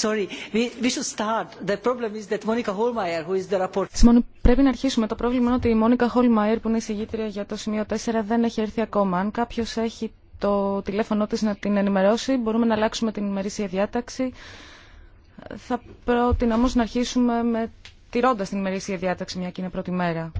Sorry, Πρέπει να αρχίσουμε. Το πρόβλημα είναι ότι η Μόνικα Χολμαϊρ που είναι η συγγήτρια για το σημείο 4 δεν έχει έρθει ακόμα. Αν κάποιο έχει το τηλέφωνο τη να την ενημερώσει, μπορούμε να αλλάξουμε την ημερήσια διάταξη. Θα πρότεινα όμως να αρχίσουμε με τηρώντα την ημερήσια διάταξη μια και είναι πρώτη μέρα.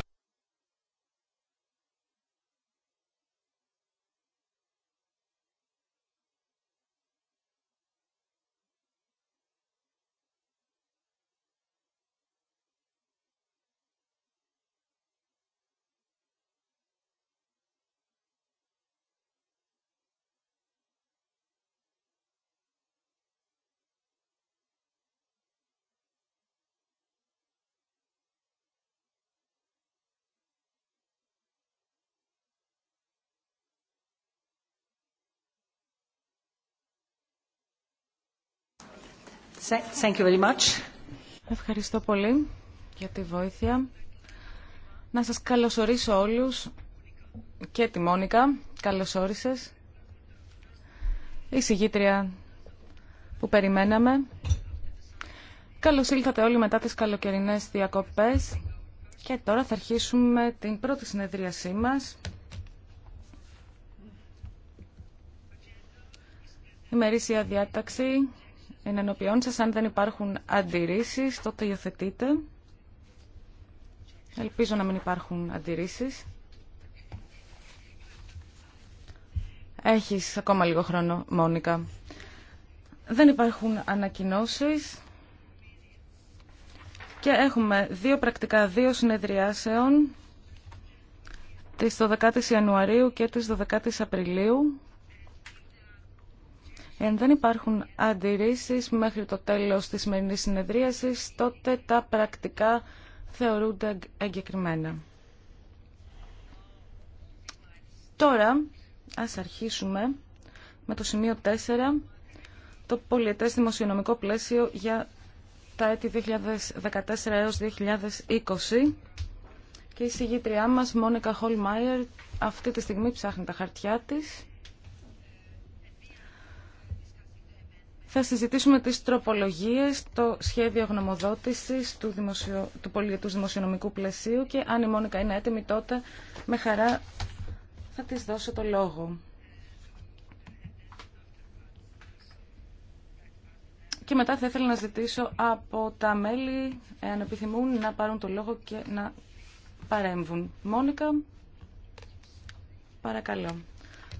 Ευχαριστώ πολύ για τη βοήθεια. Να σας καλωσορίσω όλους και τη Μόνικα. Καλώς Η συγγήτρια που περιμέναμε. Καλώς ήλθατε όλοι μετά τις καλοκαιρινές διακοπές. Και τώρα θα αρχίσουμε την πρώτη συνεδρίασή μας. Ημερήσια διάταξη Εναν σας. Αν δεν υπάρχουν αντιρρήσεις, τότε υιοθετείτε. Ελπίζω να μην υπάρχουν αντιρρήσεις. Έχεις ακόμα λίγο χρόνο, Μόνικα. Δεν υπάρχουν ανακοινώσεις. Και έχουμε δύο πρακτικά, δύο συνεδριάσεων, της 12ης Ιανουαρίου και της 12ης Απριλίου. Εάν δεν υπάρχουν αντιρρήσεις μέχρι το τέλος της σημερινής συνεδρίασης, τότε τα πρακτικά θεωρούνται εγκεκριμένα. Τώρα, ας αρχίσουμε με το σημείο 4, το πολιετές δημοσιονομικό πλαίσιο για τα έτη 2014 έως 2020 και η συγγήτριά μας Μόνικα Χολμάιερ αυτή τη στιγμή ψάχνει τα χαρτιά της. θα συζητήσουμε τις τροπολογίες, το σχέδιο γνωμοδότησης του, δημοσιο... του δημοσιονομικού πλαισίου και αν η Μόνικα είναι έτοιμη τότε με χαρά θα της δώσω το λόγο. Και μετά θα ήθελα να ζητήσω από τα μέλη, εάν επιθυμούν, να πάρουν το λόγο και να παρέμβουν. Μόνικα, παρακαλώ.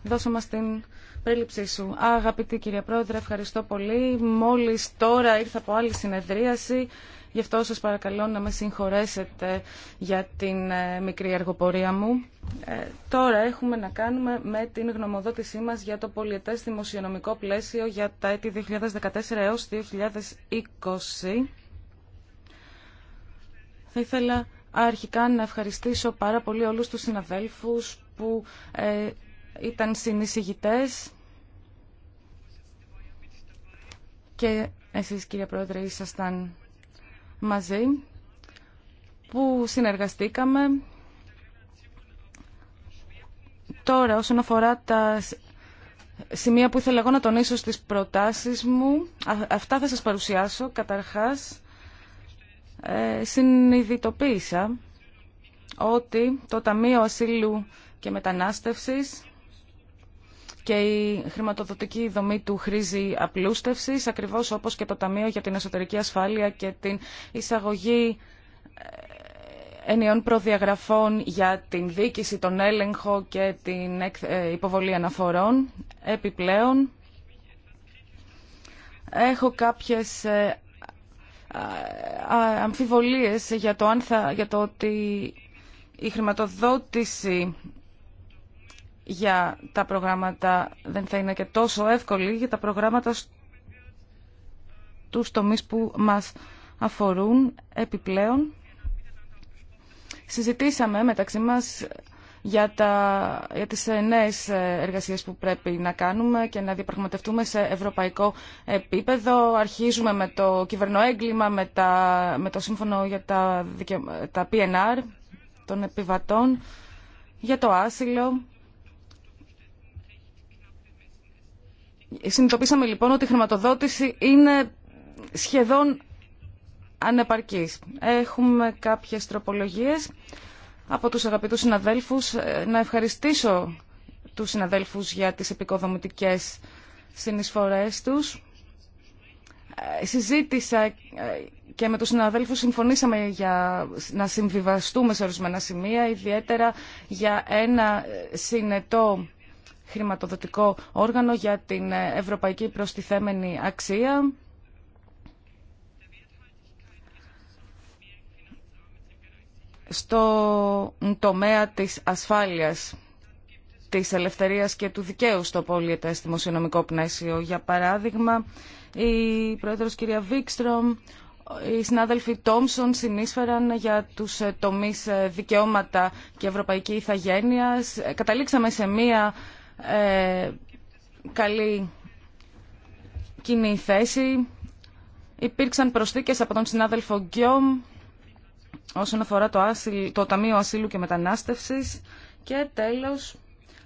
Δώσε μας την Πρέληψή σου. Αγαπητή κυρία Πρόεδρε, ευχαριστώ πολύ. Μόλις τώρα ήρθα από άλλη συνεδρίαση, γι' αυτό σας παρακαλώ να με συγχωρέσετε για την ε, μικρή εργοπορία μου. Ε, τώρα έχουμε να κάνουμε με την γνωμοδότησή μας για το πολιετές δημοσιονομικό πλαίσιο για τα έτη 2014 έως 2020. Θα ήθελα αρχικά να ευχαριστήσω πάρα πολύ όλους τους συναδέλφους που ε, ήταν συνεισηγητές και εσείς κύριε Πρόεδρε ήσασταν μαζί που συνεργαστήκαμε. Τώρα όσον αφορά τα σημεία που ήθελα εγώ να τονίσω στις προτάσεις μου, αυτά θα σας παρουσιάσω. Καταρχάς, ε, συνειδητοποίησα ότι το Ταμείο Ασύλου και Μετανάστευσης και η χρηματοδοτική δομή του χρήζει απλούστευσης, ακριβώς όπως και το Ταμείο για την Εσωτερική Ασφάλεια και την εισαγωγή ε, ενιών προδιαγραφών για την δίκηση, τον έλεγχο και την ε, υποβολή αναφορών. Επιπλέον, έχω κάποιες ε, αμφιβολίες για το, αν για το ότι η χρηματοδότηση για τα προγράμματα, δεν θα είναι και τόσο εύκολη για τα προγράμματα στους τομείς που μας αφορούν επιπλέον. Συζητήσαμε μεταξύ μας για, τα, για τις ε, ε, εργασίες που πρέπει να κάνουμε και να διαπραγματευτούμε σε ευρωπαϊκό επίπεδο. Αρχίζουμε με το κυβερνοέγκλημα, με, το σύμφωνο για τα, τα PNR των επιβατών, για το άσυλο, Συνειδητοποίησαμε λοιπόν ότι η χρηματοδότηση είναι σχεδόν ανεπαρκής. Έχουμε κάποιες τροπολογίες από τους αγαπητούς συναδέλφους. Ε, να ευχαριστήσω τους συναδέλφους για τις επικοδομητικές συνεισφορές τους. Ε, συζήτησα ε, και με τους συναδέλφους συμφωνήσαμε για να συμβιβαστούμε σε ορισμένα σημεία, ιδιαίτερα για ένα συνετό χρηματοδοτικό όργανο για την ευρωπαϊκή προστιθέμενη αξία. στο τομέα της ασφάλειας, της ελευθερίας και του δικαίου στο πολιετές δημοσιονομικό πνέσιο. Για παράδειγμα, η πρόεδρος κυρία Βίκστρομ, οι συνάδελφοι Τόμσον συνείσφεραν για τους ε, τομείς ε, δικαιώματα και ευρωπαϊκή ηθαγένεια. Ε, καταλήξαμε σε μία ε, καλή κοινή θέση. Υπήρξαν προσθήκες από τον συνάδελφο Γκιόμ όσον αφορά το, άσυλ, το Ταμείο Ασύλου και Μετανάστευσης και τέλος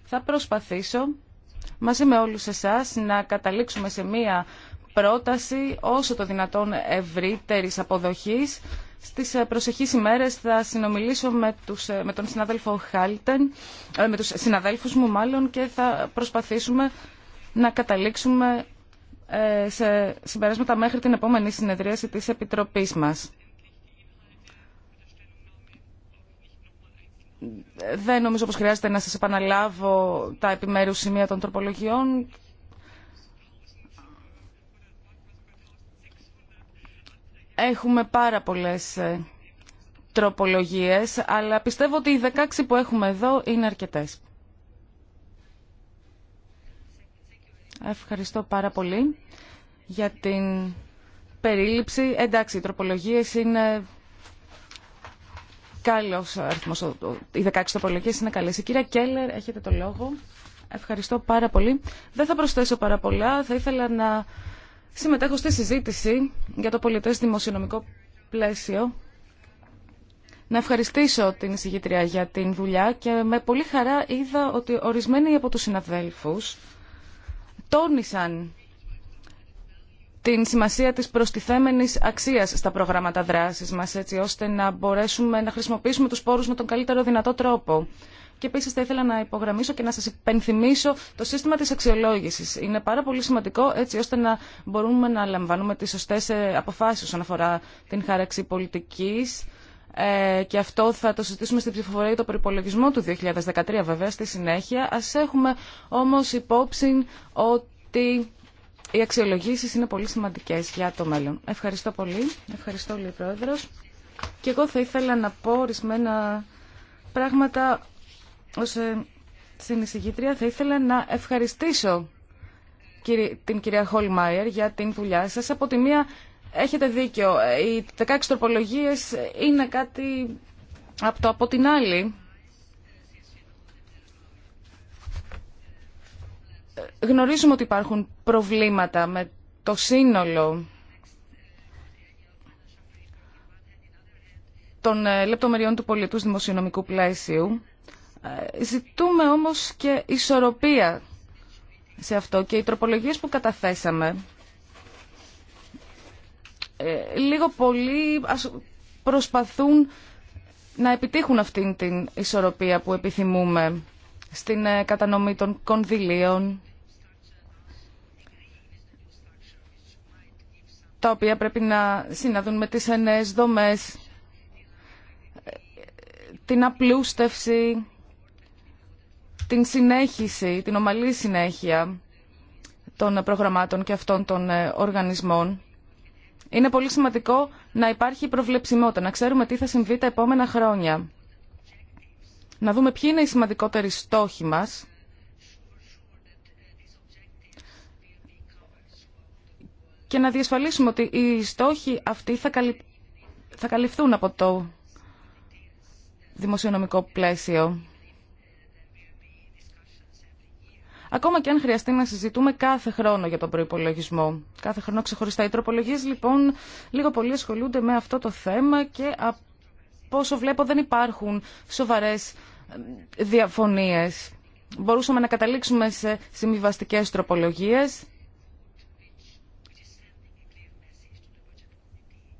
θα προσπαθήσω μαζί με όλους εσάς να καταλήξουμε σε μία πρόταση όσο το δυνατόν ευρύτερης αποδοχής στις ε, προσεχείς ημέρες θα συνομιλήσω με, τους, ε, με τον συνάδελφο Χάλτεν, ε, με τους συναδέλφους μου μάλλον και θα προσπαθήσουμε να καταλήξουμε σε συμπεράσματα μέχρι την επόμενη συνεδρίαση της Επιτροπής μας. Δεν νομίζω πως χρειάζεται να σας επαναλάβω τα επιμέρους σημεία των τροπολογιών Έχουμε πάρα πολλές ε, τροπολογίες, αλλά πιστεύω ότι οι 16 που έχουμε εδώ είναι αρκετές. Ευχαριστώ πάρα πολύ για την περίληψη. Εντάξει, οι τροπολογίες είναι καλός αριθμός. Οι 16 τροπολογίες είναι καλές. Η κυρία Κέλλερ, έχετε το λόγο. Ευχαριστώ πάρα πολύ. Δεν θα προσθέσω πάρα πολλά. Θα ήθελα να συμμετέχω στη συζήτηση για το πολιτές δημοσιονομικό πλαίσιο. Να ευχαριστήσω την εισηγήτρια για την δουλειά και με πολύ χαρά είδα ότι ορισμένοι από τους συναδέλφους τόνισαν την σημασία της προστιθέμενης αξίας στα προγράμματα δράσης μας, έτσι ώστε να μπορέσουμε να χρησιμοποιήσουμε τους πόρους με τον καλύτερο δυνατό τρόπο. Και επίση θα ήθελα να υπογραμμίσω και να σα υπενθυμίσω το σύστημα τη αξιολόγηση. Είναι πάρα πολύ σημαντικό έτσι ώστε να μπορούμε να λαμβάνουμε τι σωστέ ε, αποφάσει όσον αφορά την χάραξη πολιτική. Ε, και αυτό θα το συζητήσουμε στην ψηφοφορία για το προπολογισμό του 2013 βέβαια στη συνέχεια. Α έχουμε όμω υπόψη ότι οι αξιολογήσει είναι πολύ σημαντικέ για το μέλλον. Ευχαριστώ πολύ. Ευχαριστώ όλοι πρόεδρο. Και εγώ θα ήθελα να πω ορισμένα πράγματα ως ε, συνεισηγήτρια θα ήθελα να ευχαριστήσω την κυρία Χολμάιερ για την δουλειά σας. Από τη μία έχετε δίκιο, ε, οι 16 τροπολογίες είναι κάτι από το από την άλλη. Γνωρίζουμε ότι υπάρχουν προβλήματα με το σύνολο των ε, λεπτομεριών του πολιτού δημοσιονομικού πλαίσιου. Ζητούμε όμως και ισορροπία σε αυτό και οι τροπολογίες που καταθέσαμε ε, λίγο πολύ προσπαθούν να επιτύχουν αυτήν την ισορροπία που επιθυμούμε στην ε, κατανομή των κονδυλίων τα οποία πρέπει να συναδούν με τις ενές δομές ε, την απλούστευση την συνέχιση, την ομαλή συνέχεια των προγραμμάτων και αυτών των ε, οργανισμών. Είναι πολύ σημαντικό να υπάρχει προβλεψιμότητα, να ξέρουμε τι θα συμβεί τα επόμενα χρόνια. Να δούμε ποιοι είναι οι σημαντικότεροι στόχοι μας και να διασφαλίσουμε ότι οι στόχοι αυτοί θα, θα καλυφθούν από το δημοσιονομικό πλαίσιο. Ακόμα και αν χρειαστεί να συζητούμε κάθε χρόνο για τον προπολογισμό. Κάθε χρόνο ξεχωριστά. Οι τροπολογίε λοιπόν λίγο πολύ ασχολούνται με αυτό το θέμα και από όσο βλέπω δεν υπάρχουν σοβαρέ διαφωνίε. Μπορούσαμε να καταλήξουμε σε συμβιβαστικέ τροπολογίε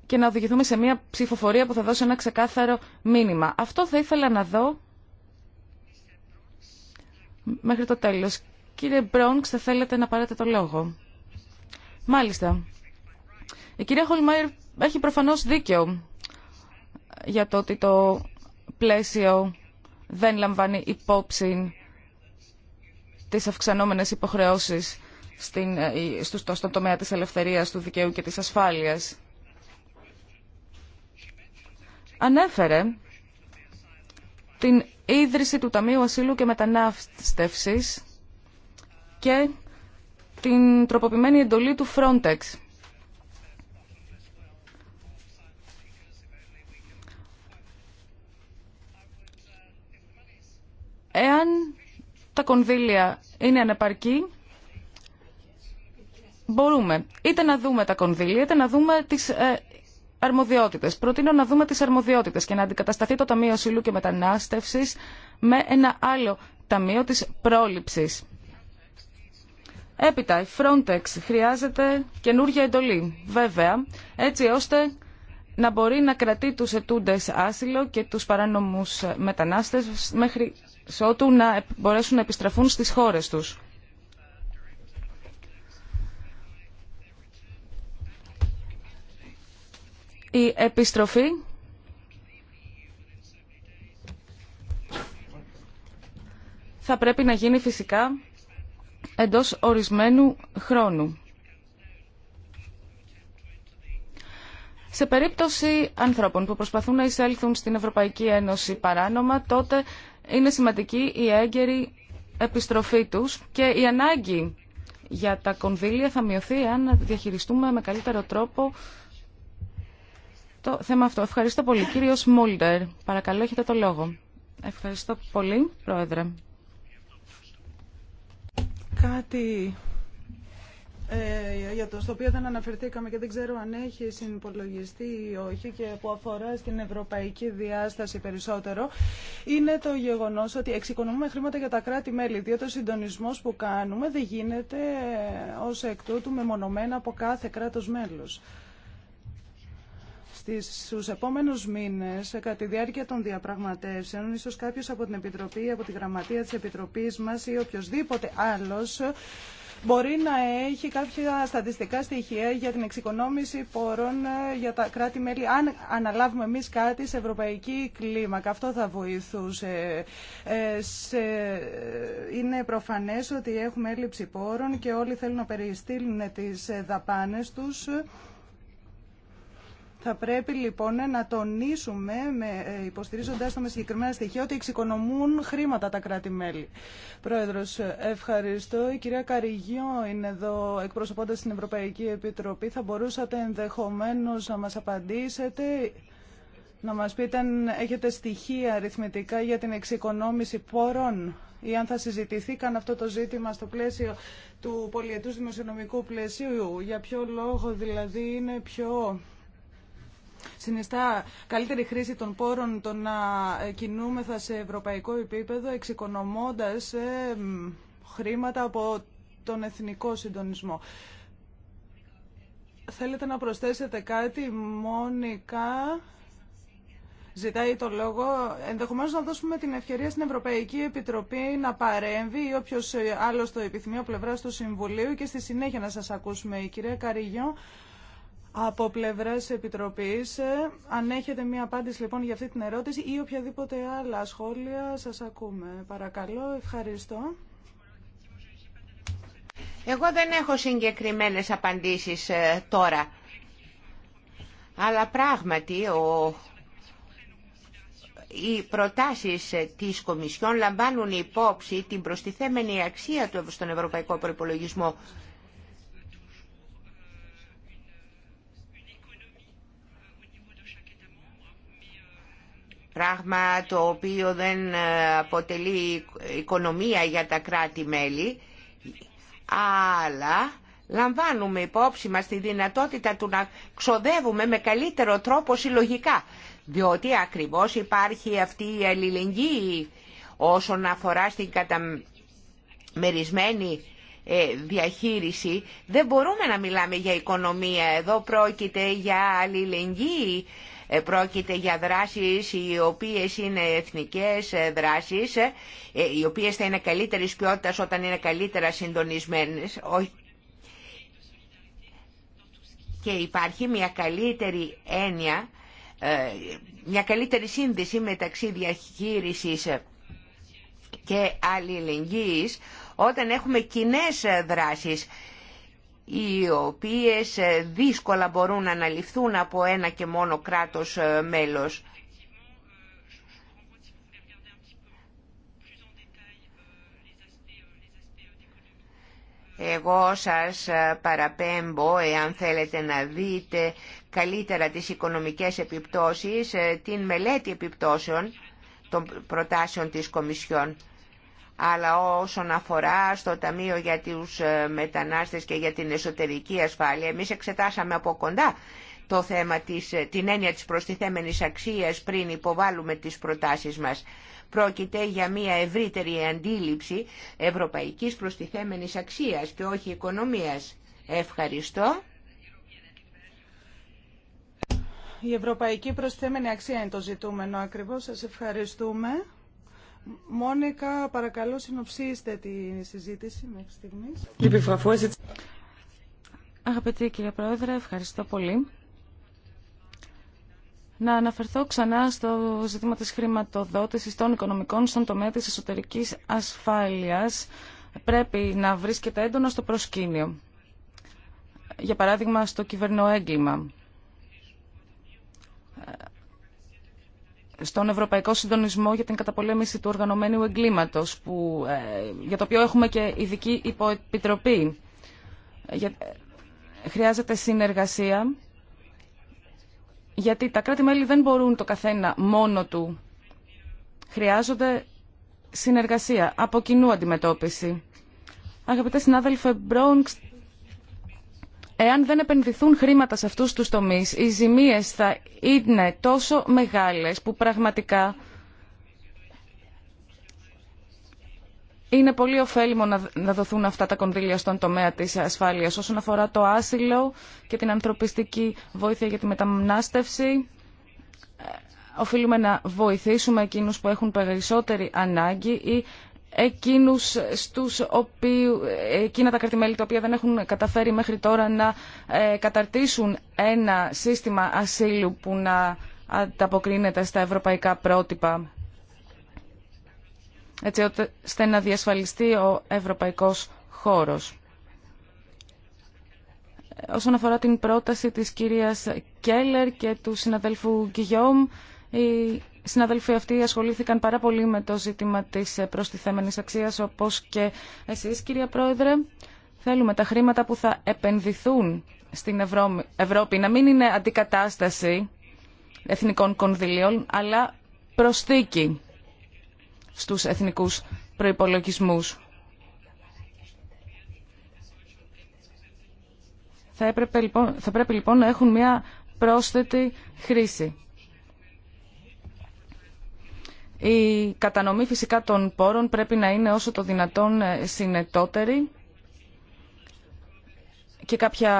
και να οδηγηθούμε σε μια ψηφοφορία που θα δώσει ένα ξεκάθαρο μήνυμα. Αυτό θα ήθελα να δω μέχρι το τέλος. Κύριε Μπρόνξ, θα θέλετε να πάρετε το λόγο. Μάλιστα. Η κυρία Χολμάιρ έχει προφανώς δίκιο για το ότι το πλαίσιο δεν λαμβάνει υπόψη τις αυξανόμενες υποχρεώσεις στην, ε, στο, στον τομέα της ελευθερίας, του δικαίου και της ασφάλειας. Ανέφερε την ίδρυση του Ταμείου Ασύλου και Μετανάστευσης και την τροποποιημένη εντολή του Frontex. Εάν τα κονδύλια είναι ανεπαρκή, μπορούμε είτε να δούμε τα κονδύλια, είτε να δούμε τις ε, αρμοδιότητες. Προτείνω να δούμε τις αρμοδιότητες και να αντικατασταθεί το Ταμείο Σύλλου και Μετανάστευσης με ένα άλλο Ταμείο της Πρόληψης. Έπειτα, η Frontex χρειάζεται καινούργια εντολή, βέβαια, έτσι ώστε να μπορεί να κρατεί τους ετούντες άσυλο και τους παράνομους μετανάστες μέχρι ότου να μπορέσουν να επιστραφούν στις χώρες τους. Η επιστροφή θα πρέπει να γίνει φυσικά εντός ορισμένου χρόνου. Σε περίπτωση ανθρώπων που προσπαθούν να εισέλθουν στην Ευρωπαϊκή Ένωση παράνομα, τότε είναι σημαντική η έγκαιρη επιστροφή τους και η ανάγκη για τα κονδύλια θα μειωθεί αν διαχειριστούμε με καλύτερο τρόπο το θέμα αυτό. Ευχαριστώ πολύ. Κύριος Μούλτερ, παρακαλώ έχετε το λόγο. Ευχαριστώ πολύ, Πρόεδρε κάτι ε, για το στο οποίο δεν αναφερθήκαμε και δεν ξέρω αν έχει συνυπολογιστεί ή όχι και που αφορά στην ευρωπαϊκή διάσταση περισσότερο είναι το γεγονός ότι εξοικονομούμε χρήματα για τα κράτη-μέλη διότι ο συντονισμός που κάνουμε δεν γίνεται ε, ως εκ τούτου μεμονωμένα από κάθε κράτος μέλος. Στου επόμενου μήνε, κατά τη διάρκεια των διαπραγματεύσεων, ίσω κάποιο από την Επιτροπή, από τη Γραμματεία τη Επιτροπή μα ή οποιοδήποτε άλλο μπορεί να έχει κάποια στατιστικά στοιχεία για την εξοικονόμηση πόρων ε, για τα κράτη-μέλη. Αν αναλάβουμε εμεί κάτι σε ευρωπαϊκή κλίμακα, αυτό θα βοηθούσε. Ε, είναι προφανέ ότι έχουμε έλλειψη πόρων και όλοι θέλουν να περιστύλουν τι ε, δαπάνε του. Θα πρέπει λοιπόν να τονίσουμε, με, ε, υποστηρίζοντας το με συγκεκριμένα στοιχεία, ότι εξοικονομούν χρήματα τα κράτη-μέλη. Πρόεδρος, ε, ευχαριστώ. Η κυρία Καριγιό είναι εδώ εκπροσωπώντα την Ευρωπαϊκή Επιτροπή. Θα μπορούσατε ενδεχομένως να μας απαντήσετε. Να μας πείτε αν έχετε στοιχεία αριθμητικά για την εξοικονόμηση πόρων ή αν θα συζητηθεί καν αυτό το ζήτημα στο πλαίσιο του πολιετούς δημοσιονομικού πλαισίου. Για ποιο λόγο δηλαδή είναι πιο συνιστά καλύτερη χρήση των πόρων το να ε, κινούμεθα σε ευρωπαϊκό επίπεδο εξοικονομώντας ε, χρήματα από τον εθνικό συντονισμό. Θέλετε να προσθέσετε κάτι, Μόνικα, ζητάει το λόγο. Ενδεχομένως να δώσουμε την ευκαιρία στην Ευρωπαϊκή Επιτροπή να παρέμβει ή όποιος ε, άλλος το επιθυμεί, ο πλευράς του Συμβουλίου και στη συνέχεια να σας ακούσουμε. Η κυρία Καριγιό από πλευράς Επιτροπής. Ε, αν έχετε μία απάντηση λοιπόν για αυτή την ερώτηση ή οποιαδήποτε άλλα σχόλια σας ακούμε. Παρακαλώ, ευχαριστώ. Εγώ δεν έχω συγκεκριμένες απαντήσεις ε, τώρα. Αλλά πράγματι ο... οι προτάσεις ε, της Κομισιόν λαμβάνουν υπόψη την προστιθέμενη αξία του στον Ευρωπαϊκό Προπολογισμό πράγμα το οποίο δεν ε, αποτελεί οικονομία για τα κράτη-μέλη, αλλά λαμβάνουμε υπόψη μας τη δυνατότητα του να ξοδεύουμε με καλύτερο τρόπο συλλογικά, διότι ακριβώς υπάρχει αυτή η αλληλεγγύη όσον αφορά στην καταμερισμένη ε, διαχείριση. Δεν μπορούμε να μιλάμε για οικονομία. Εδώ πρόκειται για αλληλεγγύη ε, πρόκειται για δράσεις οι οποίες είναι εθνικές ε, δράσεις, ε, οι οποίες θα είναι καλύτερης ποιότητας όταν είναι καλύτερα συντονισμένες, και υπάρχει μια καλύτερη έννοια, μια καλύτερη σύνδεση μεταξύ διαχείρισης και αλληλεγγύης όταν έχουμε κοινέ δράσεις οι οποίες ε, δύσκολα μπορούν να αναλυφθούν από ένα και μόνο κράτος ε, μέλος. Εγώ σας ε, παραπέμπω, εάν θέλετε να δείτε καλύτερα τις οικονομικές επιπτώσεις, την μελέτη επιπτώσεων των προτάσεων της Κομισιόν αλλά όσον αφορά στο Ταμείο για τους ε, μετανάστες και για την εσωτερική ασφάλεια, εμείς εξετάσαμε από κοντά το θέμα της, ε, την έννοια της προστιθέμενης αξίας πριν υποβάλουμε τις προτάσεις μας. Πρόκειται για μια ευρύτερη αντίληψη ευρωπαϊκής προστιθέμενης αξίας και όχι οικονομίας. Ευχαριστώ. Η ευρωπαϊκή προστιθέμενη αξία είναι το ζητούμενο ακριβώς. Σας ευχαριστούμε. Μόνικα, παρακαλώ συνοψίστε τη συζήτηση μέχρι στιγμής. Αγαπητή κυρία Πρόεδρε, ευχαριστώ πολύ. Να αναφερθώ ξανά στο ζήτημα της χρηματοδότησης των οικονομικών στον τομέα της εσωτερικής ασφάλειας. Πρέπει να βρίσκεται έντονα στο προσκήνιο. Για παράδειγμα, στο κυβερνοέγκλημα στον Ευρωπαϊκό Συντονισμό για την καταπολέμηση του οργανωμένου εγκλήματος, που, ε, για το οποίο έχουμε και ειδική υποεπιτροπή. Ε, χρειάζεται συνεργασία, γιατί τα κράτη-μέλη δεν μπορούν το καθένα μόνο του. Χρειάζονται συνεργασία, από κοινού αντιμετώπιση. Αγαπητέ συνάδελφε Μπρόνξ... Εάν δεν επενδυθούν χρήματα σε αυτούς τους τομείς, οι ζημίες θα είναι τόσο μεγάλες που πραγματικά είναι πολύ ωφέλιμο να δοθούν αυτά τα κονδύλια στον τομέα της ασφάλειας. Όσον αφορά το άσυλο και την ανθρωπιστική βοήθεια για τη μετανάστευση, ε, οφείλουμε να βοηθήσουμε εκείνους που έχουν περισσότερη ανάγκη ή εκείνους στους οποίου, εκείνα τα κρατημέλη τα οποία δεν έχουν καταφέρει μέχρι τώρα να ε, καταρτήσουν ένα σύστημα ασύλου που να ανταποκρίνεται στα ευρωπαϊκά πρότυπα έτσι ώστε να διασφαλιστεί ο ευρωπαϊκός χώρος. Όσον αφορά την πρόταση της κυρίας Κέλλερ και του συναδέλφου Γκυγιόμ, συναδελφοί αυτοί ασχολήθηκαν πάρα πολύ με το ζήτημα τη προστιθέμενης αξίας, όπως και εσείς, κυρία Πρόεδρε. Θέλουμε τα χρήματα που θα επενδυθούν στην Ευρώπη να μην είναι αντικατάσταση εθνικών κονδυλίων, αλλά προσθήκη στους εθνικούς προϋπολογισμούς. Θα, λοιπόν, θα πρέπει λοιπόν να έχουν μια πρόσθετη χρήση. Η κατανομή φυσικά των πόρων πρέπει να είναι όσο το δυνατόν ε, συνετότερη και κάποια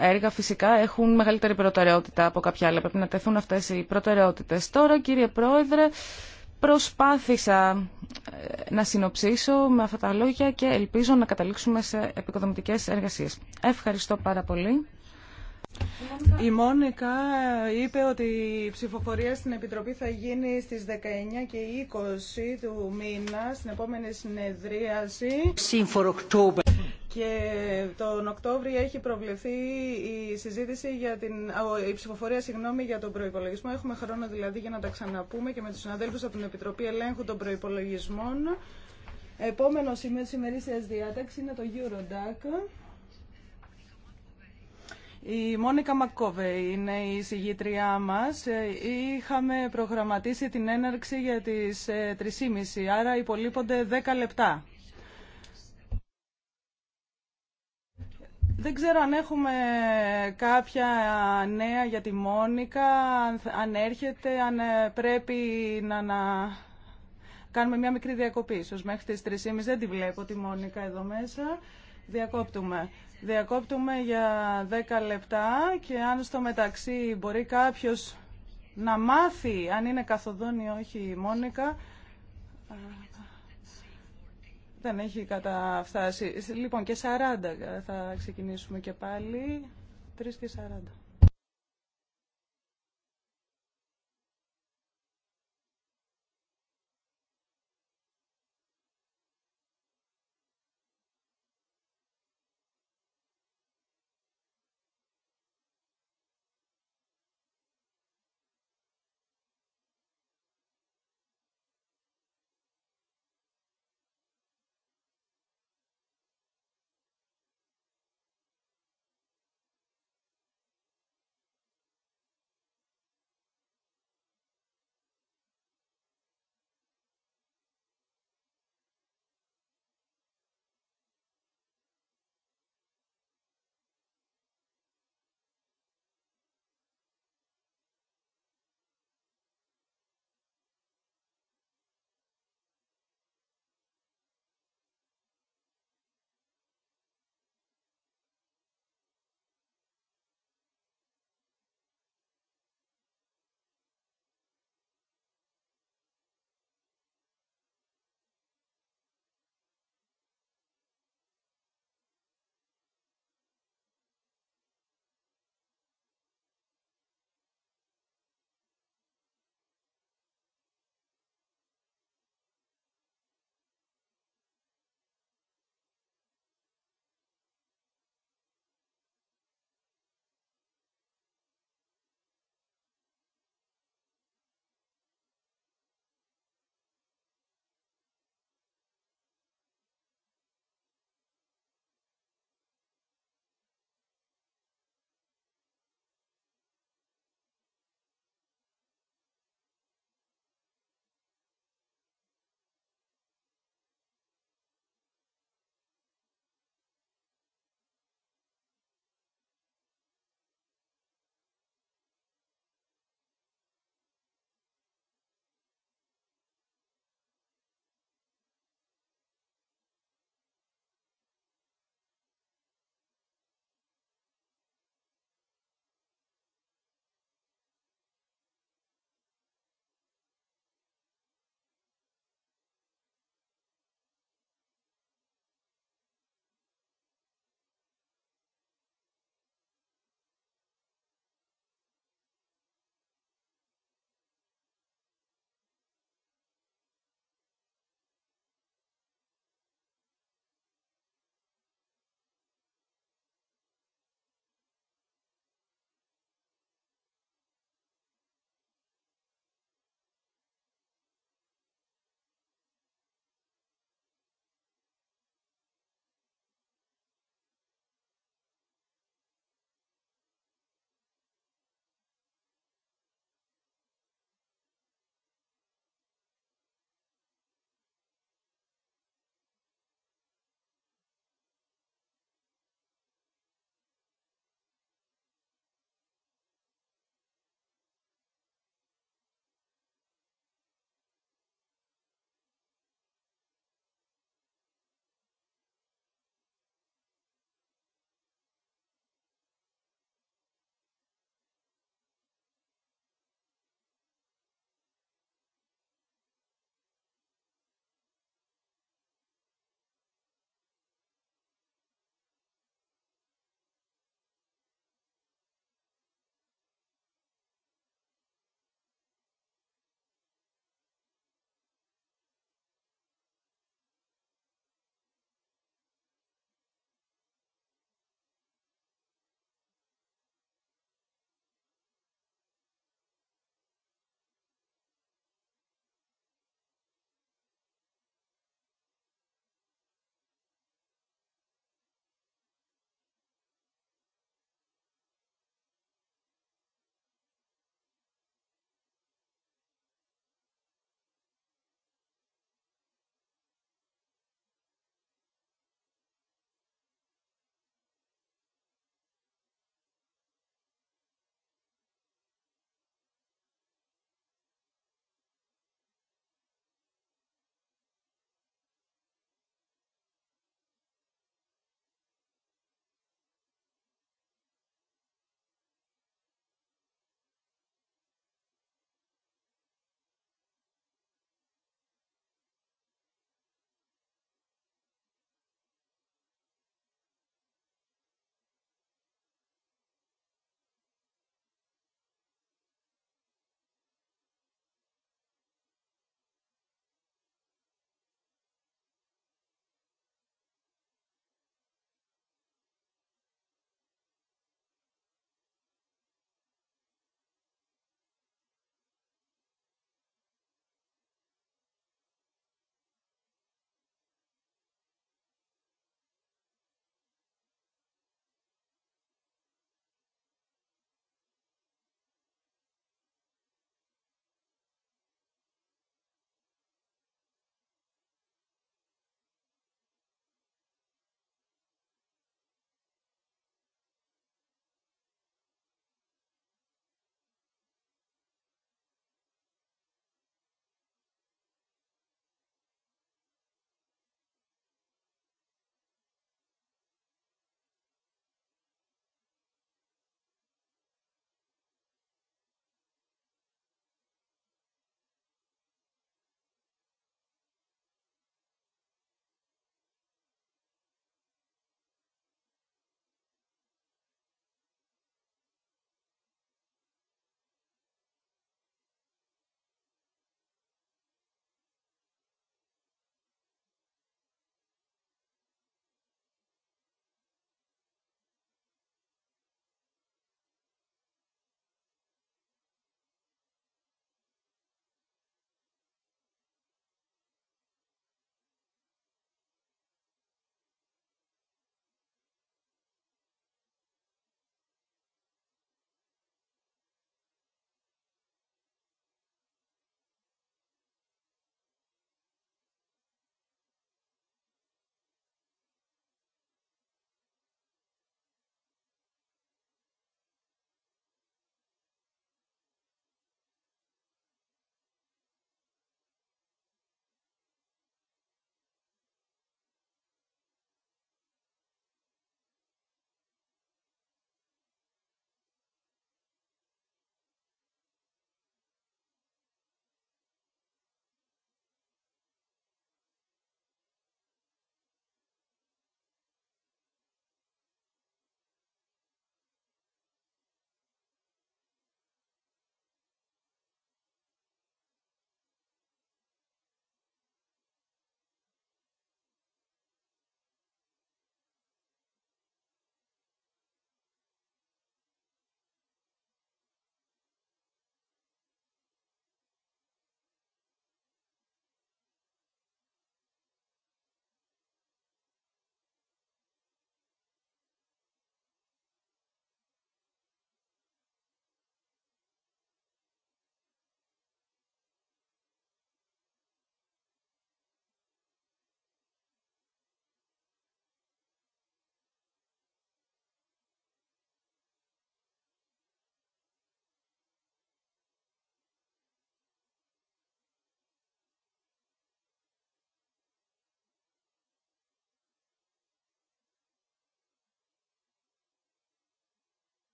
έργα φυσικά έχουν μεγαλύτερη προτεραιότητα από κάποια άλλα. Πρέπει να τεθούν αυτές οι προτεραιότητες. Τώρα, κύριε Πρόεδρε, προσπάθησα ε, να συνοψίσω με αυτά τα λόγια και ελπίζω να καταλήξουμε σε επικοδομητικές εργασίες. Ευχαριστώ πάρα πολύ. Η Μόνικα είπε ότι η ψηφοφορία στην Επιτροπή θα γίνει στις 19 και 20 του μήνα, στην επόμενη συνεδρίαση. Και τον Οκτώβριο έχει προβλεφθεί η συζήτηση για την, η ψηφοφορία συγγνώμη, για τον προϋπολογισμό. Έχουμε χρόνο δηλαδή για να τα ξαναπούμε και με τους συναδέλφους από την Επιτροπή Ελέγχου των Προϋπολογισμών. Επόμενο σημείο της ημερήσιας διάταξης είναι το Eurodac. Η Μόνικα Μακκόβε είναι η συγγήτριά μας. Είχαμε προγραμματίσει την έναρξη για τις 3.30, ε, άρα υπολείπονται 10 λεπτά. Δεν ξέρω αν έχουμε κάποια νέα για τη Μόνικα, αν έρχεται, αν ε, πρέπει να, να κάνουμε μια μικρή διακοπή. Ίσως μέχρι τις 3.30 δεν τη βλέπω τη Μόνικα εδώ μέσα. Διακόπτουμε. Διακόπτουμε για 10 λεπτά και αν στο μεταξύ μπορεί κάποιος να μάθει αν είναι καθοδόν ή όχι η Μόνικα, δεν έχει καταφτάσει. Λοιπόν, και 40 ε, θα ξεκινήσουμε και πάλι. 3 και 40.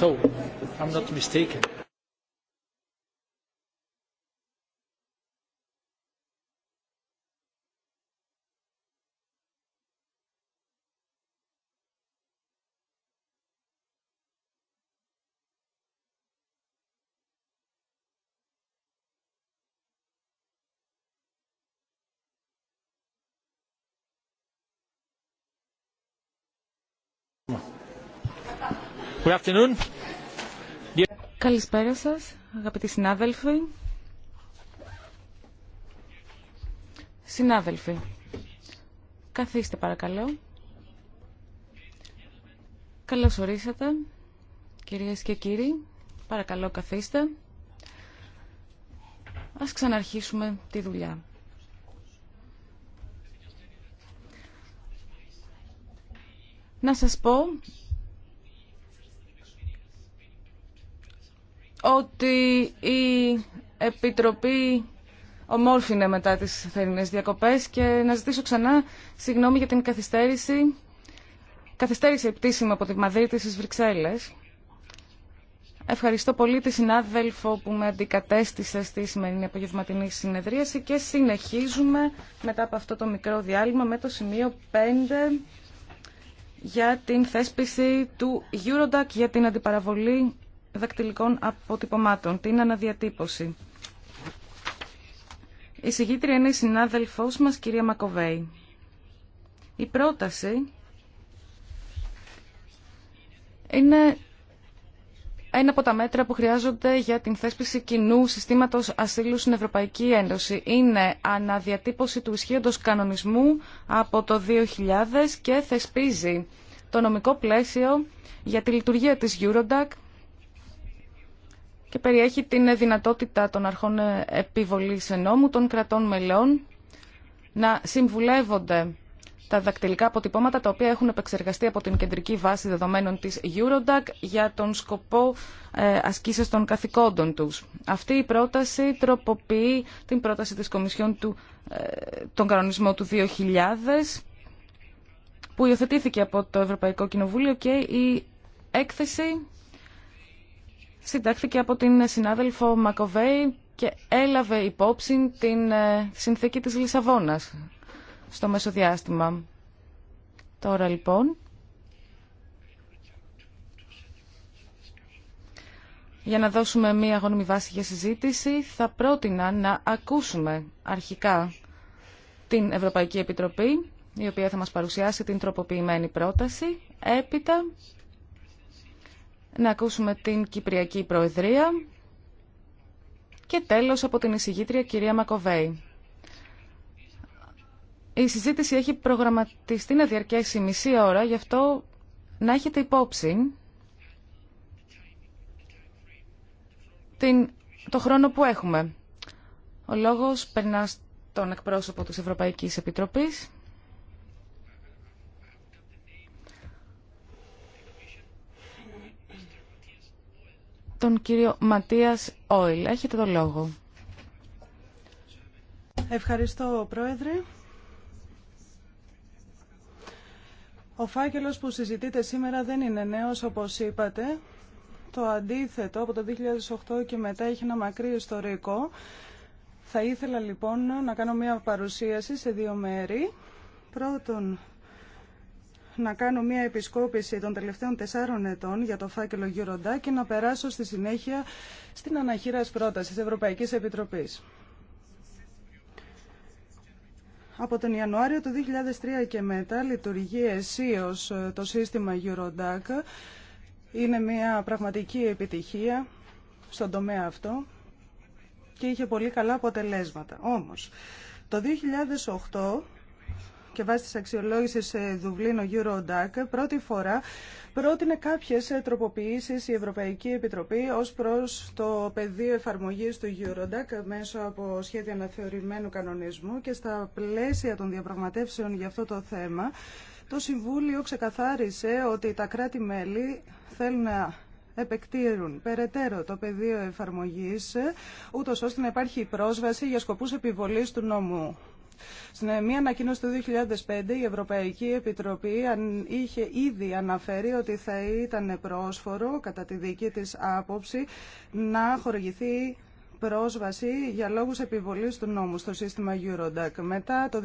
So, if I'm not mistaken. Καλησπέρα σας, αγαπητοί συνάδελφοι. Συνάδελφοι, καθίστε παρακαλώ. Καλώς ορίσατε, κυρίες και κύριοι. Παρακαλώ καθίστε. Ας ξαναρχίσουμε τη δουλειά. Να σας πω ότι η Επιτροπή ομόρφινε μετά τις θερινές διακοπές και να ζητήσω ξανά συγγνώμη για την καθυστέρηση. Καθυστέρησε η από τη Μαδρίτη στις Βρυξέλλες. Ευχαριστώ πολύ τη συνάδελφο που με αντικατέστησε στη σημερινή απογευματινή συνεδρίαση και συνεχίζουμε μετά από αυτό το μικρό διάλειμμα με το σημείο 5 για την θέσπιση του Eurodac για την αντιπαραβολή δακτυλικών αποτυπωμάτων, την αναδιατύπωση. Η συγγήτρια είναι η συνάδελφός μας, κυρία Μακοβέη. Η πρόταση είναι ένα από τα μέτρα που χρειάζονται για την θέσπιση κοινού συστήματος ασύλου στην Ευρωπαϊκή Ένωση. Είναι αναδιατύπωση του ισχύοντος κανονισμού από το 2000 και θεσπίζει το νομικό πλαίσιο για τη λειτουργία της Eurodac και περιέχει την δυνατότητα των αρχών επιβολής νόμου των κρατών μελών να συμβουλεύονται τα δακτυλικά αποτυπώματα τα οποία έχουν επεξεργαστεί από την κεντρική βάση δεδομένων της Eurodac για τον σκοπό ε, ασκήσεως των καθηκόντων τους. Αυτή η πρόταση τροποποιεί την πρόταση της Κομισιόν του, ε, τον κανονισμό του 2000 που υιοθετήθηκε από το Ευρωπαϊκό Κοινοβούλιο και η έκθεση συντάχθηκε από την συνάδελφο Μακοβέη και έλαβε υπόψη την ε, συνθήκη της Λισαβόνας στο μεσοδιάστημα. Τώρα λοιπόν, για να δώσουμε μία αγώνιμη βάση για συζήτηση, θα πρότεινα να ακούσουμε αρχικά την Ευρωπαϊκή Επιτροπή, η οποία θα μας παρουσιάσει την τροποποιημένη πρόταση. Έπειτα να ακούσουμε την Κυπριακή Προεδρία και τέλος από την εισηγήτρια κυρία Μακοβέη. Η συζήτηση έχει προγραμματιστεί να διαρκέσει μισή ώρα, γι' αυτό να έχετε υπόψη την, το χρόνο που έχουμε. Ο λόγος περνά στον εκπρόσωπο της Ευρωπαϊκής Επιτροπής. τον κύριο Ματίας Όιλ. Έχετε το λόγο. Ευχαριστώ, Πρόεδρε. Ο φάκελος που συζητείτε σήμερα δεν είναι νέος, όπως είπατε. Το αντίθετο, από το 2008 και μετά έχει ένα μακρύ ιστορικό. Θα ήθελα λοιπόν να κάνω μια παρουσίαση σε δύο μέρη. Πρώτον, να κάνω μια επισκόπηση των τελευταίων τεσσάρων ετών για το φάκελο Γιουροντά και να περάσω στη συνέχεια στην αναχείρας πρότασης Ευρωπαϊκής Επιτροπής. Από τον Ιανουάριο του 2003 και μετά λειτουργεί αισίως ε, το σύστημα Eurodac. Είναι μια πραγματική επιτυχία στον τομέα αυτό και είχε πολύ καλά αποτελέσματα. Όμως, το 2008 και βάσει τη αξιολόγηση ε, Δουβλίνο Eurodac πρώτη φορά πρότεινε κάποιε τροποποιήσει η Ευρωπαϊκή Επιτροπή ω προς το πεδίο εφαρμογή του Eurodac μέσω από σχέδια αναθεωρημένου κανονισμού και στα πλαίσια των διαπραγματεύσεων για αυτό το θέμα το Συμβούλιο ξεκαθάρισε ότι τα κράτη-μέλη θέλουν να επεκτείνουν περαιτέρω το πεδίο εφαρμογής, ούτως ώστε να υπάρχει πρόσβαση για σκοπούς επιβολής του νόμου. Στην μία ανακοίνωση του 2005 η Ευρωπαϊκή Επιτροπή είχε ήδη αναφέρει ότι θα ήταν πρόσφορο κατά τη δική της άποψη να χορηγηθεί πρόσβαση για λόγους επιβολής του νόμου στο σύστημα Eurodac. Μετά το 2009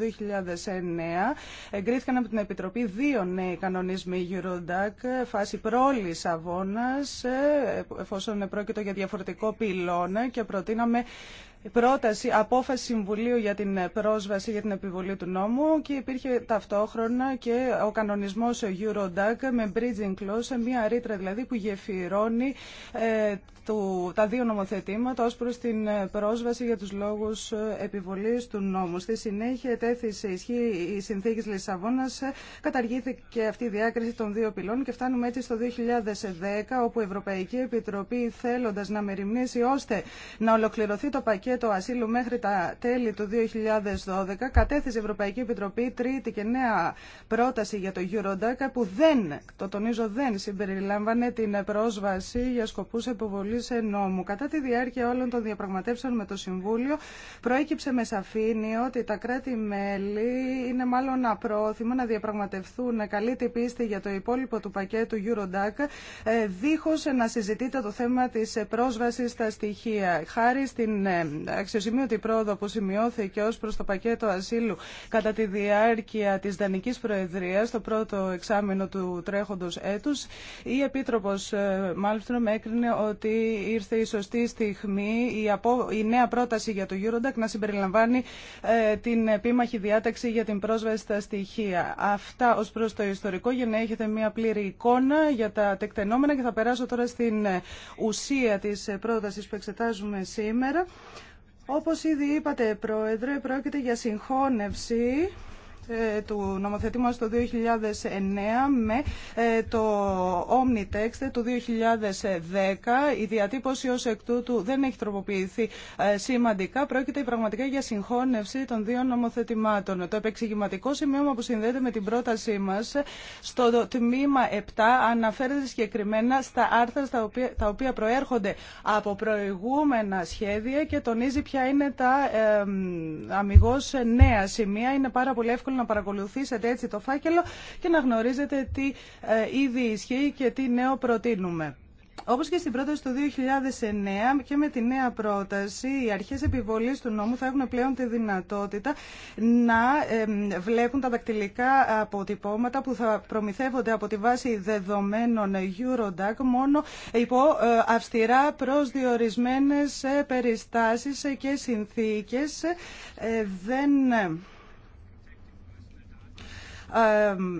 εγκρίθηκαν από την Επιτροπή δύο νέοι κανονισμοί Eurodac, φάση πρόλης αβώνας, ε, εφόσον πρόκειτο για διαφορετικό πυλώνα και προτείναμε πρόταση, απόφαση Συμβουλίου για την πρόσβαση για την επιβολή του νόμου και υπήρχε ταυτόχρονα και ο κανονισμός Eurodac με bridging clause, μια ρήτρα δηλαδή που γεφυρώνει ε, του, τα δύο νομοθετήματα ως προς την πρόσβαση για τους λόγους επιβολής του νόμου. Στη συνέχεια τέθησε ισχύ η συνθήκη Λισαβόνας, καταργήθηκε αυτή η διάκριση των δύο πυλών και φτάνουμε έτσι στο 2010 όπου η Ευρωπαϊκή Επιτροπή θέλοντας να μεριμνήσει ώστε να ολοκληρωθεί το πακέτο το ασύλου μέχρι τα τέλη του 2012 κατέθεσε η Ευρωπαϊκή Επιτροπή τρίτη και νέα πρόταση για το Eurodac που δεν, το τονίζω δεν, συμπεριλάμβανε την πρόσβαση για σκοπούς υποβολή νόμου. Κατά τη διάρκεια όλων των διαπραγματεύσεων με το Συμβούλιο προέκυψε με σαφήνεια ότι τα κράτη-μέλη είναι μάλλον απρόθυμα να διαπραγματευτούν καλή την πίστη για το υπόλοιπο του πακέτου Eurodac ε, δίχως να συζητείται το θέμα τη πρόσβαση στα στοιχεία. Χάρη στην ε, αξιοσημείωτη πρόοδο που σημειώθηκε ω προ το πακέτο ασύλου κατά τη διάρκεια της Δανικής Προεδρίας το πρώτο εξάμεινο του τρέχοντο έτου, Η επίτροπο ε, Μάλστρομ έκρινε ότι ήρθε η σωστή στιγμή η, απο... η νέα πρόταση για το Eurodac να συμπεριλαμβάνει ε, την επίμαχη διάταξη για την πρόσβαση στα στοιχεία. Αυτά ω προ το ιστορικό για να έχετε μια πλήρη εικόνα για τα τεκτενόμενα και θα περάσω τώρα στην ε, ουσία της πρότασης που εξετάζουμε σήμερα. Όπως ήδη είπατε, Πρόεδρε, πρόκειται για συγχώνευση ε, του νομοθετήμα το 2009 με ε, το Omnitext του 2010. Η διατύπωση ως εκ τούτου δεν έχει τροποποιηθεί ε, σημαντικά. Πρόκειται πραγματικά για συγχώνευση των δύο νομοθετημάτων. Το επεξηγηματικό σημείο που συνδέεται με την πρότασή μας στο τμήμα 7 αναφέρεται συγκεκριμένα στα άρθρα στα οποία, τα οποία προέρχονται από προηγούμενα σχέδια και τονίζει ποια είναι τα ε, νέα σημεία. Είναι πάρα πολύ εύκολο να παρακολουθήσετε έτσι το φάκελο και να γνωρίζετε τι ε, ήδη ισχύει και τι νέο προτείνουμε. Όπω και στην πρόταση του 2009 και με τη νέα πρόταση, οι αρχέ επιβολή του νόμου θα έχουν πλέον τη δυνατότητα να βλέπουν τα δακτυλικά αποτυπώματα που θα προμηθεύονται από τη βάση δεδομένων Eurodac μόνο υπό ε, αυστηρά προσδιορισμένε ε, περιστάσει και συνθήκε. Δεν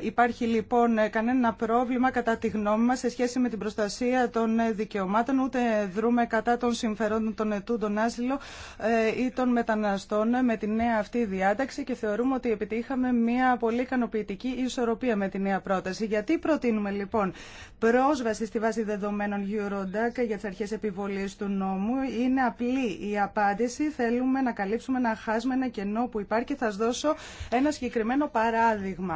Υπάρχει λοιπόν κανένα πρόβλημα κατά τη γνώμη μας σε σχέση με την προστασία των δικαιωμάτων, ούτε δρούμε κατά των συμφερόντων των ετούντων άσυλο ε, ή των μεταναστών με τη νέα αυτή διάταξη και θεωρούμε ότι επιτύχαμε μια πολύ ικανοποιητική ισορροπία με τη νέα πρόταση. Γιατί προτείνουμε λοιπόν πρόσβαση στη βάση δεδομένων Eurodac για τις αρχές επιβολής του νόμου. Είναι απλή η απάντηση. Θέλουμε να καλύψουμε ένα χάσμα, ένα κενό που υπάρχει θα σα δώσω ένα συγκεκριμένο παράδειγμα.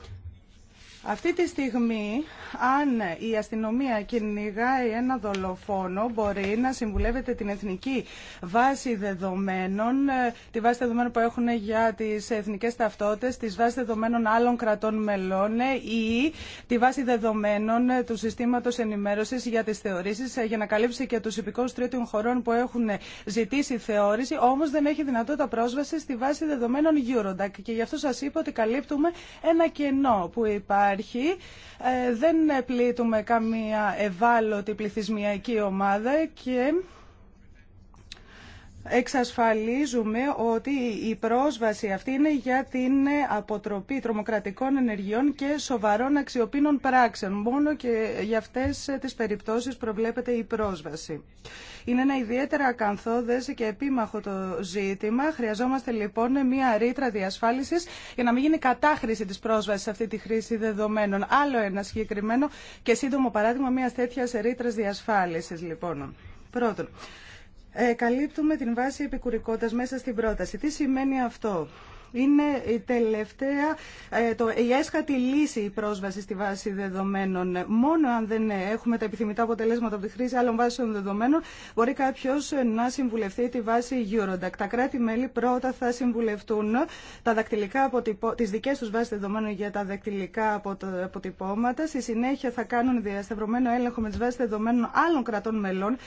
Αυτή τη στιγμή, αν η αστυνομία κυνηγάει ένα δολοφόνο, μπορεί να συμβουλεύεται την εθνική βάση δεδομένων, ε, τη βάση δεδομένων που έχουν για τις εθνικές ταυτότητες, τις βάση δεδομένων άλλων κρατών μελών ε, ή τη βάση δεδομένων ε, του συστήματος ενημέρωσης για τις θεωρήσεις, για να καλύψει και τους υπηκόους τρίτων χωρών που έχουν ζητήσει θεώρηση, όμως δεν έχει δυνατότητα πρόσβαση στη βάση δεδομένων Eurodac. Και γι' αυτό σας είπα ότι καλύπτουμε ένα κενό που υπάρχει ε, δεν πλήττουμε καμία ευάλωτη πληθυσμιακή ομάδα και εξασφαλίζουμε ότι η πρόσβαση αυτή είναι για την αποτροπή τρομοκρατικών ενεργειών και σοβαρών αξιοπίνων πράξεων. Μόνο και για αυτές τις περιπτώσεις προβλέπεται η πρόσβαση. Είναι ένα ιδιαίτερα ακαθόδες και επίμαχο το ζήτημα. Χρειαζόμαστε λοιπόν μια ρήτρα διασφάλισης για να μην γίνει κατάχρηση της πρόσβασης σε αυτή τη χρήση δεδομένων. Άλλο ένα συγκεκριμένο και σύντομο παράδειγμα μια τέτοια ρήτρα διασφάλισης λοιπόν. Πρώτον, ε, καλύπτουμε την βάση επικουρικότητας μέσα στην πρόταση. Τι σημαίνει αυτό. Είναι η τελευταία, ε, το, η έσχατη λύση η πρόσβαση στη βάση δεδομένων. Μόνο αν δεν έχουμε τα επιθυμητά αποτελέσματα από τη χρήση άλλων βάσεων δεδομένων, μπορεί κάποιο ε, να συμβουλευτεί τη βάση Eurodac. Τα κράτη-μέλη πρώτα θα συμβουλευτούν τα δακτυλικά αποτυπω... τις δικές τους βάσεις δεδομένων για τα δακτυλικά αποτυπώματα. Στη συνέχεια θα κάνουν διασταυρωμένο έλεγχο με τις βάσεις δεδομένων άλλων κρατών μελών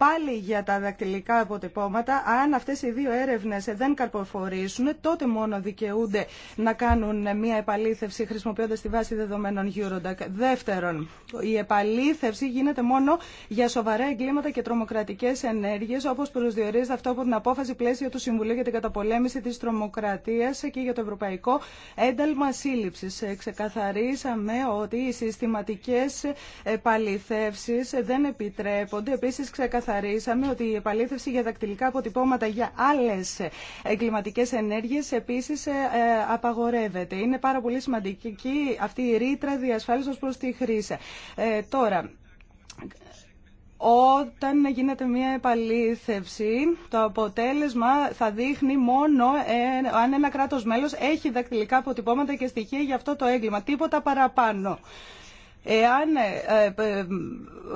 πάλι για τα δακτυλικά αποτυπώματα. Αν αυτές οι δύο έρευνες δεν καρποφορήσουν, τότε μόνο δικαιούνται να κάνουν μια επαλήθευση χρησιμοποιώντας τη βάση δεδομένων Eurodac. Δεύτερον, η επαλήθευση γίνεται μόνο για σοβαρά εγκλήματα και τρομοκρατικές ενέργειες, όπως προσδιορίζεται αυτό από την απόφαση πλαίσια του Συμβουλίου για την καταπολέμηση της τρομοκρατίας και για το Ευρωπαϊκό Ένταλμα Σύλληψης. Ξεκαθαρίσαμε ότι οι συστηματικές επαληθεύσει δεν επιτρέπονται. Επίσης, ξεκαθαρίσαμε ξεκαθαρίσαμε ότι η επαλήθευση για δακτυλικά αποτυπώματα για άλλες εγκληματικές ενέργειες επίσης ε, απαγορεύεται. Είναι πάρα πολύ σημαντική αυτή η ρήτρα διασφάλισης προ τη χρήση. Ε, τώρα, όταν γίνεται μια επαλήθευση, το αποτέλεσμα θα δείχνει μόνο αν ένα κράτος μέλος έχει δακτυλικά αποτυπώματα και στοιχεία για αυτό το έγκλημα. Τίποτα παραπάνω. Εάν ε, ε, ε,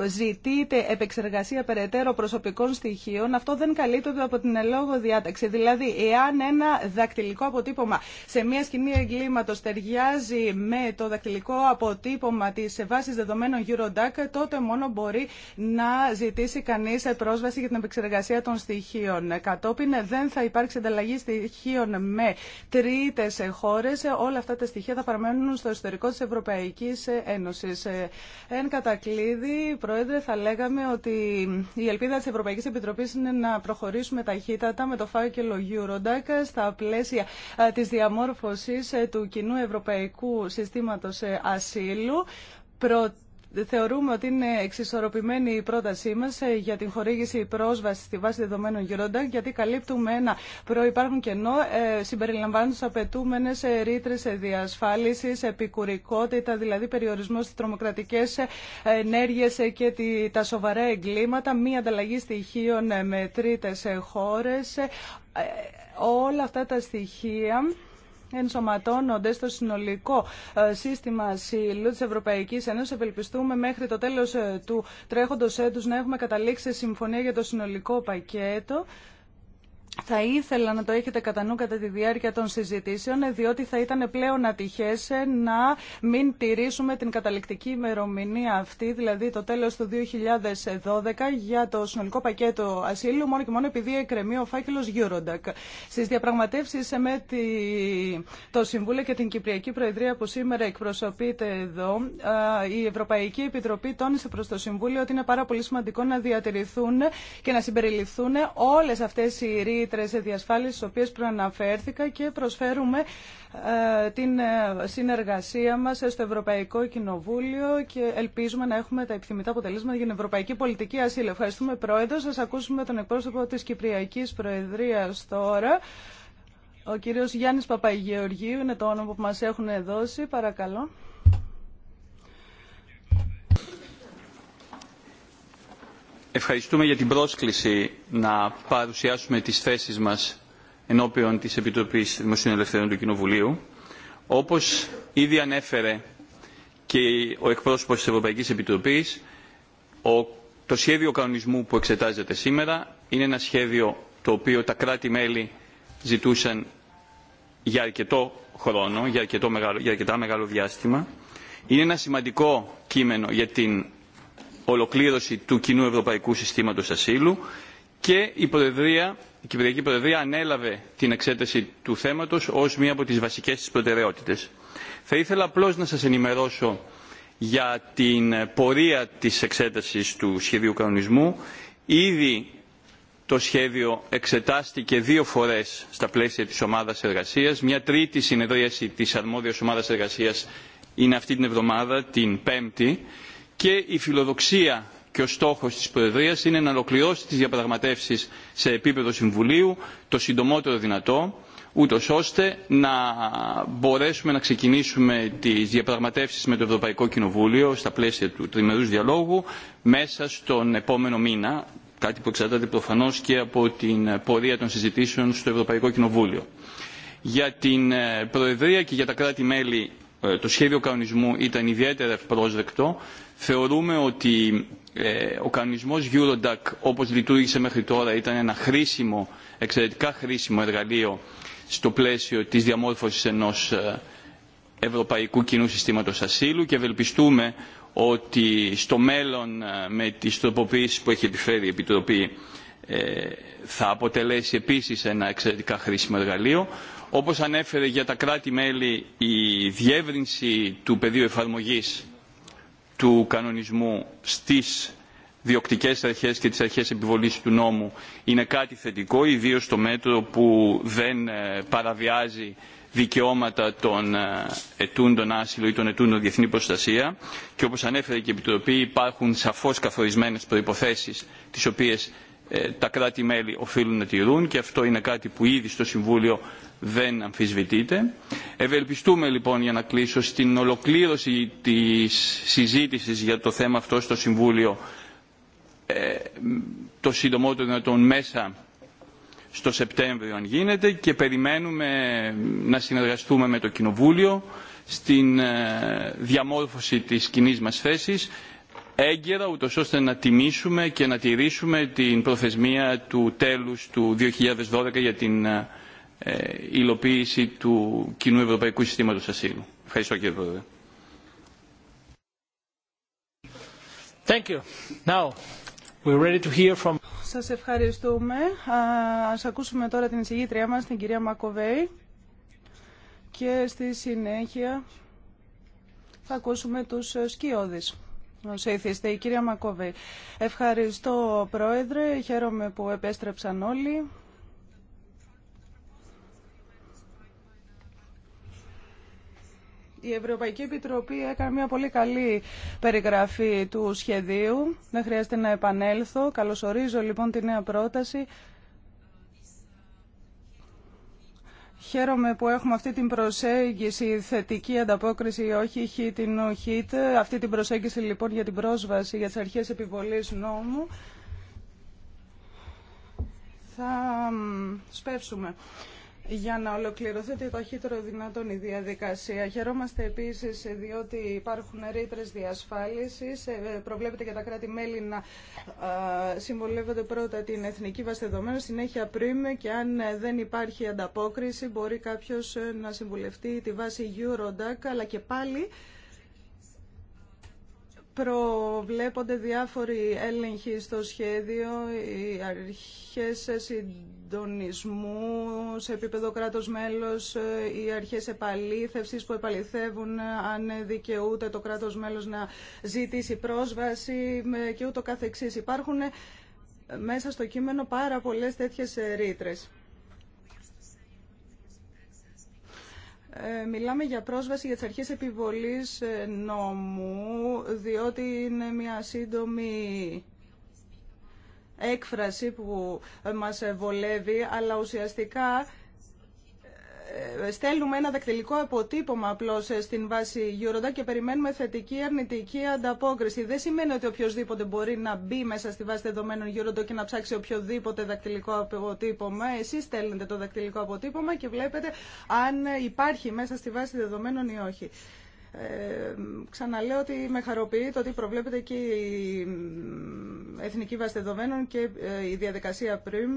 ζητείται επεξεργασία περαιτέρω προσωπικών στοιχείων, αυτό δεν καλύπτεται από την ελόγω διάταξη. Δηλαδή, εάν ένα δακτυλικό αποτύπωμα σε μια σκηνή εγκλήματο ταιριάζει με το δακτυλικό αποτύπωμα τη βάση δεδομένων Eurodac, τότε μόνο μπορεί να ζητήσει κανεί πρόσβαση για την επεξεργασία των στοιχείων. Κατόπιν δεν θα υπάρξει ανταλλαγή στοιχείων με τρίτε χώρε. Όλα αυτά τα στοιχεία θα παραμένουν στο εσωτερικό τη Ευρωπαϊκή Ένωση. Ε, εν κατακλείδη, Πρόεδρε, θα λέγαμε ότι η ελπίδα της Ευρωπαϊκής Επιτροπής είναι να προχωρήσουμε ταχύτατα με το φάκελο Eurodac στα πλαίσια ε, της διαμόρφωσης ε, του κοινού ευρωπαϊκού συστήματος ασύλου. Θεωρούμε ότι είναι εξισορροπημένη η πρότασή μα ε, για την χορήγηση πρόσβαση στη βάση δεδομένων γυρώντα γιατί καλύπτουμε ένα προϋπάρχον κενό ε, συμπεριλαμβάνοντα απαιτούμενε ε, ρήτρε διασφάλιση, επικουρικότητα, δηλαδή περιορισμό στι τρομοκρατικέ ενέργειε και τα σοβαρά εγκλήματα, μη ανταλλαγή στοιχείων με τρίτε χώρε. Όλα αυτά τα στοιχεία ενσωματώνονται στο συνολικό ε, σύστημα σύλλου τη Ευρωπαϊκή Ένωση, Ευελπιστούμε μέχρι το τέλο ε, του τρέχοντο έτου, να έχουμε καταλήξει σε συμφωνία για το συνολικό πακέτο θα ήθελα να το έχετε κατά νου κατά τη διάρκεια των συζητήσεων, διότι θα ήταν πλέον ατυχές να μην τηρήσουμε την καταληκτική ημερομηνία αυτή, δηλαδή το τέλος του 2012 για το συνολικό πακέτο ασύλου, μόνο και μόνο επειδή εκκρεμεί ο φάκελος Eurodac. Στις διαπραγματεύσεις με το Συμβούλιο και την Κυπριακή Προεδρία που σήμερα εκπροσωπείται εδώ, η Ευρωπαϊκή Επιτροπή τόνισε προς το Συμβούλιο ότι είναι πάρα πολύ σημαντικό να διατηρηθούν και να συμπεριληφθούν όλες αυτές οι κίνητρες διασφάλισης, στις οποίες προαναφέρθηκα και προσφέρουμε ε, την ε, συνεργασία μας στο Ευρωπαϊκό Κοινοβούλιο και ελπίζουμε να έχουμε τα επιθυμητά αποτελέσματα για την Ευρωπαϊκή Πολιτική Ασύλου. Ευχαριστούμε Πρόεδρο. Σας ακούσουμε τον εκπρόσωπο της Κυπριακής Προεδρίας τώρα. Ο κύριος Γιάννης Παπαγεωργίου είναι το όνομα που μας έχουν δώσει. Παρακαλώ. ευχαριστούμε για την πρόσκληση να παρουσιάσουμε τις θέσεις μας ενώπιον της Επιτροπής Δημοσίου Ελευθερών του Κοινοβουλίου. Όπως ήδη ανέφερε και ο εκπρόσωπος της Ευρωπαϊκής Επιτροπής, το σχέδιο κανονισμού που εξετάζεται σήμερα είναι ένα σχέδιο το οποίο τα κράτη-μέλη ζητούσαν για αρκετό χρόνο, για, αρκετό για αρκετά μεγάλο διάστημα. Είναι ένα σημαντικό κείμενο για την ολοκλήρωση του κοινού ευρωπαϊκού συστήματος ασύλου και η, Προεδρία, η Κυπριακή Προεδρία ανέλαβε την εξέταση του θέματος ως μία από τις βασικές της προτεραιότητες. Θα ήθελα απλώς να σας ενημερώσω για την πορεία της εξέτασης του σχεδίου κανονισμού. Ήδη το σχέδιο εξετάστηκε δύο φορές στα πλαίσια της ομάδας εργασίας. Μια τρίτη συνεδρίαση της αρμόδιας ομάδας εργασίας είναι αυτή την εβδομάδα, την Πέμπτη και η φιλοδοξία και ο στόχος της Προεδρίας είναι να ολοκληρώσει τις διαπραγματεύσεις σε επίπεδο Συμβουλίου το συντομότερο δυνατό, ούτω ώστε να μπορέσουμε να ξεκινήσουμε τις διαπραγματεύσεις με το Ευρωπαϊκό Κοινοβούλιο στα πλαίσια του τριμερούς διαλόγου μέσα στον επόμενο μήνα, κάτι που εξαρτάται προφανώς και από την πορεία των συζητήσεων στο Ευρωπαϊκό Κοινοβούλιο. Για την ε, Προεδρία και για τα κράτη-μέλη ε, το σχέδιο κανονισμού ήταν ιδιαίτερα ευπρόσδεκτο Θεωρούμε ότι ε, ο κανονισμός Eurodac όπως λειτουργήσε μέχρι τώρα ήταν ένα χρήσιμο, εξαιρετικά χρήσιμο εργαλείο στο πλαίσιο της διαμόρφωσης ενός ε, Ευρωπαϊκού Κοινού Συστήματος Ασύλου και ευελπιστούμε ότι στο μέλλον ε, με τις τροποποιήσεις που έχει επιφέρει η Επιτροπή θα αποτελέσει επίσης ένα εξαιρετικά χρήσιμο εργαλείο. Όπως ανέφερε για τα κράτη-μέλη η διεύρυνση του πεδίου εφαρμογής του κανονισμού στις διοκτικές αρχές και τις αρχές επιβολής του νόμου είναι κάτι θετικό, ιδίως στο μέτρο που δεν ε, παραβιάζει δικαιώματα των ε, ετούντων άσυλο ή των ετούντων διεθνή προστασία και όπως ανέφερε και η Επιτροπή υπάρχουν σαφώς καθορισμένες προϋποθέσεις τις οποίες ε, τα κράτη-μέλη οφείλουν να τηρούν και αυτό είναι κάτι που ήδη στο Συμβούλιο δεν αμφισβητείται. Ευελπιστούμε λοιπόν για να κλείσω στην ολοκλήρωση της συζήτησης για το θέμα αυτό στο Συμβούλιο ε, το συντομότερο δυνατόν μέσα στο Σεπτέμβριο αν γίνεται και περιμένουμε να συνεργαστούμε με το Κοινοβούλιο στην ε, διαμόρφωση της κοινή μας θέσης έγκαιρα ούτως ώστε να τιμήσουμε και να τηρήσουμε την προθεσμία του τέλους του 2012 για την ε, υλοποίηση του κοινού ευρωπαϊκού συστήματος ασύλου. Ευχαριστώ κύριε Πρόεδρε. Thank you. Now, we're ready to hear from... Σας ευχαριστούμε. Ας ακούσουμε τώρα την εισηγήτριά μας, την κυρία Μακοβέη. Και στη συνέχεια θα ακούσουμε τους ε, σκιώδεις η κυρία Μακόβε. Ευχαριστώ, Πρόεδρε. Χαίρομαι που επέστρεψαν όλοι. Η Ευρωπαϊκή Επιτροπή έκανε μια πολύ καλή περιγραφή του σχεδίου. Δεν χρειάζεται να επανέλθω. Καλωσορίζω λοιπόν τη νέα πρόταση Χαίρομαι που έχουμε αυτή την προσέγγιση, θετική ανταπόκριση ή όχι, χ, την hit. αυτή την προσέγγιση λοιπόν για την πρόσβαση, για τις αρχές επιβολής νόμου. Θα σπεύσουμε για να ολοκληρωθεί το αχύτερο δυνατόν η διαδικασία. Χαιρόμαστε επίσης διότι υπάρχουν ρήτρες διασφάλισης. Ε, προβλέπεται για τα κράτη-μέλη να συμβολεύονται πρώτα την εθνική βάση συνέχεια πριν και αν ε, δεν υπάρχει ανταπόκριση μπορεί κάποιος ε, να συμβουλευτεί τη βάση Eurodac, αλλά και πάλι προβλέπονται διάφοροι έλεγχοι στο σχέδιο, οι αρχές συντονισμού σε επίπεδο κράτος μέλος, οι αρχές επαλήθευσης που επαληθεύουν αν δικαιούται το κράτος μέλος να ζητήσει πρόσβαση και ούτω καθεξής. Υπάρχουν μέσα στο κείμενο πάρα πολλές τέτοιες ρήτρες. Ε, μιλάμε για πρόσβαση για τις αρχές επιβολής ε, νόμου, διότι είναι μια σύντομη έκφραση που μας βολεύει, αλλά ουσιαστικά ε, στέλνουμε ένα δακτυλικό αποτύπωμα απλώ ε, στην βάση Eurodac και περιμένουμε θετική αρνητική ανταπόκριση. Δεν σημαίνει ότι οποιοδήποτε μπορεί να μπει μέσα στη βάση δεδομένων Eurodac και να ψάξει οποιοδήποτε δακτυλικό αποτύπωμα. Εσεί στέλνετε το δακτυλικό αποτύπωμα και βλέπετε αν υπάρχει μέσα στη βάση δεδομένων ή όχι. Ε, ξαναλέω ότι με χαροποιεί το ότι προβλέπεται και η Εθνική Βάση Δεδομένων και ε, η διαδικασία πριν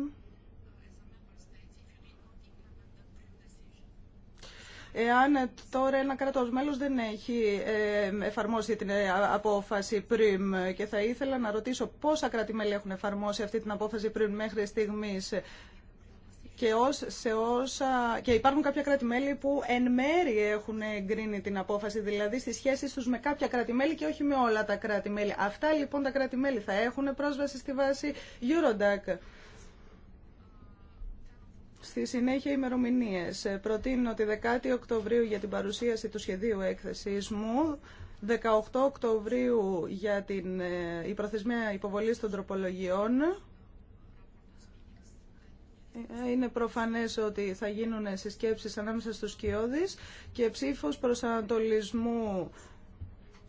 εάν τώρα ένα κράτος μέλος δεν έχει ε, εφαρμόσει την ε, απόφαση πριν και θα ήθελα να ρωτήσω πόσα κράτη-μέλη έχουν εφαρμόσει αυτή την απόφαση πριν μέχρι στιγμής και, ως, και υπάρχουν κάποια κράτη-μέλη που εν μέρη έχουν εγκρίνει την απόφαση, δηλαδή στις σχέσεις τους με κάποια κράτη-μέλη και όχι με όλα τα κράτη-μέλη. Αυτά λοιπόν τα κράτη-μέλη θα έχουν πρόσβαση στη βάση Eurodac. Στη συνέχεια ημερομηνίε. Ε, προτείνω τη 10η Οκτωβρίου για την παρουσίαση του σχεδίου έκθεσής μου, 18 Οκτωβρίου για την, ε, η προθεσμία υποβολής των τροπολογιών. Ε, είναι προφανές ότι θα γίνουν συσκέψεις ανάμεσα στους Κιώδης και ψήφος ανατολισμού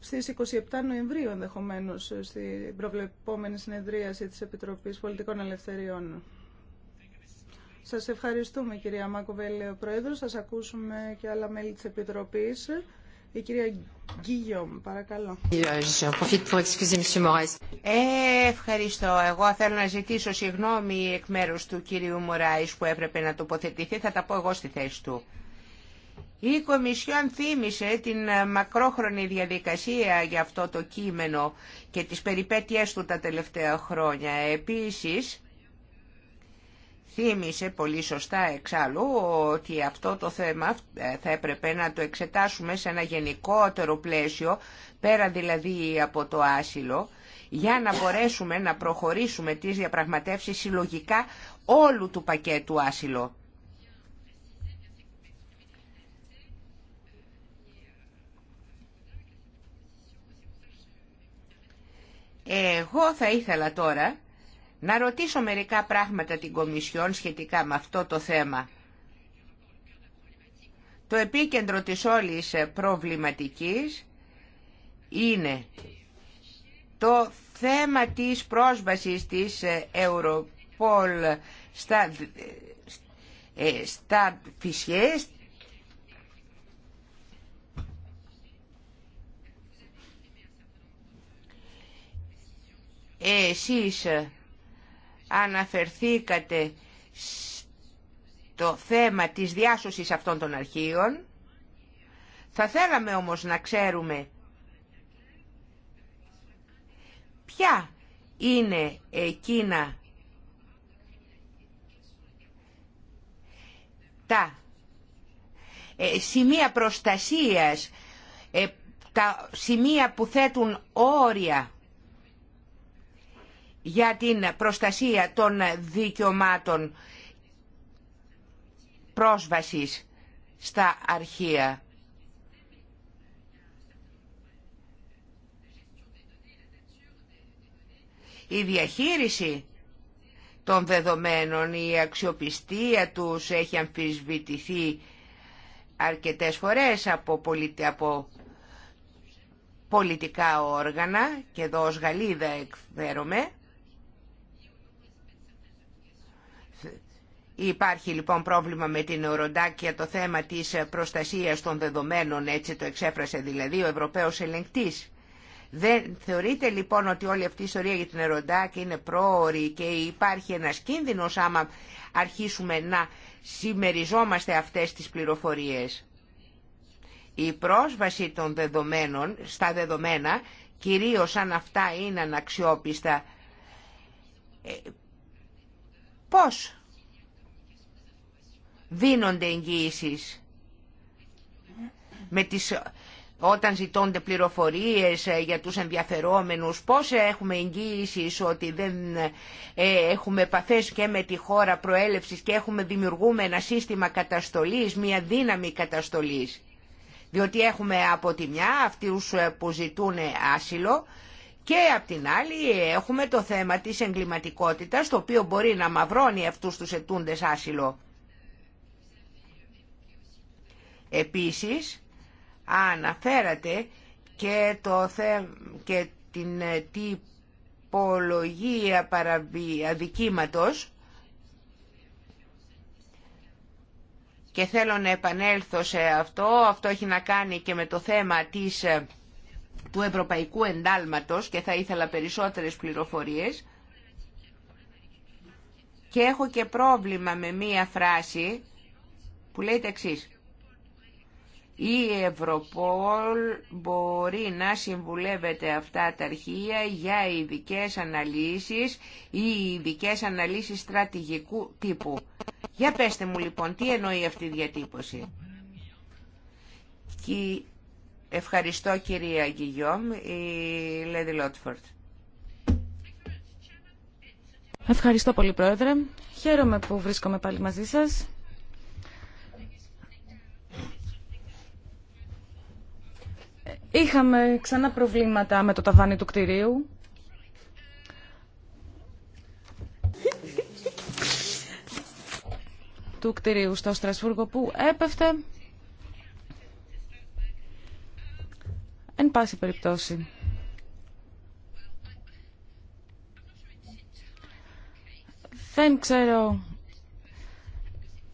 στις 27 Νοεμβρίου ενδεχομένως στην προβλεπόμενη συνεδρίαση της Επιτροπής Πολιτικών Ελευθεριών. Σας ευχαριστούμε κυρία Μακοβέλη Πρόεδρος. Σας ακούσουμε και άλλα μέλη της Επιτροπής. Η κυρία Γκίγιομ, παρακαλώ. Ε, ευχαριστώ. Εγώ θέλω να ζητήσω συγγνώμη εκ μέρους του κυρίου Μωράης που έπρεπε να τοποθετηθεί. Θα τα πω εγώ στη θέση του. Η Κομισιόν θύμισε την ε, μακρόχρονη διαδικασία για αυτό το κείμενο και τις περιπέτειές του τα τελευταία χρόνια. Επίσης, θύμισε πολύ σωστά εξάλλου ότι αυτό το θέμα ε, θα έπρεπε να το εξετάσουμε σε ένα γενικότερο πλαίσιο, πέρα δηλαδή από το άσυλο, για να μπορέσουμε να προχωρήσουμε τις διαπραγματεύσεις συλλογικά όλου του πακέτου άσυλο. Εγώ θα ήθελα τώρα να ρωτήσω μερικά πράγματα την Κομισιόν σχετικά με αυτό το θέμα. Το επίκεντρο της όλης προβληματικής είναι το θέμα της πρόσβασης της Ευρωπόλ στα, ε, στα φυσιές εσείς ε, αναφερθήκατε στο θέμα της διάσωσης αυτών των αρχείων. Θα θέλαμε όμως να ξέρουμε ποια είναι εκείνα τα ε, σημεία προστασίας, ε, τα σημεία που θέτουν όρια για την προστασία των δικαιωμάτων πρόσβασης στα αρχεία. Η διαχείριση των δεδομένων, η αξιοπιστία τους έχει αμφισβητηθεί αρκετές φορές από, πολιτι... από πολιτικά όργανα και εδώ ως Γαλλίδα εκφέρομαι Υπάρχει λοιπόν πρόβλημα με την Eurodac για το θέμα της προστασίας των δεδομένων, έτσι το εξέφρασε δηλαδή ο Ευρωπαίος Ελεγκτής. Δεν θεωρείτε λοιπόν ότι όλη αυτή η ιστορία για την Eurodac είναι πρόορη και υπάρχει ένας κίνδυνος άμα αρχίσουμε να συμμεριζόμαστε αυτές τις πληροφορίες. Η πρόσβαση των δεδομένων στα δεδομένα, κυρίως αν αυτά είναι αναξιόπιστα, ε, πώς δίνονται εγγύησει. Με τις, όταν ζητώνται πληροφορίες ε, για τους ενδιαφερόμενους, πώς έχουμε εγγύησει ότι δεν ε, έχουμε επαφές και με τη χώρα προέλευσης και έχουμε δημιουργούμε ένα σύστημα καταστολής, μια δύναμη καταστολής. Διότι έχουμε από τη μια αυτούς ε, που ζητούν άσυλο και από την άλλη έχουμε το θέμα της εγκληματικότητας, το οποίο μπορεί να μαυρώνει αυτούς τους ετούντες άσυλο. Επίσης, αναφέρατε και, το θε... και την ε, τυπολογία παραδικήματος και θέλω να επανέλθω σε αυτό. Αυτό έχει να κάνει και με το θέμα της, ε, του ευρωπαϊκού εντάλματος και θα ήθελα περισσότερες πληροφορίες. Και έχω και πρόβλημα με μία φράση που λέει τα εξής η Ευρωπόλ μπορεί να συμβουλεύεται αυτά τα αρχεία για ειδικέ αναλύσεις ή ειδικέ αναλύσεις στρατηγικού τύπου. Για πέστε μου λοιπόν τι εννοεί αυτή η διατύπωση. Και ευχαριστώ κυρία Γκυγιόμ, η Λέδη Λότφορτ. Ευχαριστώ πολύ πρόεδρε. Χαίρομαι που βρίσκομαι πάλι μαζί σας. Είχαμε ξανά προβλήματα με το ταβάνι του κτηρίου. του κτηρίου στο Στρασβούργο που έπεφτε. Εν πάση περιπτώσει. Δεν ξέρω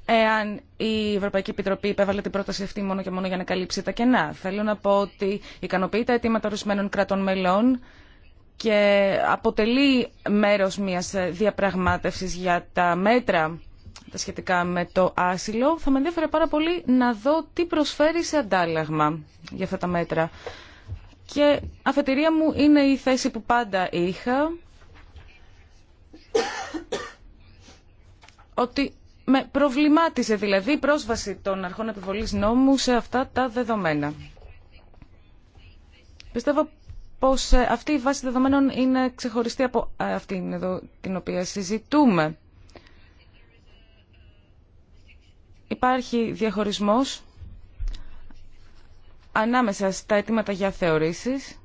εάν η Ευρωπαϊκή Επιτροπή υπέβαλε την πρόταση αυτή μόνο και μόνο για να καλύψει τα κενά. Θέλω να πω ότι ικανοποιεί τα αιτήματα ορισμένων κρατών μελών και αποτελεί μέρος μιας διαπραγμάτευσης για τα μέτρα τα σχετικά με το άσυλο. Θα με ενδιαφέρε πάρα πολύ να δω τι προσφέρει σε αντάλλαγμα για αυτά τα μέτρα. Και αφετηρία μου είναι η θέση που πάντα είχα ότι με προβλημάτισε δηλαδή η πρόσβαση των αρχών επιβολής νόμου σε αυτά τα δεδομένα. Πιστεύω πως ε, αυτή η βάση δεδομένων είναι ξεχωριστή από ε, αυτήν εδώ την οποία συζητούμε. Υπάρχει διαχωρισμός ανάμεσα στα αιτήματα για θεωρήσεις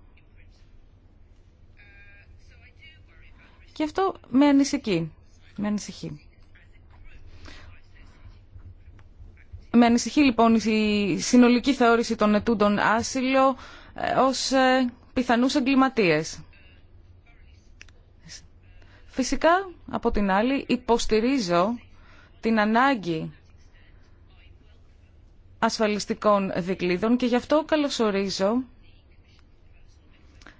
και αυτό με ανησυχεί. Με ανησυχεί. Με ανησυχεί λοιπόν η συνολική θεώρηση των ετούντων άσυλο ε, ως ε, πιθανούς εγκληματίες. Φυσικά, από την άλλη, υποστηρίζω την ανάγκη ασφαλιστικών δικλείδων και γι' αυτό καλωσορίζω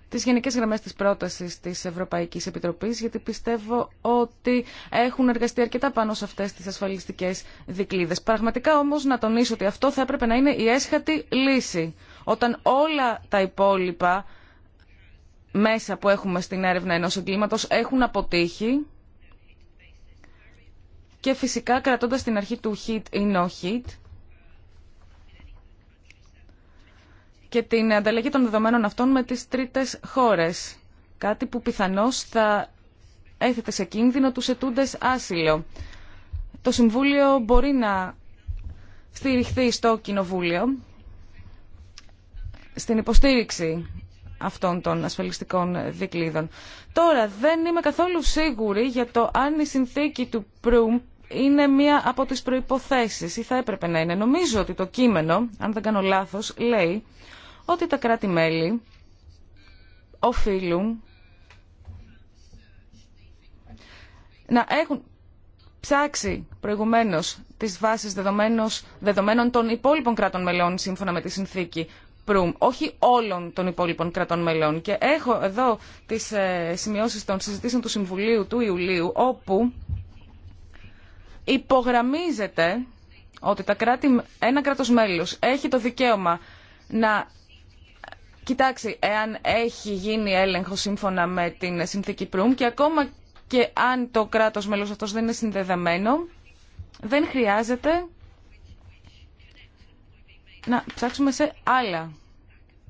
τι γενικέ γραμμές της πρόταση της Ευρωπαϊκής Επιτροπής, γιατί πιστεύω ότι έχουν εργαστεί αρκετά πάνω σε αυτέ τις ασφαλιστικές δικλίδες. Πραγματικά όμως να τονίσω ότι αυτό θα έπρεπε να είναι η έσχατη λύση, όταν όλα τα υπόλοιπα μέσα που έχουμε στην έρευνα ενός εγκλήματος έχουν αποτύχει και φυσικά κρατώντας την αρχή του hit ή no hit, και την ανταλλαγή των δεδομένων αυτών με τις τρίτες χώρες. Κάτι που πιθανώς θα έθετε σε κίνδυνο τους ετούντες άσυλο. Το Συμβούλιο μπορεί να στηριχθεί στο Κοινοβούλιο στην υποστήριξη αυτών των ασφαλιστικών δικλείδων. Τώρα, δεν είμαι καθόλου σίγουρη για το αν η συνθήκη του Προύμ είναι μία από τις προϋποθέσεις ή θα έπρεπε να είναι. Νομίζω ότι το κείμενο, αν δεν κάνω λάθος, λέει ότι τα κράτη-μέλη οφείλουν να έχουν ψάξει προηγουμένως τις βάσεις δεδομένων των υπόλοιπων κράτων μελών σύμφωνα με τη συνθήκη Προύμ, όχι όλων των υπόλοιπων κρατών μελών. Και έχω εδώ τις ε, σημειώσεις των συζητήσεων του Συμβουλίου του Ιουλίου, όπου υπογραμμίζεται ότι τα κράτη, ένα κράτος μέλος έχει το δικαίωμα να Κοιτάξτε, εάν έχει γίνει έλεγχο σύμφωνα με την συνθήκη Προύμ και ακόμα και αν το κράτος μέλος αυτός δεν είναι συνδεδεμένο, δεν χρειάζεται να ψάξουμε σε άλλα,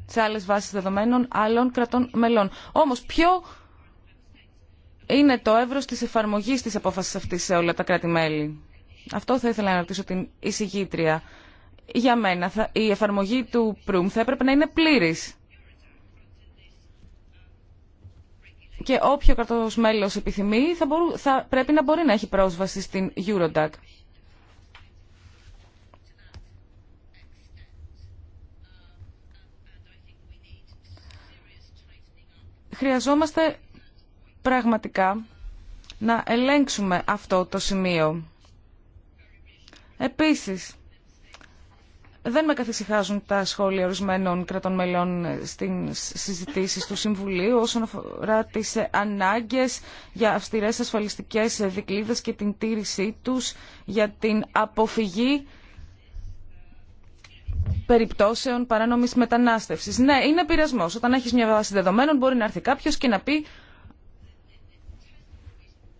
σε άλλες βάσεις δεδομένων άλλων κρατών μελών. Όμως, ποιο είναι το εύρος της εφαρμογής της απόφασης αυτής σε όλα τα κράτη-μέλη. Αυτό θα ήθελα να ρωτήσω την εισηγήτρια. Για μένα, η εφαρμογή του ΠΡΟΥΜ θα έπρεπε να είναι πλήρης. και όποιο κρατός μέλος επιθυμεί θα, μπορού, θα πρέπει να μπορεί να έχει πρόσβαση στην Eurodac. Χρειαζόμαστε πραγματικά να ελέγξουμε αυτό το σημείο. Επίσης, δεν με καθησυχάζουν τα σχόλια ορισμένων κρατών μελών στις συζητήσεις του Συμβουλίου όσον αφορά τις ε, ανάγκες για αυστηρές ασφαλιστικές ε, δικλείδες και την τήρησή τους για την αποφυγή περιπτώσεων παράνομης μετανάστευσης. Ναι, είναι πειρασμό. Όταν έχεις μια βάση δεδομένων μπορεί να έρθει κάποιος και να πει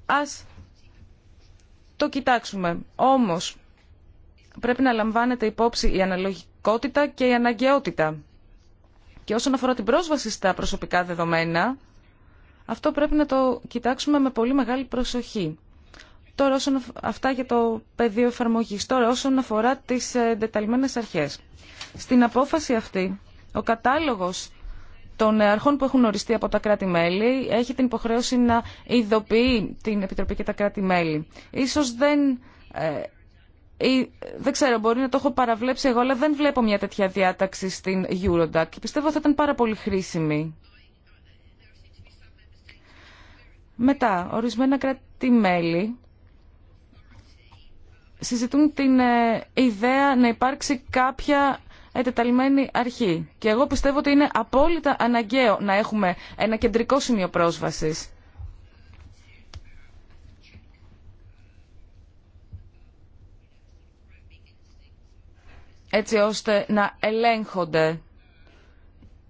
ας το κοιτάξουμε. Όμως πρέπει να λαμβάνεται υπόψη η αναλογικότητα και η αναγκαιότητα. Και όσον αφορά την πρόσβαση στα προσωπικά δεδομένα, αυτό πρέπει να το κοιτάξουμε με πολύ μεγάλη προσοχή. Τώρα όσον αυτά για το πεδίο εφαρμογή. Τώρα όσον αφορά τις ε, εντεταλμένες αρχές. Στην απόφαση αυτή, ο κατάλογος των αρχών που έχουν οριστεί από τα κράτη-μέλη έχει την υποχρέωση να ειδοποιεί την Επιτροπή και τα κράτη-μέλη. Ίσως δεν ε, ή, δεν ξέρω, μπορεί να το έχω παραβλέψει εγώ, αλλά δεν βλέπω μια τέτοια διάταξη στην Eurodac Πιστεύω πιστεύω θα ήταν πάρα πολύ χρήσιμη. Μετά, ορισμένα κράτη-μέλη συζητούν την ε, ιδέα να υπάρξει κάποια ετεταλμένη αρχή. Και εγώ πιστεύω ότι είναι απόλυτα αναγκαίο να έχουμε ένα κεντρικό σημείο πρόσβασης έτσι ώστε να ελέγχονται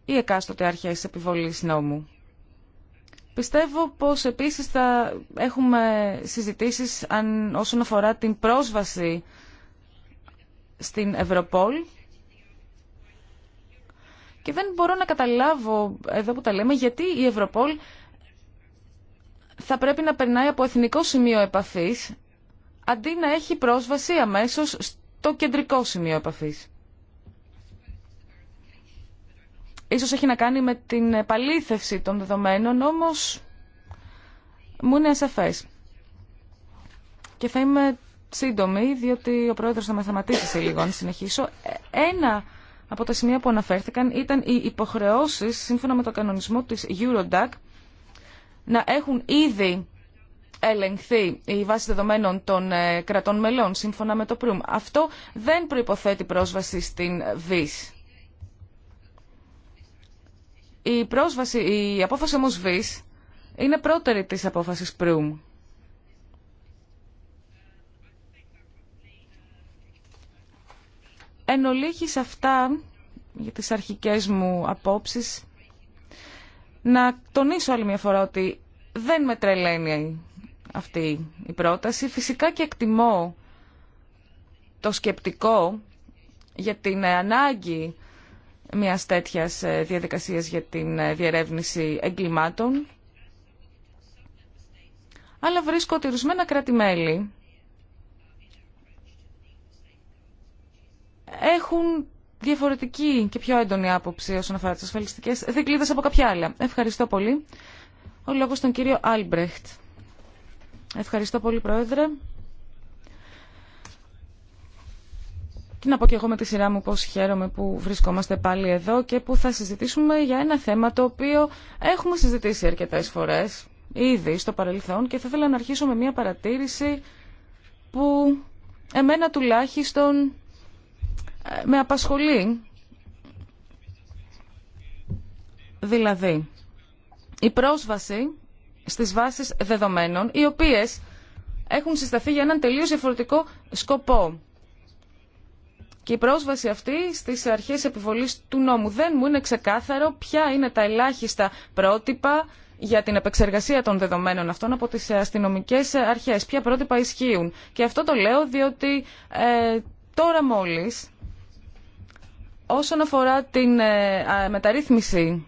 οι εκάστοτε αρχές επιβολής νόμου. Πιστεύω πως επίσης θα έχουμε συζητήσεις αν, όσον αφορά την πρόσβαση στην Ευρωπόλ και δεν μπορώ να καταλάβω εδώ που τα λέμε γιατί η Ευρωπόλ θα πρέπει να περνάει από εθνικό σημείο επαφής αντί να έχει πρόσβαση αμέσως το κεντρικό σημείο επαφής. Ίσως έχει να κάνει με την επαλήθευση των δεδομένων, όμως μου είναι ασαφές. Και θα είμαι σύντομη, διότι ο πρόεδρος θα με σταματήσει σε λίγο, αν συνεχίσω. Ε, ένα από τα σημεία που αναφέρθηκαν ήταν οι υποχρεώσεις, σύμφωνα με το κανονισμό της Eurodac, να έχουν ήδη ελεγχθεί η βάση δεδομένων των ε, κρατών μελών σύμφωνα με το ΠΡΟΥΜ. Αυτό δεν προϋποθέτει πρόσβαση στην ΒΙΣ. Η, πρόσβαση, η απόφαση όμως ΒΙΣ είναι πρώτερη της απόφασης ΠΡΟΥΜ. Εν ολίγης αυτά για τις αρχικές μου απόψεις να τονίσω άλλη μια φορά ότι δεν με τρελαίνει αυτή η πρόταση. Φυσικά και εκτιμώ το σκεπτικό για την ανάγκη μιας τέτοιας ε, διαδικασίας για την ε, διερεύνηση εγκλημάτων. Αλλά βρίσκω ότι ορισμένα κράτη-μέλη έχουν διαφορετική και πιο έντονη άποψη όσον αφορά τις ασφαλιστικές δικλείδες από κάποια άλλα. Ευχαριστώ πολύ. Ο λόγος τον κύριο Άλμπρεχτ. Ευχαριστώ πολύ, Πρόεδρε. Και να πω και εγώ με τη σειρά μου πώς χαίρομαι που βρισκόμαστε πάλι εδώ και που θα συζητήσουμε για ένα θέμα το οποίο έχουμε συζητήσει αρκετές φορές ήδη στο παρελθόν και θα ήθελα να αρχίσω με μια παρατήρηση που εμένα τουλάχιστον ε, με απασχολεί. Δηλαδή, η πρόσβαση στις βάσεις δεδομένων, οι οποίες έχουν συσταθεί για έναν τελείω διαφορετικό σκοπό. Και η πρόσβαση αυτή στις αρχές επιβολής του νόμου δεν μου είναι ξεκάθαρο ποια είναι τα ελάχιστα πρότυπα για την επεξεργασία των δεδομένων αυτών από τις αστυνομικές αρχές. Ποια πρότυπα ισχύουν. Και αυτό το λέω διότι ε, τώρα μόλις όσον αφορά την ε, μεταρρύθμιση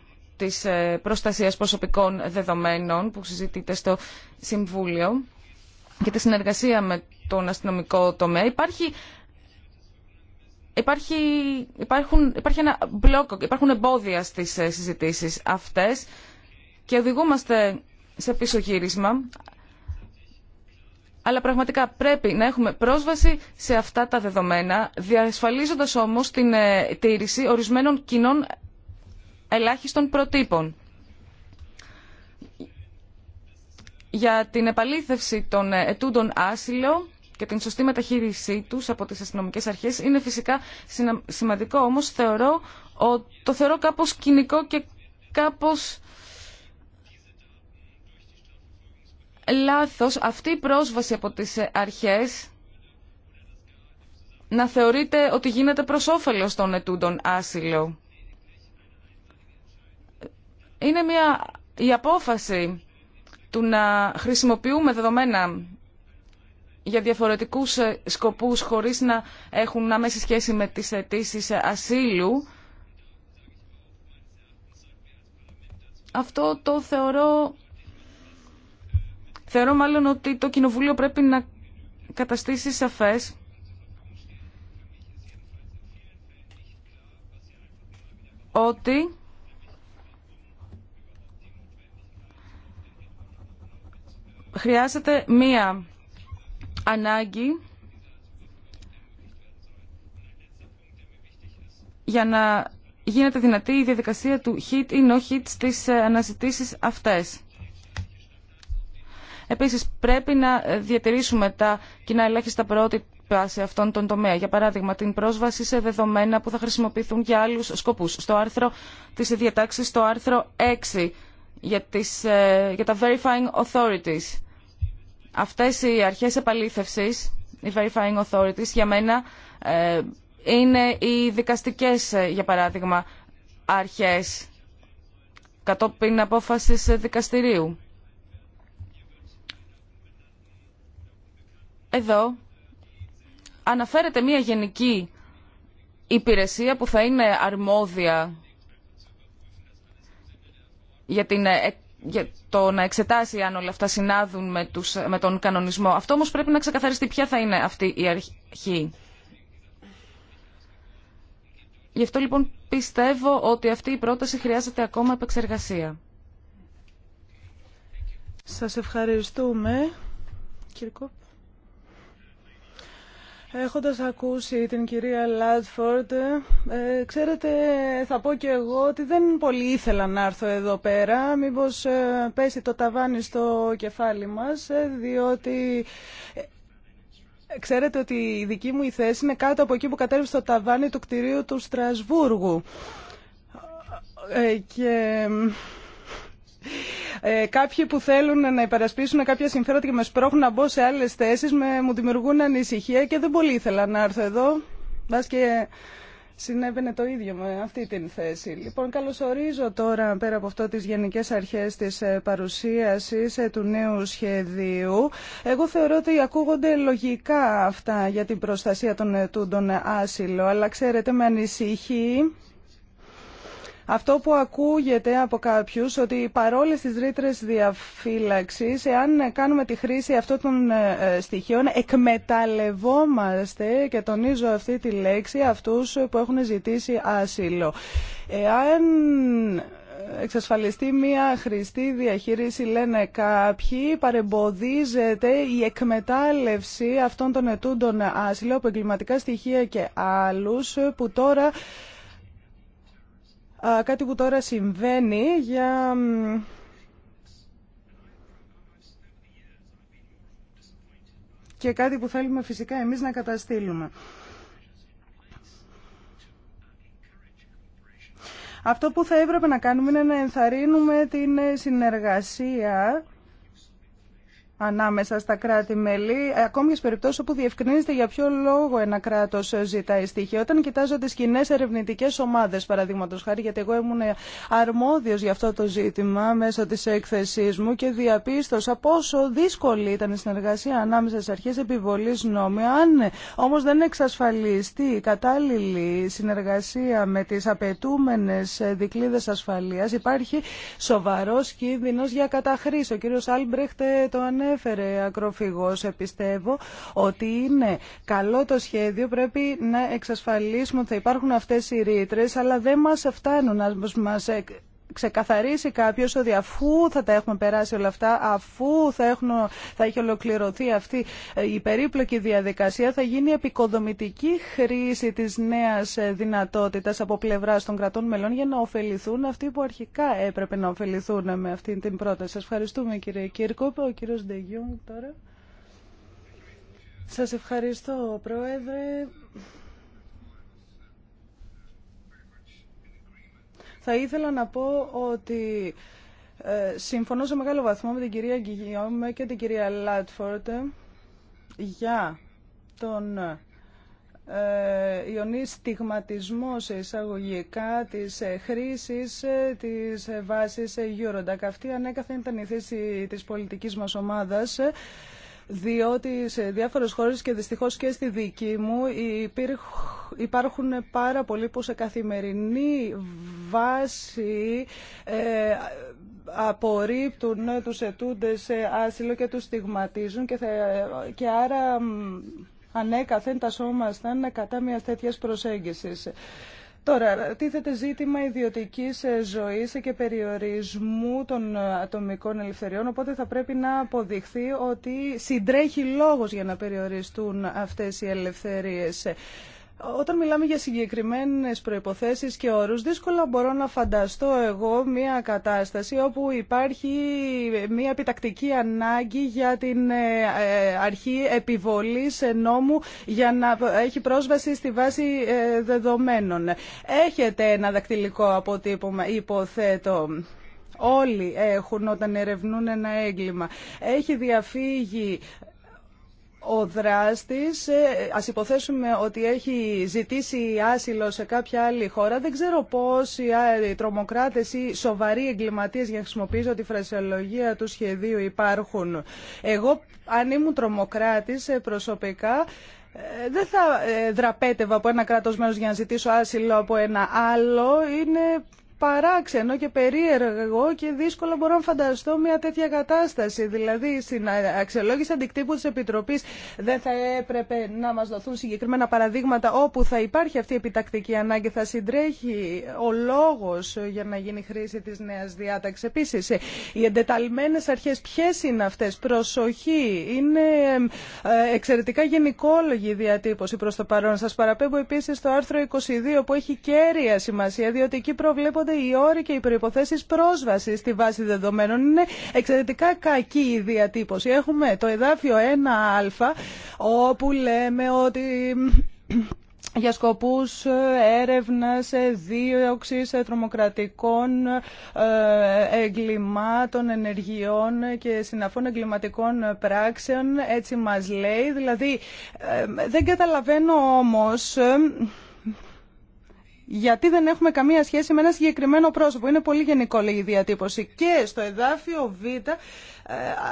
Τη ε, προστασία προσωπικών δεδομένων που συζητείται στο Συμβούλιο και τη συνεργασία με τον αστυνομικό τομέα. Υπάρχει Υπάρχει, υπάρχουν, υπάρχει ένα μπλόκο, υπάρχουν εμπόδια στις ε, συζητήσεις αυτές και οδηγούμαστε σε πίσω γύρισμα. Αλλά πραγματικά πρέπει να έχουμε πρόσβαση σε αυτά τα δεδομένα, διασφαλίζοντας όμως την ε, τήρηση ορισμένων κοινών ελάχιστων προτύπων. Για την επαλήθευση των ετούντων άσυλο και την σωστή μεταχείρισή τους από τις αστυνομικές αρχές είναι φυσικά σημαντικό, όμως θεωρώ, το θεωρώ κάπως κοινικό και κάπως λάθος αυτή η πρόσβαση από τις αρχές να θεωρείται ότι γίνεται προς όφελος των ετούντων άσυλο είναι μια, η απόφαση του να χρησιμοποιούμε δεδομένα για διαφορετικούς ε, σκοπούς χωρίς να έχουν άμεση σχέση με τις αιτήσει ασύλου. Αυτό το θεωρώ... Θεωρώ μάλλον ότι το Κοινοβούλιο πρέπει να καταστήσει σαφές ότι χρειάζεται μία ανάγκη για να γίνεται δυνατή η διαδικασία του hit ή no hit στις ε, αναζητήσεις αυτές. Επίσης, πρέπει να διατηρήσουμε τα κοινά ελάχιστα πρότυπα σε αυτόν τον τομέα. Για παράδειγμα, την πρόσβαση σε δεδομένα που θα χρησιμοποιηθούν για άλλους σκοπούς. Στο άρθρο της διατάξης, στο άρθρο 6 για, τις, ε, για τα verifying authorities. Αυτές οι αρχές επαλήθευσης, οι verifying authorities, για μένα ε, είναι οι δικαστικές, ε, για παράδειγμα, αρχές κατόπιν απόφασης δικαστηρίου. Εδώ αναφέρεται μια γενική υπηρεσία που θα είναι αρμόδια για, την, ε, για το να εξετάσει αν όλα αυτά συνάδουν με, τον κανονισμό. Αυτό όμως πρέπει να ξεκαθαριστεί ποια θα είναι αυτή η αρχή. Γι' αυτό λοιπόν πιστεύω ότι αυτή η πρόταση χρειάζεται ακόμα επεξεργασία. Σας ευχαριστούμε. Κύριε Έχοντας ακούσει την κυρία Λάτφορντ, ε, ξέρετε, θα πω και εγώ ότι δεν πολύ ήθελα να έρθω εδώ πέρα, μήπως ε, πέσει το ταβάνι στο κεφάλι μας, ε, διότι ξέρετε ότι η δική μου η θέση είναι κάτω από εκεί που κατέβει το ταβάνι του κτηρίου του Στρασβούργου. Και... Ε, κάποιοι που θέλουν να υπερασπίσουν κάποια συμφέροντα και με σπρώχνουν να μπω σε άλλες θέσεις μου δημιουργούν ανησυχία και δεν πολύ ήθελα να έρθω εδώ. Μπα και συνέβαινε το ίδιο με αυτή την θέση. Λοιπόν, καλωσορίζω τώρα πέρα από αυτό τις γενικές αρχές της ε, παρουσίασης ε, του νέου σχεδίου. Εγώ θεωρώ ότι ακούγονται λογικά αυτά για την προστασία των ετούντων άσυλο, αλλά ξέρετε με ανησυχεί αυτό που ακούγεται από κάποιου ότι παρόλε τι ρήτρε διαφύλαξης, εάν κάνουμε τη χρήση αυτών των ε, στοιχείων, εκμεταλλευόμαστε, και τονίζω αυτή τη λέξη, αυτούς που έχουν ζητήσει άσυλο. Εάν εξασφαλιστεί μια χρηστή διαχείριση, λένε κάποιοι, παρεμποδίζεται η εκμετάλλευση αυτών των ετούντων άσυλο από εγκληματικά στοιχεία και άλλους που τώρα κάτι που τώρα συμβαίνει για και κάτι που θέλουμε φυσικά εμείς να καταστήλουμε. Αυτό που θα έπρεπε να κάνουμε είναι να ενθαρρύνουμε την συνεργασία ανάμεσα στα κράτη-μέλη, ε, ακόμη και σε περιπτώσει όπου διευκρινίζεται για ποιο λόγο ένα κράτο ε, ζητάει στοιχεία. Όταν κοιτάζω τι κοινέ ερευνητικέ ομάδε, παραδείγματο χάρη, γιατί εγώ ήμουν αρμόδιο για αυτό το ζήτημα μέσω τη έκθεσή μου και διαπίστωσα πόσο δύσκολη ήταν η συνεργασία ανάμεσα στι αρχέ επιβολή νόμου. Αν όμω δεν εξασφαλιστεί η κατάλληλη συνεργασία με τι απαιτούμενε ε, δικλείδε ασφαλεία, υπάρχει σοβαρό κίνδυνο για καταχρήση. Ο κύριο Άλμπρεχτ το ανέφερε ανέφερε ακροφυγός. Πιστεύω ότι είναι καλό το σχέδιο. Πρέπει να εξασφαλίσουμε ότι θα υπάρχουν αυτές οι ρήτρε, αλλά δεν μας φτάνουν να μας ξεκαθαρίσει κάποιο ότι αφού θα τα έχουμε περάσει όλα αυτά, αφού θα, έχουν, θα έχει ολοκληρωθεί αυτή ε, η περίπλοκη διαδικασία, θα γίνει επικοδομητική χρήση τη νέα ε, δυνατότητα από πλευρά των κρατών μελών για να ωφεληθούν αυτοί που αρχικά έπρεπε να ωφεληθούν με αυτή την πρόταση. Σα ευχαριστούμε κύριε Κύρκο, Ο κύριο Ντεγιούγκ τώρα. Σας ευχαριστώ, Πρόεδρε. Θα ήθελα να πω ότι ε, συμφωνώ σε μεγάλο βαθμό με την κυρία Γκυγιώμη και την κυρία Λάτφορντ για τον ε, ιονή στιγματισμό σε εισαγωγικά της ε, χρήσης της βάσης Eurodac. Αυτή ανέκαθεν ήταν η θέση της πολιτικής μας ομάδας διότι σε διάφορες χώρες και δυστυχώς και στη δική μου υπάρχουν πάρα πολλοί που σε καθημερινή βάση ε, απορρίπτουν ναι, τους ετούντες σε άσυλο και τους στιγματίζουν και, θα, και άρα ανέκαθεν να κατά μια τέτοια προσέγγισης. Τώρα, τίθεται ζήτημα ιδιωτική ε, ζωή και περιορισμού των ε, ατομικών ελευθεριών, οπότε θα πρέπει να αποδειχθεί ότι συντρέχει λόγο για να περιοριστούν αυτέ οι ελευθερίε. Όταν μιλάμε για συγκεκριμένες προϋποθέσεις και όρους, δύσκολα μπορώ να φανταστώ εγώ μια κατάσταση όπου υπάρχει μια επιτακτική ανάγκη για την ε, ε, αρχή επιβολής νόμου για να έχει πρόσβαση στη βάση ε, δεδομένων. Έχετε ένα δακτυλικό αποτύπωμα, υποθέτω. Όλοι έχουν όταν ερευνούν ένα έγκλημα. Έχει διαφύγει ο δράστης, ε, ας υποθέσουμε ότι έχει ζητήσει άσυλο σε κάποια άλλη χώρα, δεν ξέρω οι τρομοκράτες ή σοβαροί εγκληματίες για να χρησιμοποιήσω τη φρασιολογία του σχεδίου υπάρχουν. Εγώ, αν ήμουν τρομοκράτης ε, προσωπικά, ε, δεν θα δραπέτευα από ένα κράτος μέρος για να ζητήσω άσυλο από ένα άλλο. Είναι παράξενο και περίεργο και δύσκολο μπορώ να φανταστώ μια τέτοια κατάσταση. Δηλαδή, στην αξιολόγηση αντικτύπου τη Επιτροπή δεν θα έπρεπε να μα δοθούν συγκεκριμένα παραδείγματα όπου θα υπάρχει αυτή η επιτακτική ανάγκη, θα συντρέχει ο λόγο για να γίνει χρήση τη νέα διάταξη. Επίση, ε, οι εντεταλμένε αρχέ, ποιε είναι αυτέ, προσοχή, είναι ε, εξαιρετικά γενικόλογη η διατύπωση προ το παρόν. Σα παραπέμπω επίση στο άρθρο 22 που έχει κέρια σημασία, διότι εκεί προβλέπονται οι όροι και οι προποθέσει πρόσβαση στη βάση δεδομένων. Είναι εξαιρετικά κακή η διατύπωση. Έχουμε το εδάφιο 1α, όπου λέμε ότι για σκοπούς ε, έρευνας, ε, δίωξης ε, τρομοκρατικών εγκλημάτων, ενεργειών και συναφών εγκληματικών πράξεων, έτσι μας λέει. Δηλαδή, δεν καταλαβαίνω όμως γιατί δεν έχουμε καμία σχέση με ένα συγκεκριμένο πρόσωπο. Είναι πολύ γενικό λέει η διατύπωση. Και στο εδάφιο Β, ε,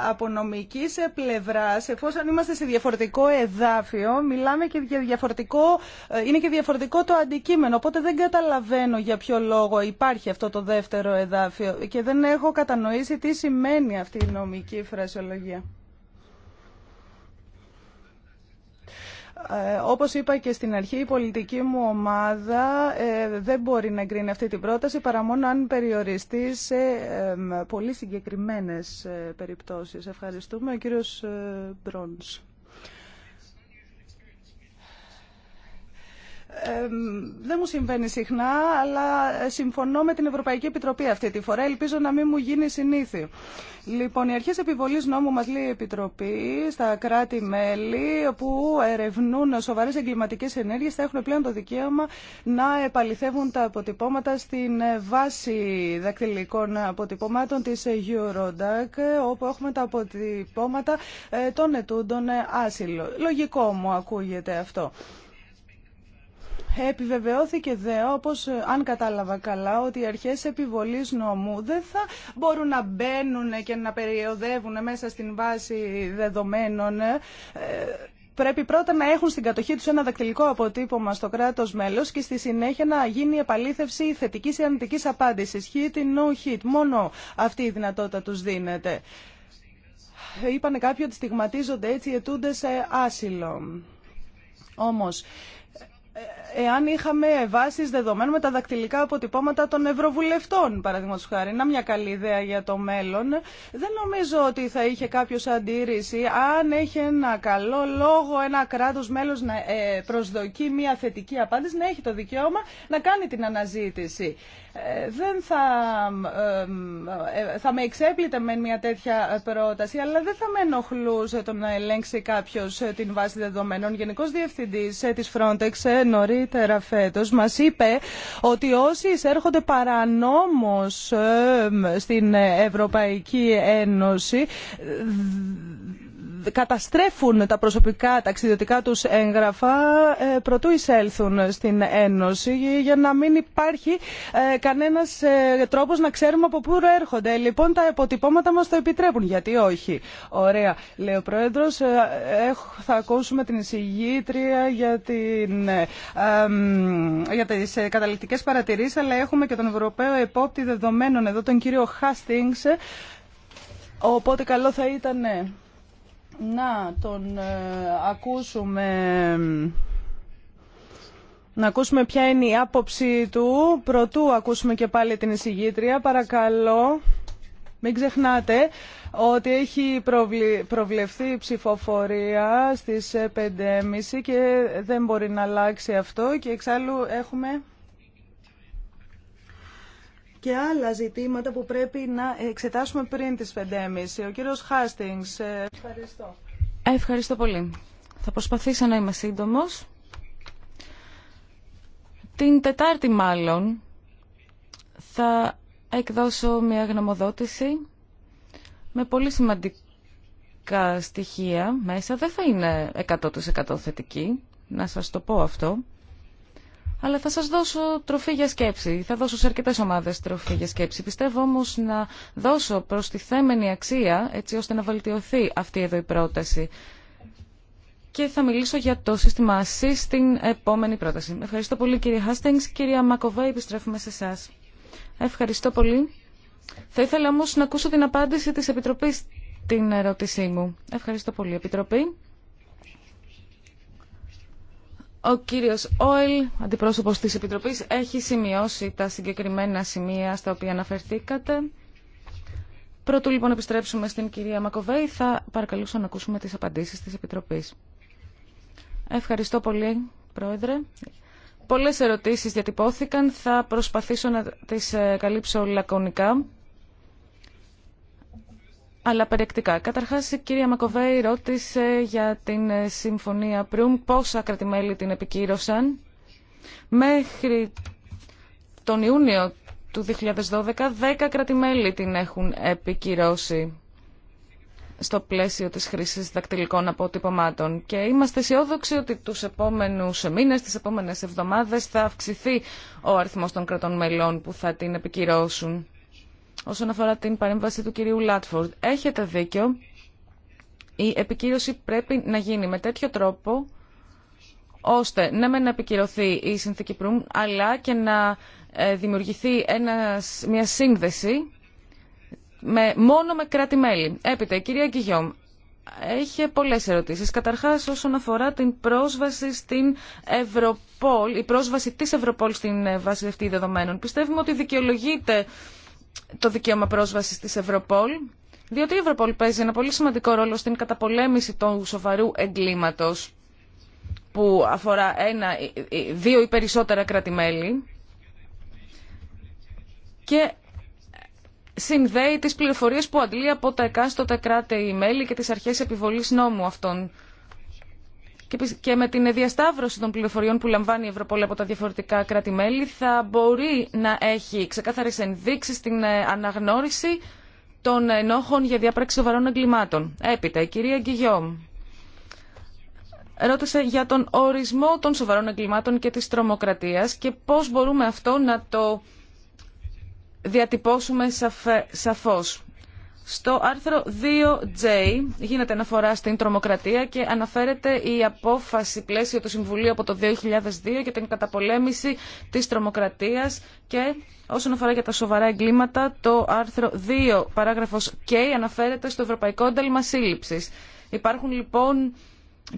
από νομική πλευρά, εφόσον είμαστε σε διαφορετικό εδάφιο, μιλάμε και για διαφορετικό, ε, είναι και διαφορετικό το αντικείμενο. Οπότε δεν καταλαβαίνω για ποιο λόγο υπάρχει αυτό το δεύτερο εδάφιο και δεν έχω κατανοήσει τι σημαίνει αυτή η νομική φρασιολογία. Ε, όπως είπα και στην αρχή, η πολιτική μου ομάδα ε, δεν μπορεί να εγκρίνει αυτή την πρόταση παρά μόνο αν περιοριστεί σε πολύ συγκεκριμένες ε, περιπτώσεις. Ευχαριστούμε. Ο κύριος Μπρόνς. δεν μου συμβαίνει συχνά, αλλά συμφωνώ με την Ευρωπαϊκή Επιτροπή αυτή τη φορά. Ελπίζω να μην μου γίνει συνήθι. Λοιπόν, οι αρχές επιβολής νόμου μας λέει η Επιτροπή στα κράτη-μέλη που ερευνούν σοβαρές εγκληματικές ενέργειες θα έχουν πλέον το δικαίωμα να επαληθεύουν τα αποτυπώματα στην βάση δακτυλικών αποτυπωμάτων της Eurodac όπου έχουμε τα αποτυπώματα ε, των ετούντων ε, άσυλο. Λογικό μου ακούγεται αυτό. Επιβεβαιώθηκε δε, όπως ε, αν κατάλαβα καλά, ότι οι αρχές επιβολής νομού δεν θα μπορούν να μπαίνουν και να περιοδεύουν μέσα στην βάση δεδομένων ε, πρέπει πρώτα να έχουν στην κατοχή τους ένα δακτυλικό αποτύπωμα στο κράτος μέλος και στη συνέχεια να γίνει η επαλήθευση θετικής ή αντικής απάντησης. Hit ή no hit. Μόνο αυτή η δυνατότητα τους δίνεται. Είπανε κάποιοι ότι στιγματίζονται έτσι οι σε άσυλο. Όμως, εάν είχαμε βάσει δεδομένου με τα δακτυλικά αποτυπώματα των Ευρωβουλευτών, παραδείγματο χάρη. να μια καλή ιδέα για το μέλλον. Δεν νομίζω ότι θα είχε κάποιο αντίρρηση αν έχει ένα καλό λόγο ένα κράτο μέλο να ε, προσδοκεί μια θετική απάντηση, να έχει το δικαίωμα να κάνει την αναζήτηση δεν θα, ε, θα με εξέπλητε με μια τέτοια πρόταση, αλλά δεν θα με ενοχλούσε το να ελέγξει κάποιο ε, την βάση δεδομένων. Ο Γενικό Διευθυντή ε, τη Frontex νωρίτερα φέτο μα είπε ότι όσοι εισέρχονται παρανόμω στην Ευρωπαϊκή Ένωση καταστρέφουν τα προσωπικά ταξιδιωτικά τους έγγραφα ε, προτού εισέλθουν στην Ένωση για να μην υπάρχει ε, κανένας ε, τρόπος να ξέρουμε από πού έρχονται. Λοιπόν, τα αποτυπώματα μας το επιτρέπουν. Γιατί όχι. Ωραία. Λέει ο Πρόεδρος, θα ακούσουμε την εισηγήτρια για, την, για τις παρατηρήσεις, αλλά έχουμε και τον Ευρωπαίο Επόπτη Δεδομένων εδώ, τον κύριο Χάστινγκς. Οπότε καλό θα ήταν ναι. Να τον ε, ακούσουμε... Να ακούσουμε ποια είναι η άποψή του. Πρωτού ακούσουμε και πάλι την εισηγήτρια. Παρακαλώ, μην ξεχνάτε ότι έχει προβλεφθεί η ψηφοφορία στις 5.30 και δεν μπορεί να αλλάξει αυτό και εξάλλου έχουμε και άλλα ζητήματα που πρέπει να εξετάσουμε πριν τις 5.30. Ο κύριος Χάστινγκς, ε, ευχαριστώ. Ευχαριστώ πολύ. Θα προσπαθήσω να είμαι σύντομος. Την Τετάρτη μάλλον θα εκδώσω μια γνωμοδότηση με πολύ σημαντικά στοιχεία μέσα. Δεν θα είναι 100% θετική, να σας το πω αυτό. Αλλά θα σας δώσω τροφή για σκέψη. Θα δώσω σε αρκετές ομάδες τροφή για σκέψη. Πιστεύω όμως να δώσω προστιθέμενη αξία έτσι ώστε να βελτιωθεί αυτή εδώ η πρόταση. Και θα μιλήσω για το σύστημα ΑΣΥ στην επόμενη πρόταση. Ευχαριστώ πολύ κύριε Χάστινγκς. Κυρία Μακοβέ, επιστρέφουμε σε εσά. Ευχαριστώ πολύ. Θα ήθελα όμως να ακούσω την απάντηση της Επιτροπής την ερώτησή μου. Ευχαριστώ πολύ, Επιτροπή. Ο κύριος Όιλ, αντιπρόσωπος της Επιτροπής, έχει σημειώσει τα συγκεκριμένα σημεία στα οποία αναφερθήκατε. Πρώτου λοιπόν επιστρέψουμε στην κυρία Μακοβέη, θα παρακαλούσα να ακούσουμε τις απαντήσεις της Επιτροπής. Ευχαριστώ πολύ, Πρόεδρε. Πολλές ερωτήσεις διατυπώθηκαν, θα προσπαθήσω να τις ε, καλύψω λακωνικά αλλά περιεκτικά. Καταρχάς, η κυρία Μακοβέη ρώτησε για την ε, συμφωνία Προύμ πόσα κρατημέλη την επικύρωσαν. Μέχρι τον Ιούνιο του 2012, 10 κρατημέλη την έχουν επικυρώσει στο πλαίσιο της χρήσης δακτυλικών αποτυπωμάτων και είμαστε αισιόδοξοι ότι τους επόμενους μήνες, τις επόμενες εβδομάδες θα αυξηθεί ο αριθμός των κρατών μελών που θα την επικυρώσουν όσον αφορά την παρέμβαση του κυρίου Λάτφορντ. Έχετε δίκιο. Η επικύρωση πρέπει να γίνει με τέτοιο τρόπο ώστε να με να επικυρωθεί η συνθήκη Προύμ αλλά και να ε, δημιουργηθεί ένας, μια σύνδεση με, μόνο με κράτη-μέλη. Έπειτα, η κυρία Γκυγιόμ, έχει πολλές ερωτήσεις. Καταρχάς, όσον αφορά την πρόσβαση στην Ευρωπόλ, η πρόσβαση της Ευρωπόλ στην ε, βάση αυτή δεδομένων. Πιστεύουμε ότι δικαιολογείται το δικαίωμα πρόσβασης της Ευρωπόλ, διότι η Ευρωπόλ παίζει ένα πολύ σημαντικό ρόλο στην καταπολέμηση του σοβαρού εγκλήματος που αφορά ένα, ε, ε, δύο ή περισσότερα και συνδέει τις πληροφορίες που αντλεί από τα εκάστοτε κράτη-μέλη και τις αρχές επιβολής νόμου αυτών και με την διασταύρωση των πληροφοριών που λαμβάνει η Ευρωπόλη από τα διαφορετικά κράτη-μέλη θα μπορεί να έχει ξεκάθαρες ενδείξεις στην ε, αναγνώριση των ενόχων για διάπραξη σοβαρών εγκλημάτων. Έπειτα, η κυρία Γκυγιόμ ρώτησε για τον ορισμό των σοβαρών εγκλημάτων και της τρομοκρατίας και πώς μπορούμε αυτό να το διατυπώσουμε σαφ... σαφώς. Στο άρθρο 2J γίνεται αναφορά στην τρομοκρατία και αναφέρεται η απόφαση πλαίσιο του Συμβουλίου από το 2002 για την καταπολέμηση της τρομοκρατίας και όσον αφορά για τα σοβαρά εγκλήματα το άρθρο 2 παράγραφος K αναφέρεται στο Ευρωπαϊκό Ένταλμα Σύλληψης. Υπάρχουν λοιπόν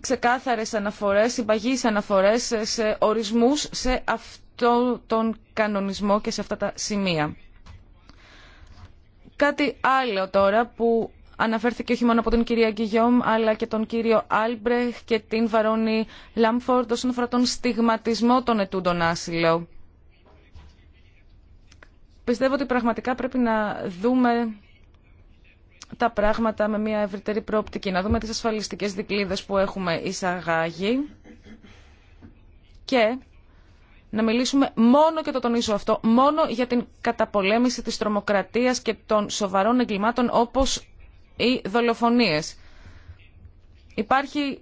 ξεκάθαρες αναφορές, συμπαγείς αναφορές σε ορισμούς σε αυτόν τον κανονισμό και σε αυτά τα σημεία. Κάτι άλλο τώρα που αναφέρθηκε όχι μόνο από την κυρία Γκυγιόμ αλλά και τον κύριο Άλμπρεχ και την Βαρόνη Λάμφορντ όσον αφορά τον στιγματισμό των ετούντων άσυλο. Πιστεύω ότι πραγματικά πρέπει να δούμε τα πράγματα με μια ευρύτερη προοπτική, να δούμε τις ασφαλιστικές δικλίδες που έχουμε εισαγάγει και να μιλήσουμε μόνο και το τονίσω αυτό, μόνο για την καταπολέμηση της τρομοκρατίας και των σοβαρών εγκλημάτων όπως οι δολοφονίες. Υπάρχει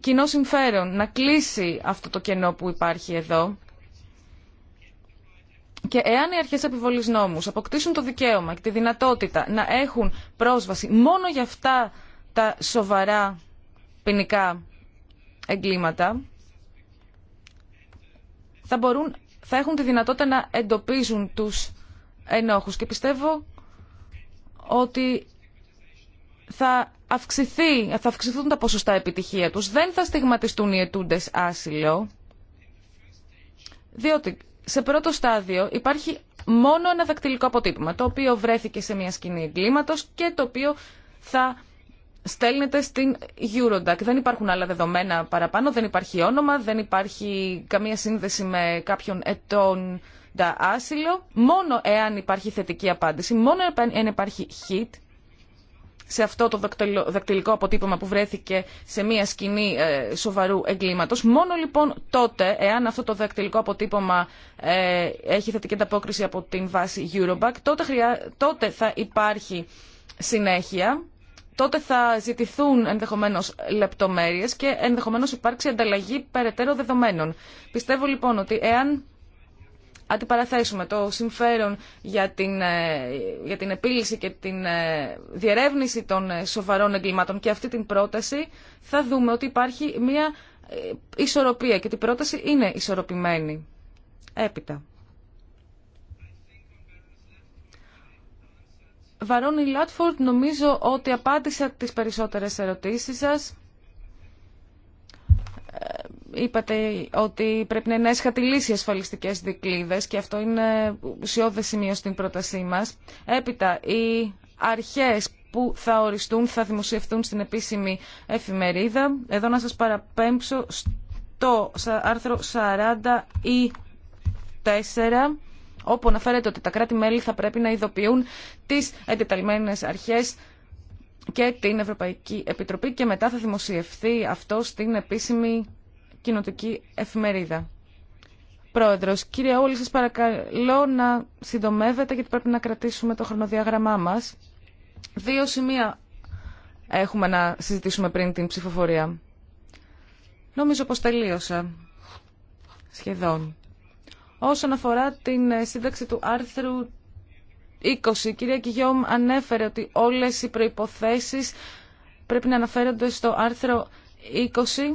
κοινό συμφέρον να κλείσει αυτό το κενό που υπάρχει εδώ και εάν οι αρχές επιβολής νόμους αποκτήσουν το δικαίωμα και τη δυνατότητα να έχουν πρόσβαση μόνο για αυτά τα σοβαρά ποινικά εγκλήματα, θα, μπορούν, θα έχουν τη δυνατότητα να εντοπίζουν τους ενόχους. Και πιστεύω ότι θα, αυξηθεί, θα αυξηθούν τα ποσοστά επιτυχία τους. Δεν θα στιγματιστούν οι ετούντες άσυλο, διότι σε πρώτο στάδιο υπάρχει μόνο ένα δακτυλικό αποτύπωμα, το οποίο βρέθηκε σε μια σκηνή εγκλήματος και το οποίο θα στέλνεται στην Eurodac. Δεν υπάρχουν άλλα δεδομένα παραπάνω, δεν υπάρχει όνομα, δεν υπάρχει καμία σύνδεση με κάποιον ετών άσυλο. Μόνο εάν υπάρχει θετική απάντηση, μόνο εάν υπάρχει hit σε αυτό το δακτυλικό αποτύπωμα που βρέθηκε σε μία σκηνή ε, σοβαρού εγκλήματος. Μόνο λοιπόν τότε, εάν αυτό το δακτυλικό αποτύπωμα ε, έχει θετική ανταπόκριση από την βάση Eurobac, τότε θα υπάρχει συνέχεια τότε θα ζητηθούν ενδεχομένως λεπτομέρειες και ενδεχομένως υπάρξει ανταλλαγή περαιτέρω δεδομένων. Πιστεύω λοιπόν ότι εάν αντιπαραθέσουμε το συμφέρον για την, ε, για επίλυση και την ε, διερεύνηση των ε, σοβαρών εγκλημάτων και αυτή την πρόταση, θα δούμε ότι υπάρχει μια ισορροπία και την πρόταση είναι ισορροπημένη. Έπειτα. Βαρόνι Λάτφορντ, νομίζω ότι απάντησα τις περισσότερες ερωτήσεις σας. Ε, είπατε ότι πρέπει να είναι έσχατη λύση ασφαλιστικές δικλείδες και αυτό είναι ουσιώδες σημείο στην πρότασή μας. Έπειτα, οι αρχές που θα οριστούν, θα δημοσιευτούν στην επίσημη εφημερίδα. Εδώ να σας παραπέμψω στο άρθρο 40 ή 4 όπου αναφέρεται ότι τα κράτη-μέλη θα πρέπει να ειδοποιούν τις εντεταλμένες αρχές και την Ευρωπαϊκή Επιτροπή και μετά θα δημοσιευθεί αυτό στην επίσημη κοινοτική εφημερίδα. Πρόεδρος, κύριε Όλη, σας παρακαλώ να συντομεύετε γιατί πρέπει να κρατήσουμε το χρονοδιάγραμμά μας. Δύο σημεία έχουμε να συζητήσουμε πριν την ψηφοφορία. Νομίζω πως τελείωσα. Σχεδόν. Όσον αφορά την ε, σύνταξη του άρθρου 20, η κυρία Κιγιόμ ανέφερε ότι όλες οι προϋποθέσεις πρέπει να αναφέρονται στο άρθρο 20.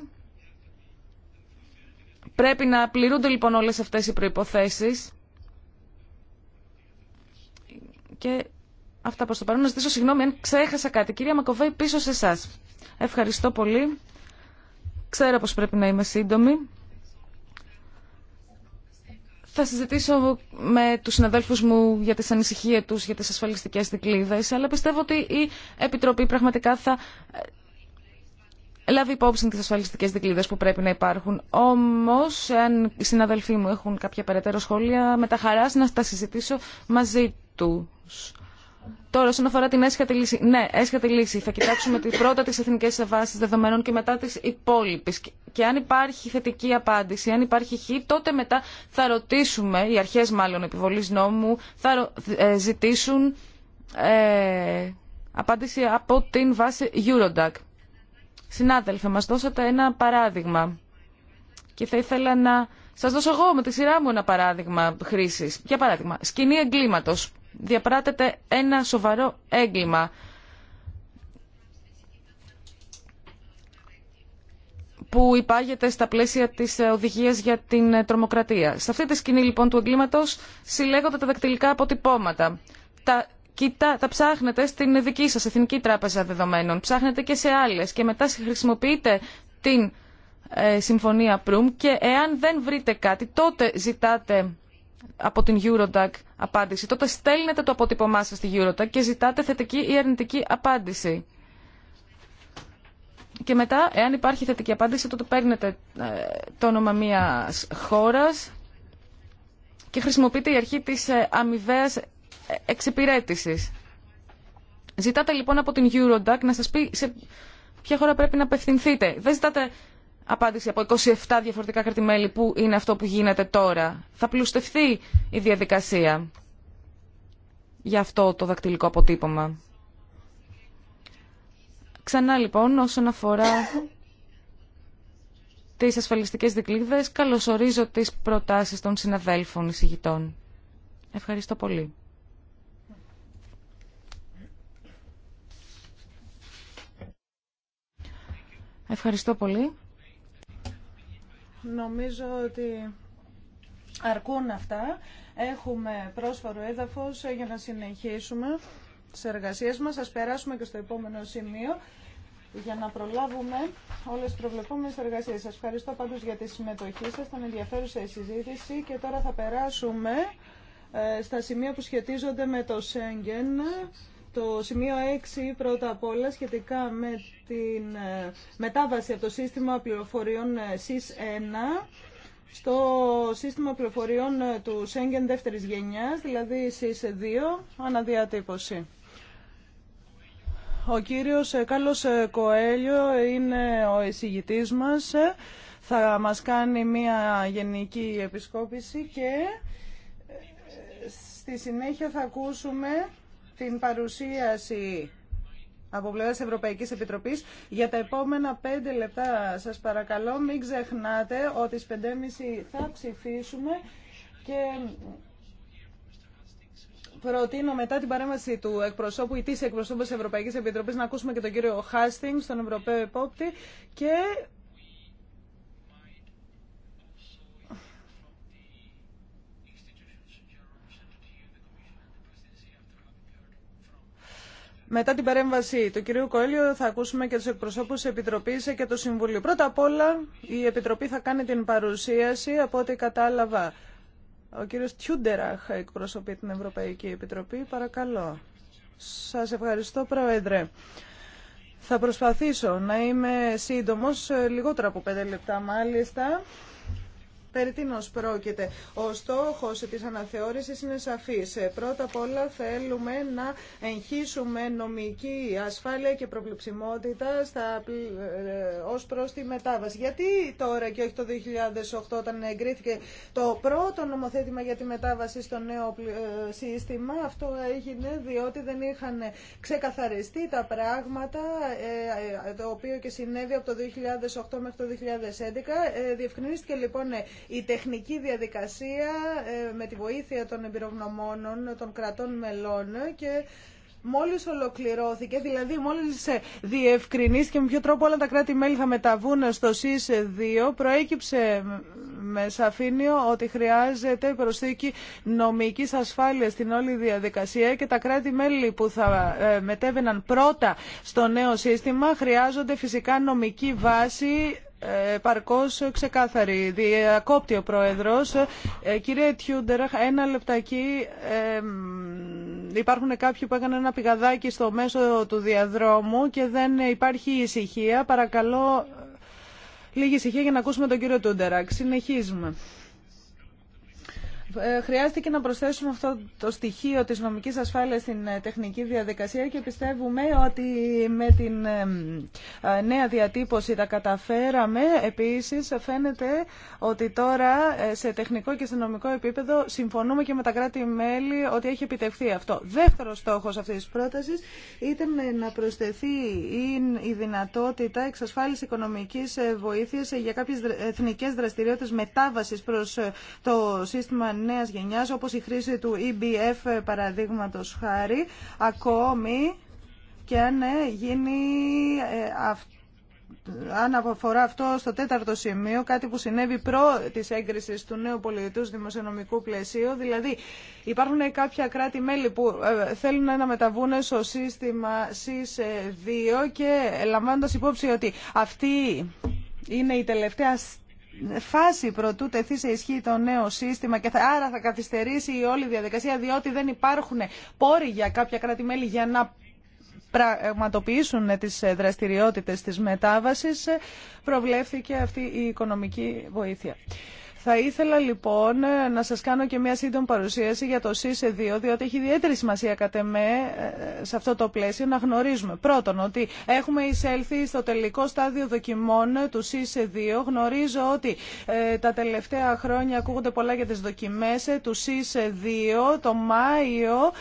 Πρέπει να πληρούνται λοιπόν όλες αυτές οι προϋποθέσεις. Και αυτά προς το παρόν. Να ζητήσω συγγνώμη αν ξέχασα κάτι. Κυρία Μακοβέη, πίσω σε εσά. Ευχαριστώ πολύ. Ξέρω πως πρέπει να είμαι σύντομη. Θα συζητήσω με τους συναδέλφους μου για τις ανησυχίες τους, για τις ασφαλιστικές δικλίδες, αλλά πιστεύω ότι η Επιτροπή πραγματικά θα ε, λάβει υπόψη τις ασφαλιστικές δικλίδες που πρέπει να υπάρχουν. Όμως, αν οι συναδελφοί μου έχουν κάποια περαιτέρω σχόλια, με τα χαράς να τα συζητήσω μαζί τους. Τώρα, όσον αφορά την έσχατη λύση, ναι, έσχατη λύση. Θα κοιτάξουμε πρώτα τι εθνικέ βάσει δεδομένων και μετά τι υπόλοιπε. Και αν υπάρχει θετική απάντηση, αν υπάρχει χ, τότε μετά θα ρωτήσουμε, οι αρχέ μάλλον επιβολή νόμου, θα ε, ζητήσουν ε, απάντηση από την βάση Eurodac. Συνάδελφε, μας δώσατε ένα παράδειγμα και θα ήθελα να σας δώσω εγώ με τη σειρά μου ένα παράδειγμα χρήσης. Για παράδειγμα, σκηνή εγκλήματος διαπράτεται ένα σοβαρό έγκλημα. που υπάγεται στα πλαίσια της οδηγίας για την τρομοκρατία. Σε αυτή τη σκηνή λοιπόν του εγκλήματος συλλέγονται τα δακτυλικά αποτυπώματα. Τα, κοιτά, τα ψάχνετε στην δική σας Εθνική Τράπεζα Δεδομένων, ψάχνετε και σε άλλες και μετά χρησιμοποιείτε την ε, Συμφωνία Προύμ και εάν δεν βρείτε κάτι τότε ζητάτε από την Eurodac απάντηση. Τότε στέλνετε το αποτύπωμά σας στη Eurodac και ζητάτε θετική ή αρνητική απάντηση. Και μετά, εάν υπάρχει θετική απάντηση, τότε παίρνετε ε, το όνομα μιας χώρας και χρησιμοποιείται η αρνητικη απαντηση και μετα εαν υπαρχει θετικη απαντηση τοτε παιρνετε το ονομα μιας χωρας και χρησιμοποιειτε η αρχη της ε, αμοιβαία ε, εξυπηρέτησης. Ζητάτε λοιπόν από την Eurodac να σας πει σε ποια χώρα πρέπει να απευθυνθείτε. Δεν ζητάτε απάντηση από 27 διαφορετικά κρατημέλη που είναι αυτό που γίνεται τώρα. Θα πλουστευτεί η διαδικασία για αυτό το δακτυλικό αποτύπωμα. Ξανά λοιπόν όσον αφορά τις ασφαλιστικές δικλείδες, καλωσορίζω τις προτάσεις των συναδέλφων εισηγητών. Ευχαριστώ πολύ. Ευχαριστώ πολύ. Νομίζω ότι αρκούν αυτά. Έχουμε πρόσφορο έδαφος για να συνεχίσουμε τις εργασίες μας. Σας περάσουμε και στο επόμενο σημείο για να προλάβουμε όλες τις προβλεπόμενες εργασίες. Σας ευχαριστώ πάντως για τη συμμετοχή σας, ήταν ενδιαφέρουσα η συζήτηση και τώρα θα περάσουμε ε, στα σημεία που σχετίζονται με το Σέγγεν. Το σημείο 6 πρώτα απ' όλα σχετικά με την ε, μετάβαση από το σύστημα ε, ΣΥΣ SIS-1 στο σύστημα πληροφοριών ε, του Schengen δεύτερης γενιάς, δηλαδή SIS-2, αναδιατύπωση. Ο κύριος Κάλλος Κοέλιο είναι ο εισηγητής μας. Θα μας κάνει μια γενική επισκόπηση και στη συνέχεια θα ακούσουμε την παρουσίαση από πλευρά Ευρωπαϊκή Επιτροπή. Για τα επόμενα πέντε λεπτά σα παρακαλώ μην ξεχνάτε ότι στι 5.30 θα ψηφίσουμε και προτείνω μετά την παρέμβαση του εκπροσώπου ή τη εκπροσώπου τη Ευρωπαϊκή Επιτροπή να ακούσουμε και τον κύριο Χάστινγκ, στον Ευρωπαίο Επόπτη και Μετά την παρέμβαση του κυρίου Κοέλιο θα ακούσουμε και τους εκπροσώπους της Επιτροπής και του Συμβουλίου. Πρώτα απ' όλα η Επιτροπή θα κάνει την παρουσίαση από ό,τι κατάλαβα. Ο κύριος Τιούντεραχ εκπροσωπεί την Ευρωπαϊκή Επιτροπή. Παρακαλώ. Σας ευχαριστώ Πρόεδρε. Θα προσπαθήσω να είμαι σύντομος, λιγότερα από πέντε λεπτά μάλιστα. Περί τίνος πρόκειται. Ο στόχος της αναθεώρησης είναι σαφής. Πρώτα απ' όλα θέλουμε να εγχύσουμε νομική ασφάλεια και προβληψιμότητα στα, ε, ως προς τη μετάβαση. Γιατί τώρα και όχι το 2008 όταν εγκρίθηκε το πρώτο νομοθέτημα για τη μετάβαση στο νέο ε, σύστημα. Αυτό έγινε διότι δεν είχαν ξεκαθαριστεί τα πράγματα, ε, το οποίο και συνέβη από το 2008 μέχρι το 2011. Διευκρινίστηκε λοιπόν η τεχνική διαδικασία ε, με τη βοήθεια των εμπειρογνωμόνων των κρατών μελών και μόλις ολοκληρώθηκε, δηλαδή μόλις ε, διευκρινίστηκε και με ποιο τρόπο όλα τα κράτη-μέλη θα μεταβούν στο ΣΥΣ 2, προέκυψε με σαφήνιο ότι χρειάζεται προσθήκη νομικής ασφάλειας στην όλη διαδικασία και τα κράτη-μέλη που θα ε, μετέβαιναν πρώτα στο νέο σύστημα χρειάζονται φυσικά νομική βάση Παρκώ ξεκάθαρη. Διακόπτει ο Πρόεδρος. Ε, κύριε Τιούντεραχ, ένα λεπτάκι. Ε, υπάρχουν κάποιοι που έκαναν ένα πηγαδάκι στο μέσο του διαδρόμου και δεν υπάρχει ησυχία. Παρακαλώ λίγη ησυχία για να ακούσουμε τον κύριο Τούντεραχ. Συνεχίζουμε. Ε, Χρειάζεται και να προσθέσουμε αυτό το στοιχείο της νομικής ασφάλειας στην ε, τεχνική διαδικασία και πιστεύουμε ότι με την ε, νέα διατύπωση τα καταφέραμε. Επίσης φαίνεται ότι τώρα σε τεχνικό και σε νομικό επίπεδο συμφωνούμε και με τα κράτη-μέλη ότι έχει επιτευχθεί αυτό. Δεύτερος στόχος αυτής της πρότασης ήταν να προσθεθεί η δυνατότητα εξασφάλιση οικονομικής βοήθειας για κάποιες εθνικές δραστηριότητες μετάβασης προς το σύστημα Νέα γενιά, όπως η χρήση του EBF παραδείγματο χάρη, ακόμη και αν ναι, γίνει ε, αυτό αν αφορά αυτό στο τέταρτο σημείο, κάτι που συνέβη προ τη έγκριση του νέου πολιτικού δημοσιονομικού πλαισίου, δηλαδή υπάρχουν κάποια κράτη-μέλη που ε, θέλουν να μεταβούν στο σύστημα ΣΥΣ2 και ε, λαμβάνοντα υπόψη ότι αυτή είναι η τελευταία φάση προτού τεθεί σε ισχύ το νέο σύστημα και άρα θα καθυστερήσει η όλη διαδικασία διότι δεν υπάρχουν πόροι για κάποια κράτη-μέλη για να πραγματοποιήσουν τις δραστηριότητες της μετάβασης προβλέφθηκε αυτή η οικονομική βοήθεια. Θα ήθελα λοιπόν να σας κάνω και μια σύντομη παρουσίαση για το ΣΥΣΕ2, διότι έχει ιδιαίτερη σημασία κατ' εμέ ε, σε αυτό το πλαίσιο να γνωρίζουμε. Πρώτον, ότι έχουμε εισέλθει στο τελικό στάδιο δοκιμών του ΣΥΣΕ2. Γνωρίζω ότι ε, τα τελευταία χρόνια ακούγονται πολλά για τις δοκιμές ε, του ΣΥΣΕ2. Το Μάιο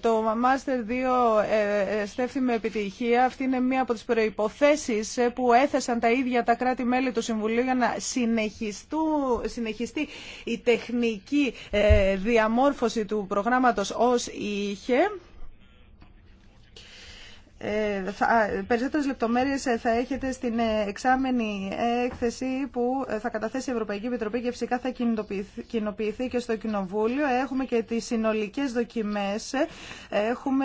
το Master 2 ε, με επιτυχία. Αυτή είναι μία από τις προϋποθέσεις που έθεσαν τα ίδια τα κράτη-μέλη του Συμβουλίου για να συνεχιστούν συνεχιστεί η τεχνική ε, διαμόρφωση του προγράμματος ως είχε, ε, θα, περισσότερες λεπτομέρειες ε, θα έχετε στην εξάμενη έκθεση που θα καταθέσει η Ευρωπαϊκή Επιτροπή και φυσικά θα κοινοποιηθεί και στο Κοινοβούλιο. Έχουμε και τις συνολικές δοκιμές. Έχουμε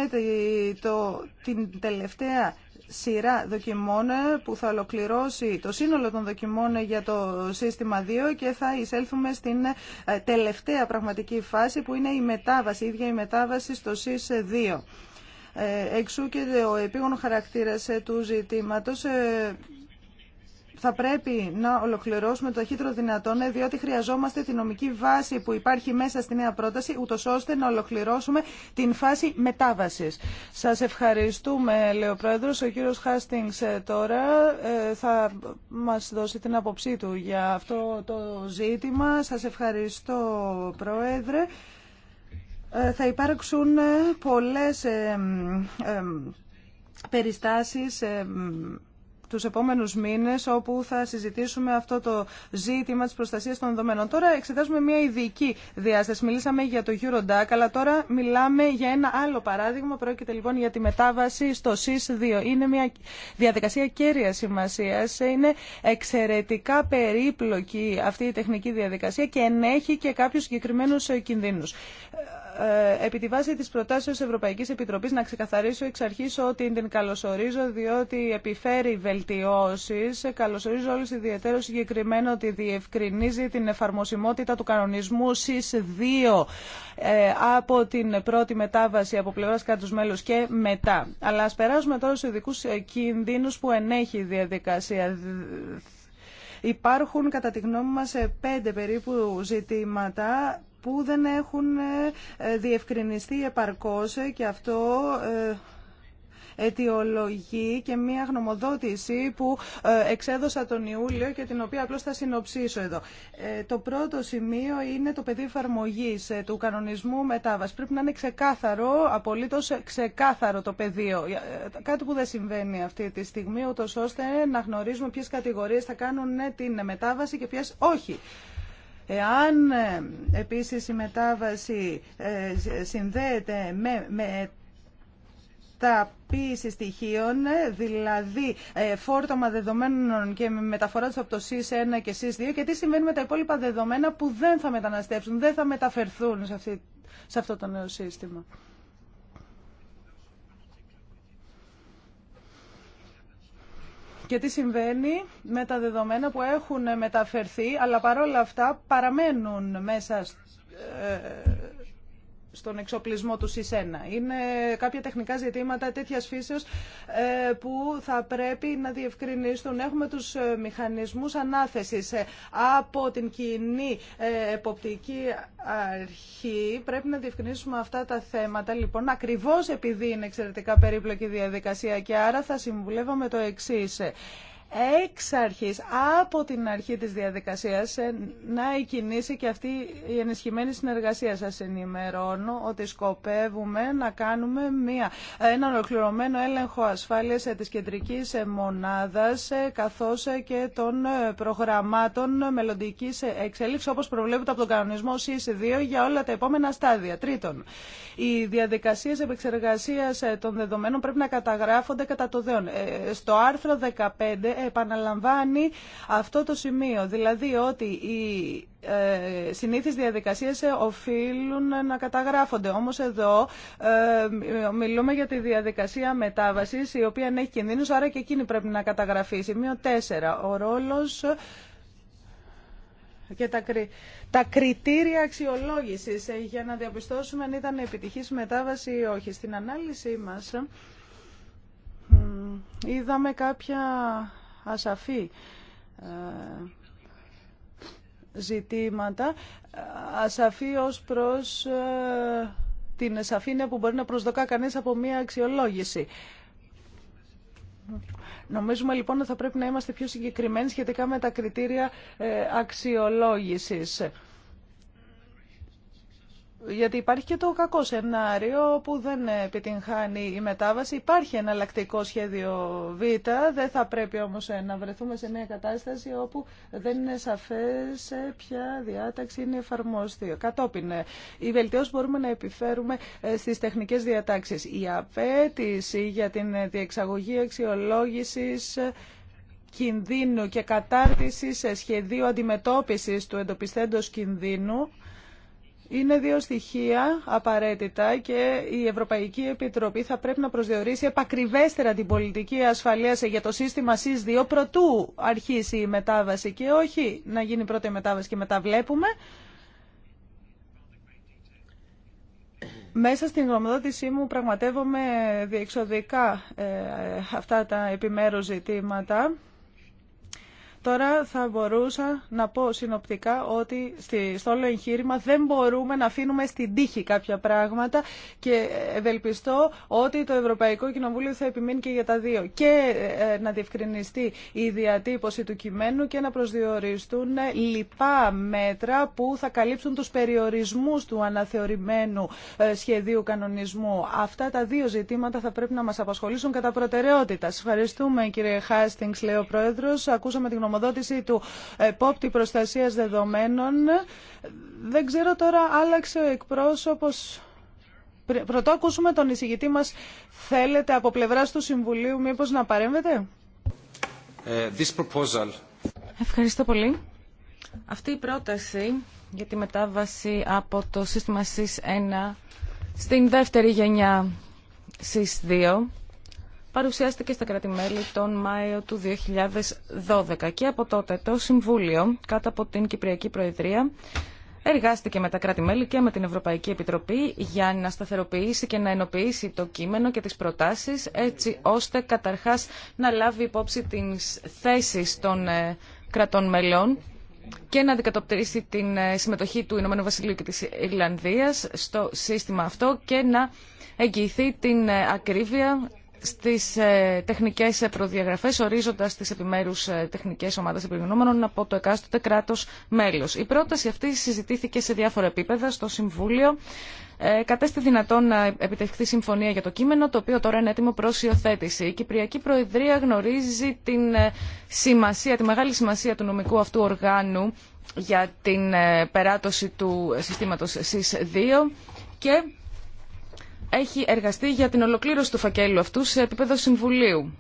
το, την τελευταία σειρά δοκιμών ε, που θα ολοκληρώσει το σύνολο των δοκιμών ε, για το σύστημα 2 και θα εισέλθουμε στην ε, τελευταία πραγματική φάση που είναι η μετάβαση, η ίδια η μετάβαση στο ΣΥΣ 2. Εξού και ο επίγον χαρακτήρας του ζητήματος θα πρέπει να ολοκληρώσουμε το ταχύτερο δυνατόν, ε, διότι χρειαζόμαστε τη νομική βάση που υπάρχει μέσα στη νέα πρόταση, ούτω ώστε να ολοκληρώσουμε την φάση μετάβαση. Σα ευχαριστούμε, λέει ο Πρόεδρο. Ο κύριο Χάστινγκ ε, τώρα ε, θα μα δώσει την άποψή του για αυτό το ζήτημα. Σα ευχαριστώ, Πρόεδρε. Θα υπάρξουν πολλές περιστάσεις του επόμενου μήνε όπου θα συζητήσουμε αυτό το ζήτημα τη προστασία των δεδομένων. Τώρα εξετάζουμε μια ειδική διάσταση. Μιλήσαμε για το Eurodac, αλλά τώρα μιλάμε για ένα άλλο παράδειγμα. Πρόκειται λοιπόν για τη μετάβαση στο SIS2. Είναι μια διαδικασία κέρια σημασία. Είναι εξαιρετικά περίπλοκη αυτή η τεχνική διαδικασία και ενέχει και κάποιου συγκεκριμένου κινδύνου. Ε, επί τη βάση της προτάσεως Ευρωπαϊκής Επιτροπής να ξεκαθαρίσω εξ αρχής ότι την καλωσορίζω διότι επιφέρει βελτιώσεις. Καλωσορίζω όλους ιδιαίτερο συγκεκριμένο ότι διευκρινίζει την εφαρμοσιμότητα του κανονισμού ΣΥΣ 2 ε, από την πρώτη μετάβαση από πλευρά κράτους μέλους και μετά. Αλλά ας περάσουμε τώρα στους ειδικούς ε, κινδύνους που ενέχει η διαδικασία. Υπάρχουν κατά τη γνώμη μας πέντε περίπου ζητήματα που δεν έχουν ε, ε, διευκρινιστεί επαρκώς και αυτό ε, αιτιολογεί και μία γνωμοδότηση που εξέδωσα τον Ιούλιο και την οποία απλώς θα συνοψίσω εδώ. Το πρώτο σημείο είναι το πεδίο εφαρμογή του κανονισμού μετάβαση. Πρέπει να είναι ξεκάθαρο, απολύτως ξεκάθαρο το πεδίο. Κάτι που δεν συμβαίνει αυτή τη στιγμή, ούτως ώστε να γνωρίζουμε ποιες κατηγορίες θα κάνουν την μετάβαση και ποιες όχι. Εάν ε, επίσης η μετάβαση ε, συνδέεται με, με τα ποιήση στοιχείων, ε, δηλαδή φόρτωμα δεδομένων και μεταφορά του από το ΣΥΣ1 και ΣΥΣ2 και τι συμβαίνει με τα υπόλοιπα δεδομένα που δεν θα μεταναστεύσουν, δεν θα μεταφερθούν σε, σε αυτό το νέο σύστημα. γιατί συμβαίνει με τα δεδομένα που έχουν μεταφερθεί αλλά παρόλα αυτά παραμένουν μέσα ε, στον εξοπλισμό του ΣΥΣΕΝΑ. Είναι κάποια τεχνικά ζητήματα τέτοια φύσεω ε, που θα πρέπει να διευκρινίσουν. Έχουμε του ε, μηχανισμού ανάθεση ε, από την κοινή εποπτική αρχή. Πρέπει να διευκρινίσουμε αυτά τα θέματα. Λοιπόν, ακριβώ επειδή είναι εξαιρετικά περίπλοκη διαδικασία και άρα θα συμβουλεύαμε το εξή εξ αρχής, από την αρχή της διαδικασίας, ε, να εκινήσει και αυτή η ενισχυμένη συνεργασία. Σας ενημερώνω ότι σκοπεύουμε να κάνουμε μια, ένα ολοκληρωμένο έλεγχο ασφάλειας της κεντρικής ε, μονάδας, ε, καθώς και των προγραμμάτων μελλοντική εξέλιξη, όπως προβλέπεται από τον κανονισμό ΣΥΣ2 για όλα τα επόμενα στάδια. Τρίτον, οι διαδικασίες επεξεργασίας των δεδομένων πρέπει να καταγράφονται κατά το δέον. Στο άρθρο 15 επαναλαμβάνει αυτό το σημείο, δηλαδή ότι οι ε, συνήθεις διαδικασίες οφείλουν να καταγράφονται. Όμως εδώ ε, μιλούμε για τη διαδικασία μετάβασης η οποία έχει κινδύνους, άρα και εκείνη πρέπει να καταγραφεί. Σημείο 4. Ο ρόλος και τα, τα κριτήρια αξιολόγησης ε, για να διαπιστώσουμε αν ήταν επιτυχής μετάβαση ή όχι. Στην ανάλυση μας είδαμε κάποια ασαφή ε, ζητήματα, ασαφή ως προς ε, την σαφήνεια που μπορεί να προσδοκά κανείς από μία αξιολόγηση. Νομίζουμε λοιπόν ότι θα πρέπει να είμαστε πιο συγκεκριμένοι σχετικά με τα κριτήρια ε, αξιολόγησης. Γιατί υπάρχει και το κακό σενάριο που δεν επιτυγχάνει η μετάβαση. Υπάρχει εναλλακτικό σχέδιο Β. Δεν θα πρέπει όμως να βρεθούμε σε μια κατάσταση όπου δεν είναι σαφές ποια διάταξη είναι εφαρμόστη. Κατόπιν, οι βελτιώσεις μπορούμε να επιφέρουμε ε, στις τεχνικές διατάξεις. Η απέτηση για την διεξαγωγή αξιολόγηση ε, κινδύνου και κατάρτιση σε σχεδίο αντιμετώπιση του εντοπιστέντο κινδύνου είναι δύο στοιχεία απαραίτητα και η Ευρωπαϊκή Επιτροπή θα πρέπει να προσδιορίσει επακριβέστερα την πολιτική ασφαλείας για το σύστημα ΣΥΣ2 προτού αρχίσει η μετάβαση και όχι να γίνει πρώτη μετάβαση και μετά βλέπουμε. Μέσα στην γνωμοδότησή μου πραγματεύομαι διεξοδικά ε, αυτά τα επιμέρους ζητήματα. Τώρα θα μπορούσα να πω συνοπτικά ότι στο όλο εγχείρημα δεν μπορούμε να αφήνουμε στην τύχη κάποια πράγματα και ευελπιστώ ότι το Ευρωπαϊκό Κοινοβούλιο θα επιμείνει και για τα δύο. Και ε, να διευκρινιστεί η διατύπωση του κειμένου και να προσδιοριστούν λοιπά μέτρα που θα καλύψουν τους περιορισμούς του αναθεωρημένου ε, σχεδίου κανονισμού. Αυτά τα δύο ζητήματα θα πρέπει να μας απασχολήσουν κατά προτεραιότητα. Σας ευχαριστούμε κύριε Χάστινγκς, λέει ο Πρόεδρος. Ακούσαμε την γνωμοδότηση του επόπτη προστασίας δεδομένων. Δεν ξέρω τώρα, άλλαξε ο εκπρόσωπος Πρωτό ακούσουμε τον εισηγητή μας. Θέλετε από πλευράς του Συμβουλίου μήπως να παρέμβετε. Ε, Ευχαριστώ πολύ. Αυτή η πρόταση για τη μετάβαση από το σύστημα συς 1 στην δεύτερη γενιά γενιά 2 παρουσιάστηκε στα κρατημέλη τον Μάιο του 2012 και από τότε το Συμβούλιο, κάτω από την Κυπριακή Προεδρία, εργάστηκε με τα κρατη και με την Ευρωπαϊκή Επιτροπή για να σταθεροποιήσει και να ενοποιήσει το κείμενο και τις προτάσεις έτσι ώστε καταρχάς να λάβει υπόψη τις θέσεις των ε, κρατών μελών και να αντικατοπτρίσει την ε, συμμετοχή του Ηνωμένου Βασιλείου και της Ιρλανδίας στο σύστημα αυτό και να εγγυηθεί την ε, ακρίβεια στις ε, τεχνικές ε, προδιαγραφές ορίζοντας τις επιμέρους ε, τεχνικές ομάδες επιγνώμενων από το εκάστοτε κράτος μέλος. Η πρόταση αυτή συζητήθηκε σε διάφορα επίπεδα στο Συμβούλιο. κατέστη δυνατόν να επιτευχθεί συμφωνία για το κείμενο, το οποίο τώρα είναι έτοιμο προ υιοθέτηση. Η Κυπριακή Προεδρία γνωρίζει την σημασία, τη μεγάλη σημασία του νομικού αυτού οργάνου για την περάτωση του συστήματος ΣΥΣ2 και έχει εργαστεί για την ολοκλήρωση του φακέλου αυτού σε επίπεδο Συμβουλίου.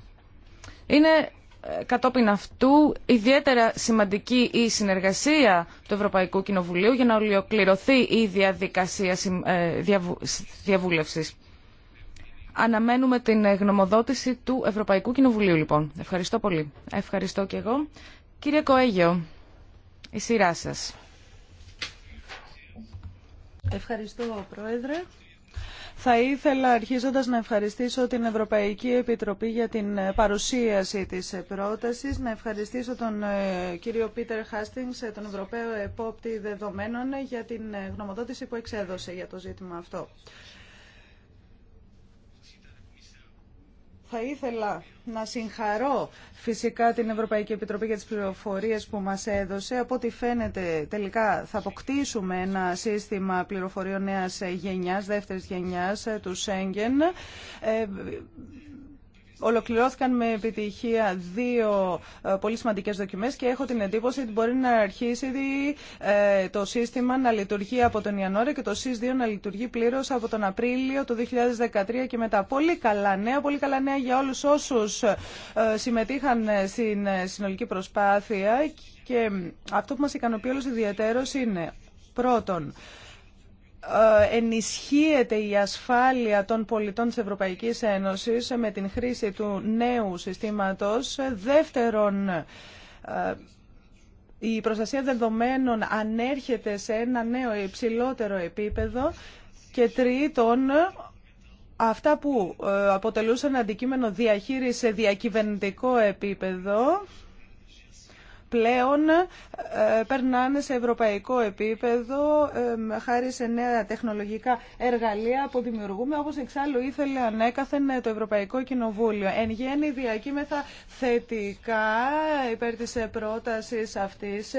Είναι ε, κατόπιν αυτού ιδιαίτερα σημαντική η συνεργασία του Ευρωπαϊκού Κοινοβουλίου για να ολοκληρωθεί η διαδικασία ε, διαβούλευσης. Αναμένουμε την γνωμοδότηση του Ευρωπαϊκού Κοινοβουλίου, λοιπόν. Ευχαριστώ πολύ. Ευχαριστώ και εγώ. Κύριε Κοέγιο, η σειρά σας. Ευχαριστώ, Πρόεδρε. Θα ήθελα αρχίζοντας να ευχαριστήσω την Ευρωπαϊκή Επιτροπή για την ε, παρουσίαση της ε, πρότασης, να ευχαριστήσω τον ε, κύριο Πίτερ σε τον Ευρωπαίο Επόπτη Δεδομένων, για την γνωμοδότηση που εξέδωσε για το ζήτημα αυτό. Θα ήθελα να συγχαρώ φυσικά την Ευρωπαϊκή Επιτροπή για τις πληροφορίες που μας έδωσε. Από ό,τι φαίνεται τελικά θα αποκτήσουμε ένα σύστημα πληροφοριών νέας γενιάς, δεύτερης γενιάς ε, του Σέγγεν. Ε, Ολοκληρώθηκαν με επιτυχία δύο ε, πολύ σημαντικέ δοκιμέ και έχω την εντύπωση ότι μπορεί να αρχίσει ε, το σύστημα να λειτουργεί από τον Ιανουάριο και το ΣΥΣ2 να λειτουργεί πλήρω από τον Απρίλιο του 2013 και μετά. Πολύ καλά νέα, πολύ καλά νέα για όλου όσου ε, συμμετείχαν στην συνολική προσπάθεια και αυτό που μας ικανοποιεί όλου ιδιαίτερω είναι πρώτον ε, ενισχύεται η ασφάλεια των πολιτών της Ευρωπαϊκής Ένωσης με την χρήση του νέου συστήματος. Δεύτερον, ε, η προστασία δεδομένων ανέρχεται σε ένα νέο υψηλότερο επίπεδο και τρίτον, αυτά που ε, αποτελούσαν αντικείμενο διαχείριση σε διακυβερνητικό επίπεδο πλέον ε, περνάνε σε ευρωπαϊκό επίπεδο χάρη σε νέα τεχνολογικά εργαλεία που δημιουργούμε, όπως εξάλλου ήθελε ανέκαθεν ε, το Ευρωπαϊκό Κοινοβούλιο. Εν γέννη διακύμεθα θετικά υπέρ της ε, πρότασης αυτής,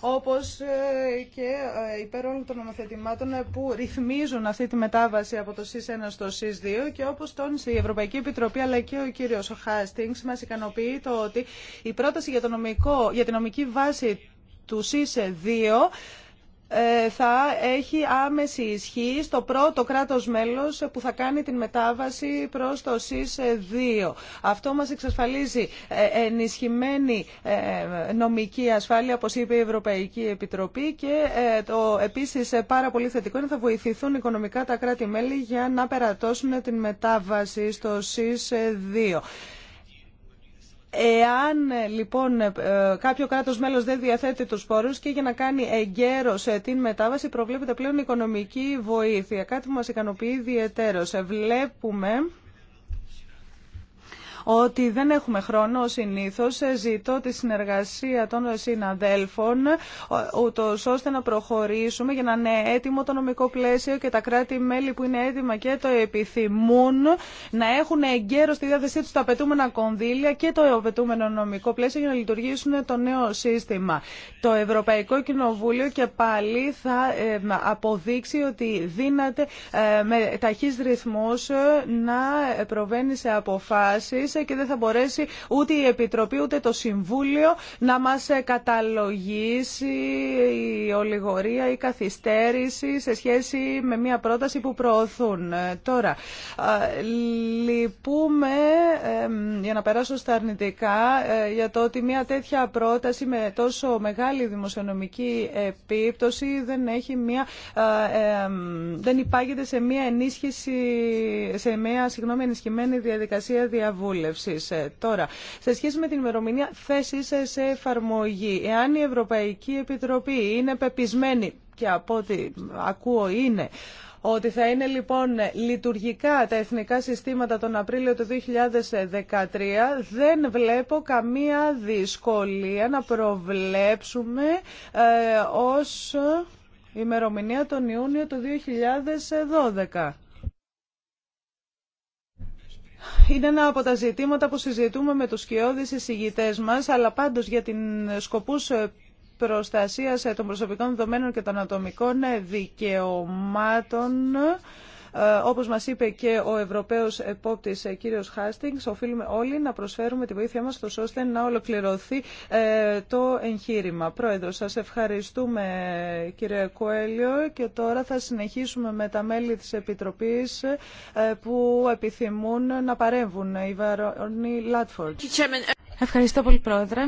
όπως και υπέρ όλων των νομοθετημάτων που ρυθμίζουν αυτή τη μετάβαση από το ΣΥΣ1 στο ΣΥΣ2 και όπως τόνισε η Ευρωπαϊκή Επιτροπή αλλά και ο κύριος Χάστινγκς μας ικανοποιεί το ότι η πρόταση για, το νομικό, για την νομική βάση του ΣΥΣΕ 2 θα έχει άμεση ισχύ στο πρώτο κράτος μέλος που θα κάνει την μετάβαση προς το ΣΥΣ 2. Αυτό μας εξασφαλίζει ε, ενισχυμένη ε, νομική ασφάλεια, όπως είπε η Ευρωπαϊκή Επιτροπή και ε, το επίσης πάρα πολύ θετικό είναι θα βοηθηθούν οικονομικά τα κράτη-μέλη για να περατώσουν την μετάβαση στο ΣΥΣ 2. Εάν λοιπόν ε, κάποιο κράτος μέλος δεν διαθέτει τους πόρους και για να κάνει σε την μετάβαση προβλέπεται πλέον οικονομική βοήθεια, κάτι που μας ικανοποιεί ιδιαιτέρως. Ε, βλέπουμε ότι δεν έχουμε χρόνο συνήθως. Ε, ζητώ τη συνεργασία των συναδέλφων ε, ούτω ώστε να προχωρήσουμε για να είναι έτοιμο το νομικό πλαίσιο και τα κράτη-μέλη που είναι έτοιμα και το επιθυμούν να έχουν εγκαίρω στη διάθεσή του τα απαιτούμενα κονδύλια και το απαιτούμενο νομικό πλαίσιο για να λειτουργήσουν το νέο σύστημα. Το Ευρωπαϊκό Κοινοβούλιο και πάλι θα ε, αποδείξει ότι δύναται με ταχύς ρυθμούς να προβαίνει σε αποφάσεις και δεν θα μπορέσει ούτε η Επιτροπή ούτε το Συμβούλιο να μας καταλογίσει η ολιγορία, η καθυστέρηση σε σχέση με μια πρόταση που προωθούν. Ε, τώρα, ε, λυπούμε, για να περάσω στα αρνητικά, ε, για το ότι μια τέτοια πρόταση με τόσο μεγάλη δημοσιονομική επίπτωση δεν έχει μια, δεν υπάγεται σε μια ενίσχυση, σε μια συγγνώμη ενισχυμένη διαδικασία διαβούλευση. Ε, τώρα, σε σχέση με την ημερομηνία θέσης ε, σε εφαρμογή, εάν η Ευρωπαϊκή Επιτροπή είναι πεπισμένη και από ό,τι ακούω είναι ότι θα είναι λοιπόν λειτουργικά τα εθνικά συστήματα τον Απρίλιο του 2013, δεν βλέπω καμία δυσκολία να προβλέψουμε ε, ως ημερομηνία τον Ιούνιο του 2012 είναι ένα από τα ζητήματα που συζητούμε με τους σκιώδεις εισηγητές μας, αλλά πάντως για την σκοπούς ε, προστασίας ε, των προσωπικών δεδομένων και των ατομικών ε, δικαιωμάτων ε, όπως μας είπε και ο Ευρωπαίος Επόπτης ε, κύριος Χάστινγκς, οφείλουμε όλοι να προσφέρουμε τη βοήθειά μας ώστε να ολοκληρωθεί ε, το εγχείρημα. Πρόεδρο, σας ευχαριστούμε κύριε Κοέλιο και τώρα θα συνεχίσουμε με τα μέλη της Επιτροπής που επιθυμούν να παρέμβουν. Η Βαρόνι Λάτφόρτ. Ευχαριστώ πολύ πρόεδρε.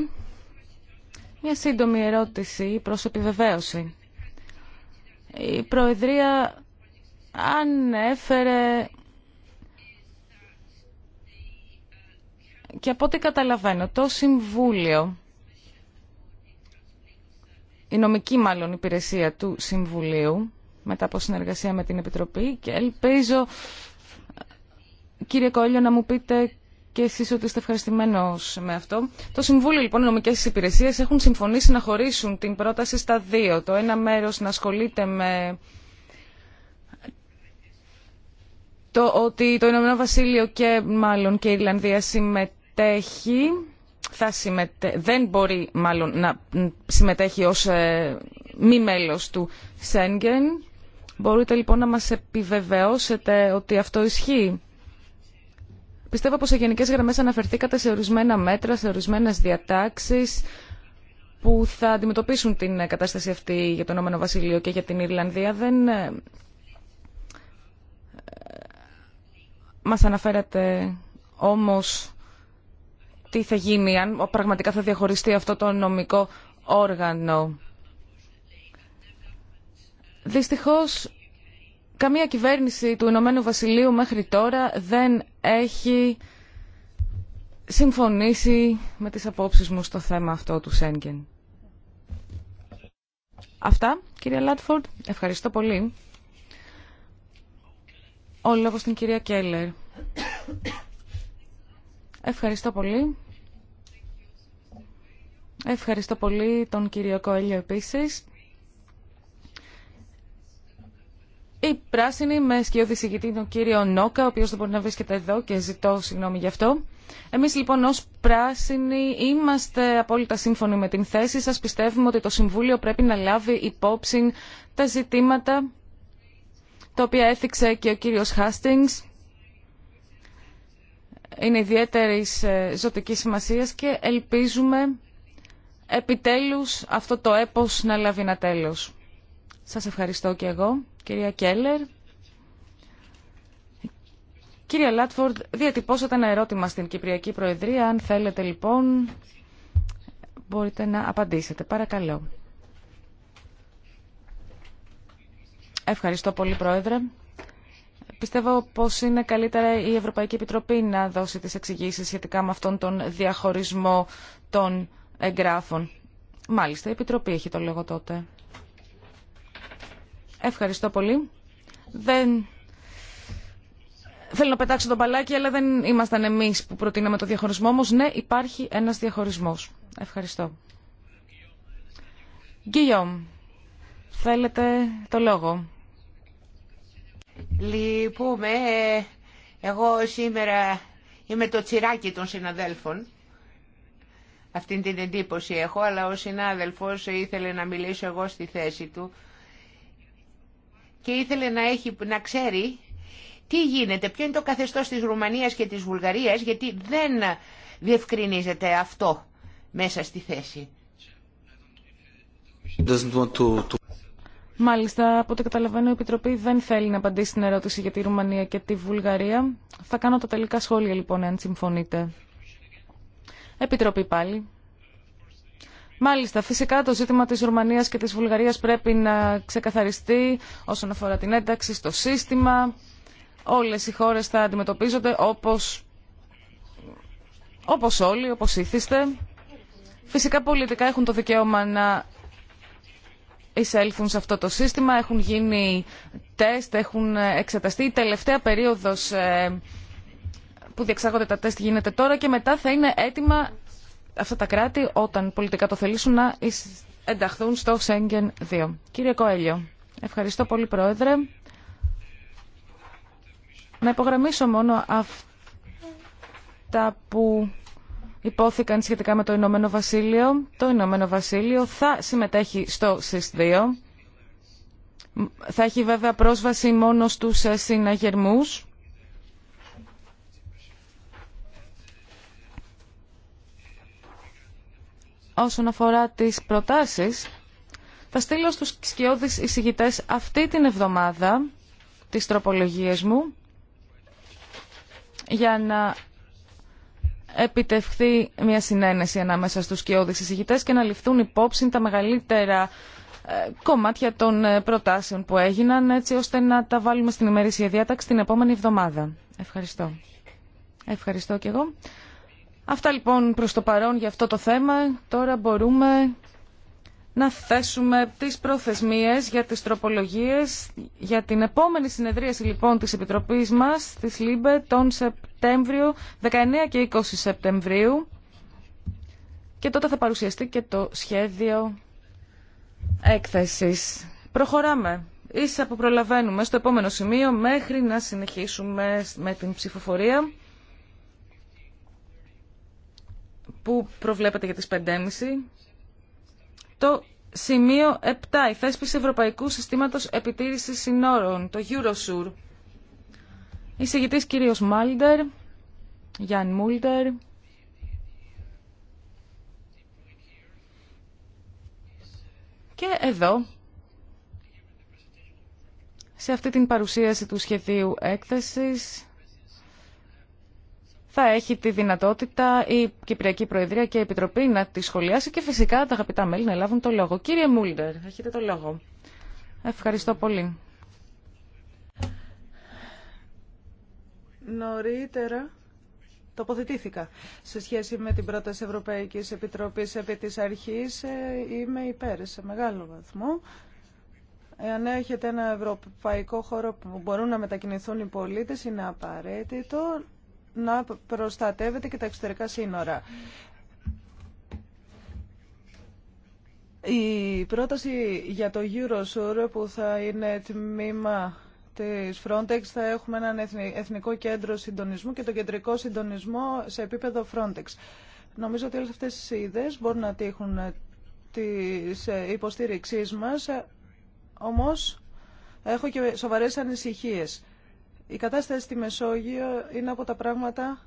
Μια σύντομη ερώτηση προς επιβεβαίωση. Η Προεδρία ανέφερε και από ό,τι καταλαβαίνω το Συμβούλιο, η νομική μάλλον υπηρεσία του Συμβουλίου, μετά από συνεργασία με την Επιτροπή και ελπίζω, κύριε Κόλλιο, να μου πείτε και εσείς ότι είστε ευχαριστημένος με αυτό. Το Συμβούλιο, λοιπόν, οι νομικές υπηρεσίες έχουν συμφωνήσει να χωρίσουν την πρόταση στα δύο. Το ένα μέρος να ασχολείται με το ότι το Ηνωμένο Βασίλειο και μάλλον και η Ιρλανδία συμμετέχει, θα δεν μπορεί μάλλον να συμμετέχει ως ε, μη μέλος του Σέγγεν. Μπορείτε λοιπόν να μας επιβεβαιώσετε ότι αυτό ισχύει. Πιστεύω πως σε γενικές γραμμές αναφερθήκατε σε ορισμένα μέτρα, σε ορισμένες διατάξεις που θα αντιμετωπίσουν την κατάσταση αυτή για το Ηνωμένο Βασίλειο και για την Ιρλανδία. Δεν ε, Μας αναφέρατε όμως τι θα γίνει, αν πραγματικά θα διαχωριστεί αυτό το νομικό όργανο. Δυστυχώς, καμία κυβέρνηση του Ηνωμένου Βασιλείου μέχρι τώρα δεν έχει συμφωνήσει με τις απόψεις μου στο θέμα αυτό του Σέγγεν. Αυτά, κύριε Λάτφορντ. Ευχαριστώ πολύ. Ο λόγος στην κυρία Κέλλερ. Ευχαριστώ πολύ. Ευχαριστώ πολύ τον κύριο Κοέλιο επίσης. Η πράσινη με σκιώδη συγκητή τον κύριο Νόκα, ο οποίος δεν μπορεί να βρίσκεται εδώ και ζητώ συγγνώμη γι' αυτό. Εμείς λοιπόν ως πράσινοι είμαστε απόλυτα σύμφωνοι με την θέση σας. Πιστεύουμε ότι το Συμβούλιο πρέπει να λάβει υπόψη τα ζητήματα τα οποία έθιξε και ο κύριος Χάστινγκς είναι ιδιαίτερη ε, ζωτική σημασίας και ελπίζουμε επιτέλους αυτό το έπος να λάβει ένα τέλος. Σας ευχαριστώ και εγώ, κυρία Κέλλερ. Κύριε Λάτφορντ, διατυπώσατε ένα ερώτημα στην Κυπριακή Προεδρία. Αν θέλετε λοιπόν, μπορείτε να απαντήσετε. Παρακαλώ. Ευχαριστώ πολύ, Πρόεδρε. Πιστεύω πως είναι καλύτερα η Ευρωπαϊκή Επιτροπή να δώσει τις εξηγήσεις σχετικά με αυτόν τον διαχωρισμό των εγγράφων. Μάλιστα, η Επιτροπή έχει το λόγο τότε. Ευχαριστώ πολύ. Δεν... Θέλω να πετάξω τον παλάκι, αλλά δεν ήμασταν εμείς που προτείναμε το διαχωρισμό, όμως ναι, υπάρχει ένας διαχωρισμός. Ευχαριστώ. Γκίγιομ, θέλετε το λόγο. Λυπούμε, εγώ σήμερα είμαι το τσιράκι των συναδέλφων. Αυτή την εντύπωση έχω, αλλά ο συνάδελφος ήθελε να μιλήσω εγώ στη θέση του και ήθελε να, έχει, να ξέρει τι γίνεται, ποιο είναι το καθεστώς της Ρουμανίας και της Βουλγαρίας, γιατί δεν διευκρινίζεται αυτό μέσα στη θέση. Μάλιστα, από ό,τι καταλαβαίνω, η Επιτροπή δεν θέλει να απαντήσει στην ερώτηση για τη Ρουμανία και τη Βουλγαρία. Θα κάνω τα τελικά σχόλια, λοιπόν, αν συμφωνείτε. Επιτροπή πάλι. Μάλιστα, φυσικά το ζήτημα της Ρουμανίας και της Βουλγαρίας πρέπει να ξεκαθαριστεί όσον αφορά την ένταξη στο σύστημα. Όλες οι χώρες θα αντιμετωπίζονται όπως, όλοι, όπως ήθιστε. Φυσικά πολιτικά έχουν το δικαίωμα να εισέλθουν σε αυτό το σύστημα. Έχουν γίνει τεστ, έχουν εξεταστεί. Η τελευταία περίοδος ε, που διεξάγονται τα τεστ γίνεται τώρα και μετά θα είναι έτοιμα αυτά τα κράτη όταν πολιτικά το θελήσουν να ενταχθούν στο Σέγγεν 2. Κύριε Κοέλιο, ευχαριστώ πολύ Πρόεδρε. Να υπογραμμίσω μόνο αυτά που υπόθηκαν σχετικά με το Ηνωμένο Βασίλειο. Το Ηνωμένο Βασίλειο θα συμμετέχει στο ΣΥΣ2. Θα έχει βέβαια πρόσβαση μόνο στους ε, συναγερμούς. Όσον αφορά τις προτάσεις, θα στείλω στους σκιώδεις εισηγητές αυτή την εβδομάδα τις τροπολογίες μου για να επιτευχθεί μια συνένεση ανάμεσα στους κοιόδης εισηγητές και να ληφθούν υπόψη τα μεγαλύτερα ε, κομμάτια των ε, προτάσεων που έγιναν έτσι ώστε να τα βάλουμε στην ημερήσια διάταξη την επόμενη εβδομάδα. Ευχαριστώ. Ευχαριστώ και εγώ. Αυτά λοιπόν προς το παρόν για αυτό το θέμα. Τώρα μπορούμε να θέσουμε τις προθεσμίες για τις τροπολογίες για την επόμενη συνεδρίαση λοιπόν της Επιτροπής μας, της ΛΥΜΠΕ, τον Σεπτέμβριο, 19 και 20 Σεπτεμβρίου και τότε θα παρουσιαστεί και το σχέδιο έκθεσης. Προχωράμε. Ίσα που προλαβαίνουμε στο επόμενο σημείο μέχρι να συνεχίσουμε με την ψηφοφορία που προβλέπεται για τις 5.30. Το σημείο 7. Η θέσπιση Ευρωπαϊκού Συστήματος Επιτήρησης Συνόρων, το Eurosur. Εισηγητής κύριος Μάλντερ, Γιάνν Μούλτερ. Και εδώ, σε αυτή την παρουσίαση του σχεδίου έκθεσης, θα έχει τη δυνατότητα η Κυπριακή Προεδρία και η Επιτροπή να τη σχολιάσει και φυσικά τα αγαπητά μέλη να λάβουν το λόγο. Κύριε Μούλτερ, έχετε το λόγο. Ευχαριστώ πολύ. Νωρίτερα τοποθετήθηκα σε σχέση με την πρόταση Ευρωπαϊκή Επιτροπή επί της αρχής. Ε, είμαι υπέρ σε μεγάλο βαθμό. Εάν έχετε ένα ευρωπαϊκό χώρο που μπορούν να μετακινηθούν οι πολίτες, είναι απαραίτητο να προστατεύεται και τα εξωτερικά σύνορα. Η πρόταση για το Eurosur που θα είναι τμήμα της Frontex θα έχουμε έναν εθνικό κέντρο συντονισμού και το κεντρικό συντονισμό σε επίπεδο Frontex. Νομίζω ότι όλες αυτές οι ιδέες μπορούν να τύχουν της υποστήριξής μας, όμως έχω και σοβαρές ανησυχίες. Η κατάσταση στη Μεσόγειο είναι από τα πράγματα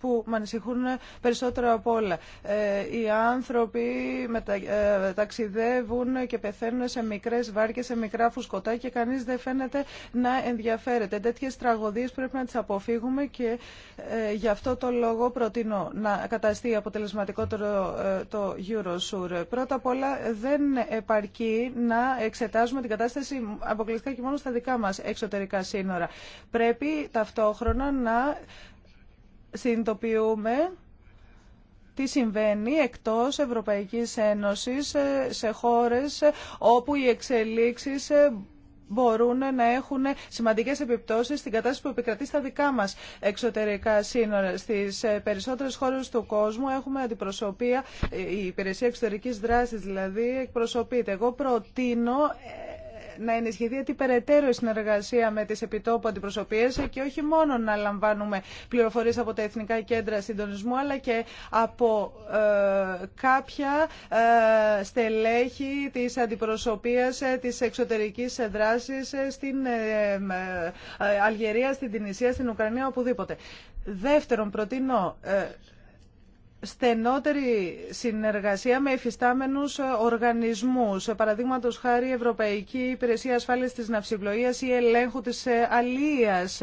που με ανησυχούν περισσότερο από όλα. Ε, οι άνθρωποι μετα... Ε, ταξιδεύουν και πεθαίνουν σε μικρές βάρκες, σε μικρά φουσκωτά και κανείς δεν φαίνεται να ενδιαφέρεται. Τέτοιες τραγωδίες πρέπει να τις αποφύγουμε και ε, γι' αυτό το λόγο προτείνω να καταστεί αποτελεσματικότερο το Eurosur. Πρώτα απ' όλα δεν επαρκεί να εξετάζουμε την κατάσταση αποκλειστικά και μόνο στα δικά μας εξωτερικά σύνορα. Πρέπει ταυτόχρονα να συνειδητοποιούμε τι συμβαίνει εκτός Ευρωπαϊκής Ένωσης ε, σε χώρες όπου οι εξελίξεις ε, μπορούν να έχουν σημαντικές επιπτώσεις στην κατάσταση που επικρατεί στα δικά μας εξωτερικά σύνορα. Στις ε, περισσότερες χώρες του κόσμου έχουμε αντιπροσωπεία, η υπηρεσία εξωτερικής δράσης δηλαδή εκπροσωπείται. Εγώ προτείνω να ενισχυθεί την περαιτέρω συνεργασία με τις επιτόπου αντιπροσωπείες και όχι μόνο να λαμβάνουμε πληροφορίες από τα Εθνικά Κέντρα Συντονισμού αλλά και από ε, κάποια ε, στελέχη της αντιπροσωπείας ε, της εξωτερικής δράσης ε, στην Αλγερία, στην Τινησία, στην Ουκρανία, οπουδήποτε. Δεύτερον, προτείνω στενότερη συνεργασία με εφιστάμενους οργανισμούς, παραδείγματο χάρη Ευρωπαϊκή Υπηρεσία Ασφάλειας της Ναυσιπλοείας ή Ελέγχου της Αλίας.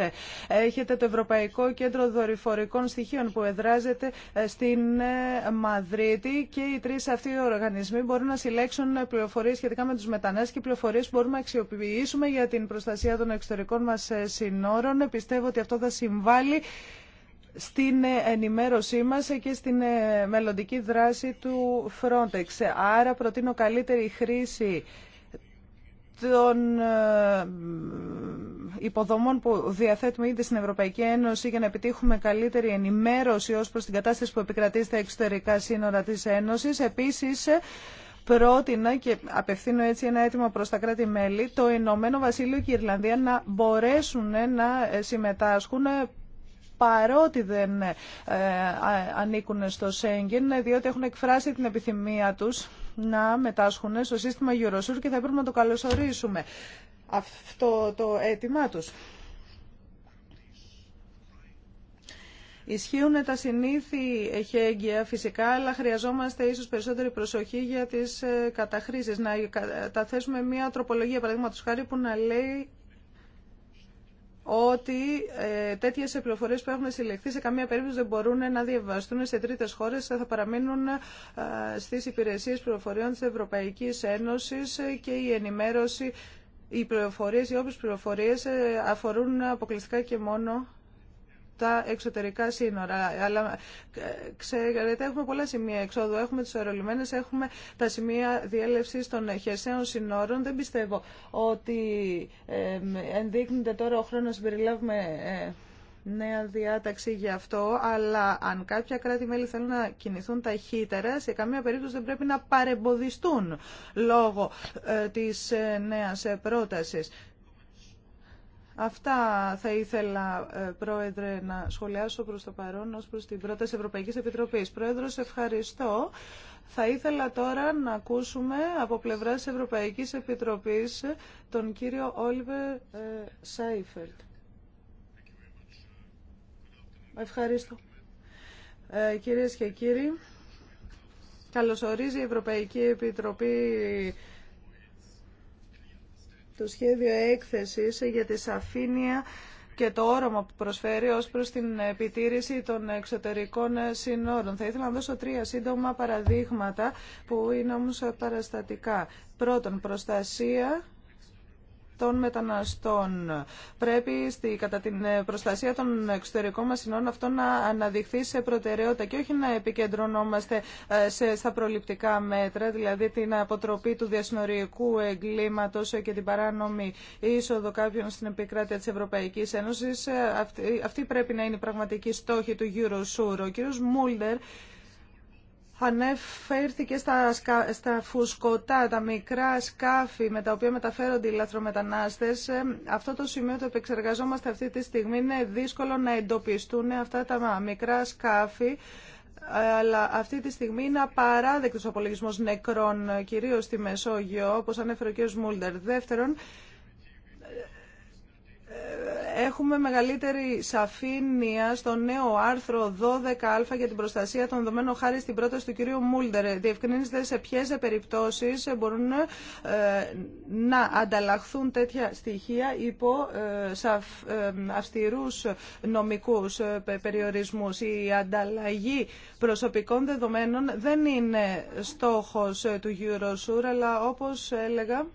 Έχετε το Ευρωπαϊκό Κέντρο Δορυφορικών Στοιχείων που εδράζεται ε, στην ε, Μαδρίτη και οι τρεις αυτοί οι οργανισμοί μπορούν να συλλέξουν πληροφορίες σχετικά με τους μετανάστες και πληροφορίες που μπορούμε να αξιοποιήσουμε για την προστασία των εξωτερικών μας ε, συνόρων. Πιστεύω ότι αυτό θα συμβάλλει στην ενημέρωσή μας και στην ε, μελλοντική δράση του Frontex. Άρα προτείνω καλύτερη χρήση των ε, υποδομών που διαθέτουμε ήδη στην Ευρωπαϊκή Ένωση για να επιτύχουμε καλύτερη ενημέρωση ως προς την κατάσταση που επικρατεί στα εξωτερικά σύνορα της Ένωσης. Επίσης, πρότεινα και απευθύνω έτσι ένα αίτημα προς τα κράτη-μέλη, το Ηνωμένο Βασίλειο και η Ιρλανδία να μπορέσουν να συμμετάσχουν παρότι δεν ε, ανήκουν στο Σέγγεν, διότι έχουν εκφράσει την επιθυμία τους να μετάσχουν στο σύστημα Eurosur και θα έπρεπε να το καλωσορίσουμε αυτό το αίτημά τους. Ισχύουν τα συνήθη εχέγγυα φυσικά, αλλά χρειαζόμαστε ίσως περισσότερη προσοχή για τις ε, καταχρήσεις. Να τα θέσουμε μια τροπολογία, παραδείγματος χάρη, που να λέει ότι ε, τέτοιε πληροφορίε που έχουν συλλεχθεί σε καμία περίπτωση δεν μπορούν να διαβαστούν σε τρίτε χώρε, θα παραμείνουν ε, στι υπηρεσίε πληροφοριών τη Ευρωπαϊκή Ένωση ε, και η ενημέρωση, οι πληροφορίε, οι όποιε πληροφορίε ε, αφορούν αποκλειστικά και μόνο τα εξωτερικά σύνορα. Αλλά ε, ξέρετε, έχουμε πολλά σημεία εξόδου. Έχουμε τι αερολιμένε, έχουμε τα σημεία διέλευση των χερσαίων σύνορων. Δεν πιστεύω ότι ενδείκνεται τώρα ο χρόνο να συμπεριλάβουμε ε, νέα διάταξη γι' αυτό, αλλά αν κάποια κράτη-μέλη θέλουν να κινηθούν ταχύτερα, σε καμία περίπτωση δεν πρέπει να παρεμποδιστούν λόγω ε, της ε, νέας ε, πρότασης. Αυτά θα ήθελα, ε, Πρόεδρε, να σχολιάσω προς το παρόν ως προς την πρόταση Ευρωπαϊκής Επιτροπής. Πρόεδρος, ευχαριστώ. Θα ήθελα τώρα να ακούσουμε από πλευράς Ευρωπαϊκής Επιτροπής τον κύριο Όλιβερ ε, Σάιφελτ. Ευχαριστώ. Ε, κυρίες και κύριοι, καλωσορίζει η Ευρωπαϊκή Επιτροπή το σχέδιο έκθεσης για τη σαφήνεια και το όρομα που προσφέρει ως προς την επιτήρηση των εξωτερικών συνόρων. Θα ήθελα να δώσω τρία σύντομα παραδείγματα που είναι όμως παραστατικά. Πρώτον, προστασία των μεταναστών. Πρέπει στη, κατά την ε, προστασία των εξωτερικών μας συνών αυτό να αναδειχθεί σε προτεραιότητα και όχι να επικεντρωνόμαστε ε, σε, στα προληπτικά μέτρα, δηλαδή την αποτροπή του διασυνοριακού εγκλήματος ε, και την παράνομη είσοδο κάποιων στην επικράτεια της Ευρωπαϊκής Ένωσης. Αυτή, αυτή πρέπει να είναι η πραγματική στόχη του Eurosur. Ο κύριος Μούλτερ ανέφερθηκε στα, φουσκωτά, τα μικρά σκάφη με τα οποία μεταφέρονται οι λαθρομετανάστες. Ε, αυτό το σημείο το επεξεργαζόμαστε αυτή τη στιγμή. Είναι δύσκολο να εντοπιστούν αυτά τα μικρά σκάφη αλλά αυτή τη στιγμή είναι απαράδεκτος ο απολογισμός νεκρών, κυρίως στη Μεσόγειο, όπως ανέφερε ο κ. Μούλτερ. Δεύτερον, έχουμε μεγαλύτερη σαφήνεια στο νέο άρθρο 12α για την προστασία των δεδομένων χάρη στην πρόταση του κυρίου Μούλτερ. Διευκρινίζεται σε ποιε περιπτώσει μπορούν ε, να ανταλλαχθούν τέτοια στοιχεία υπό ε, ε, αυστηρού νομικού περιορισμού. Η ανταλλαγή προσωπικών δεδομένων δεν είναι στόχο του Eurosur, αλλά όπω έλεγα.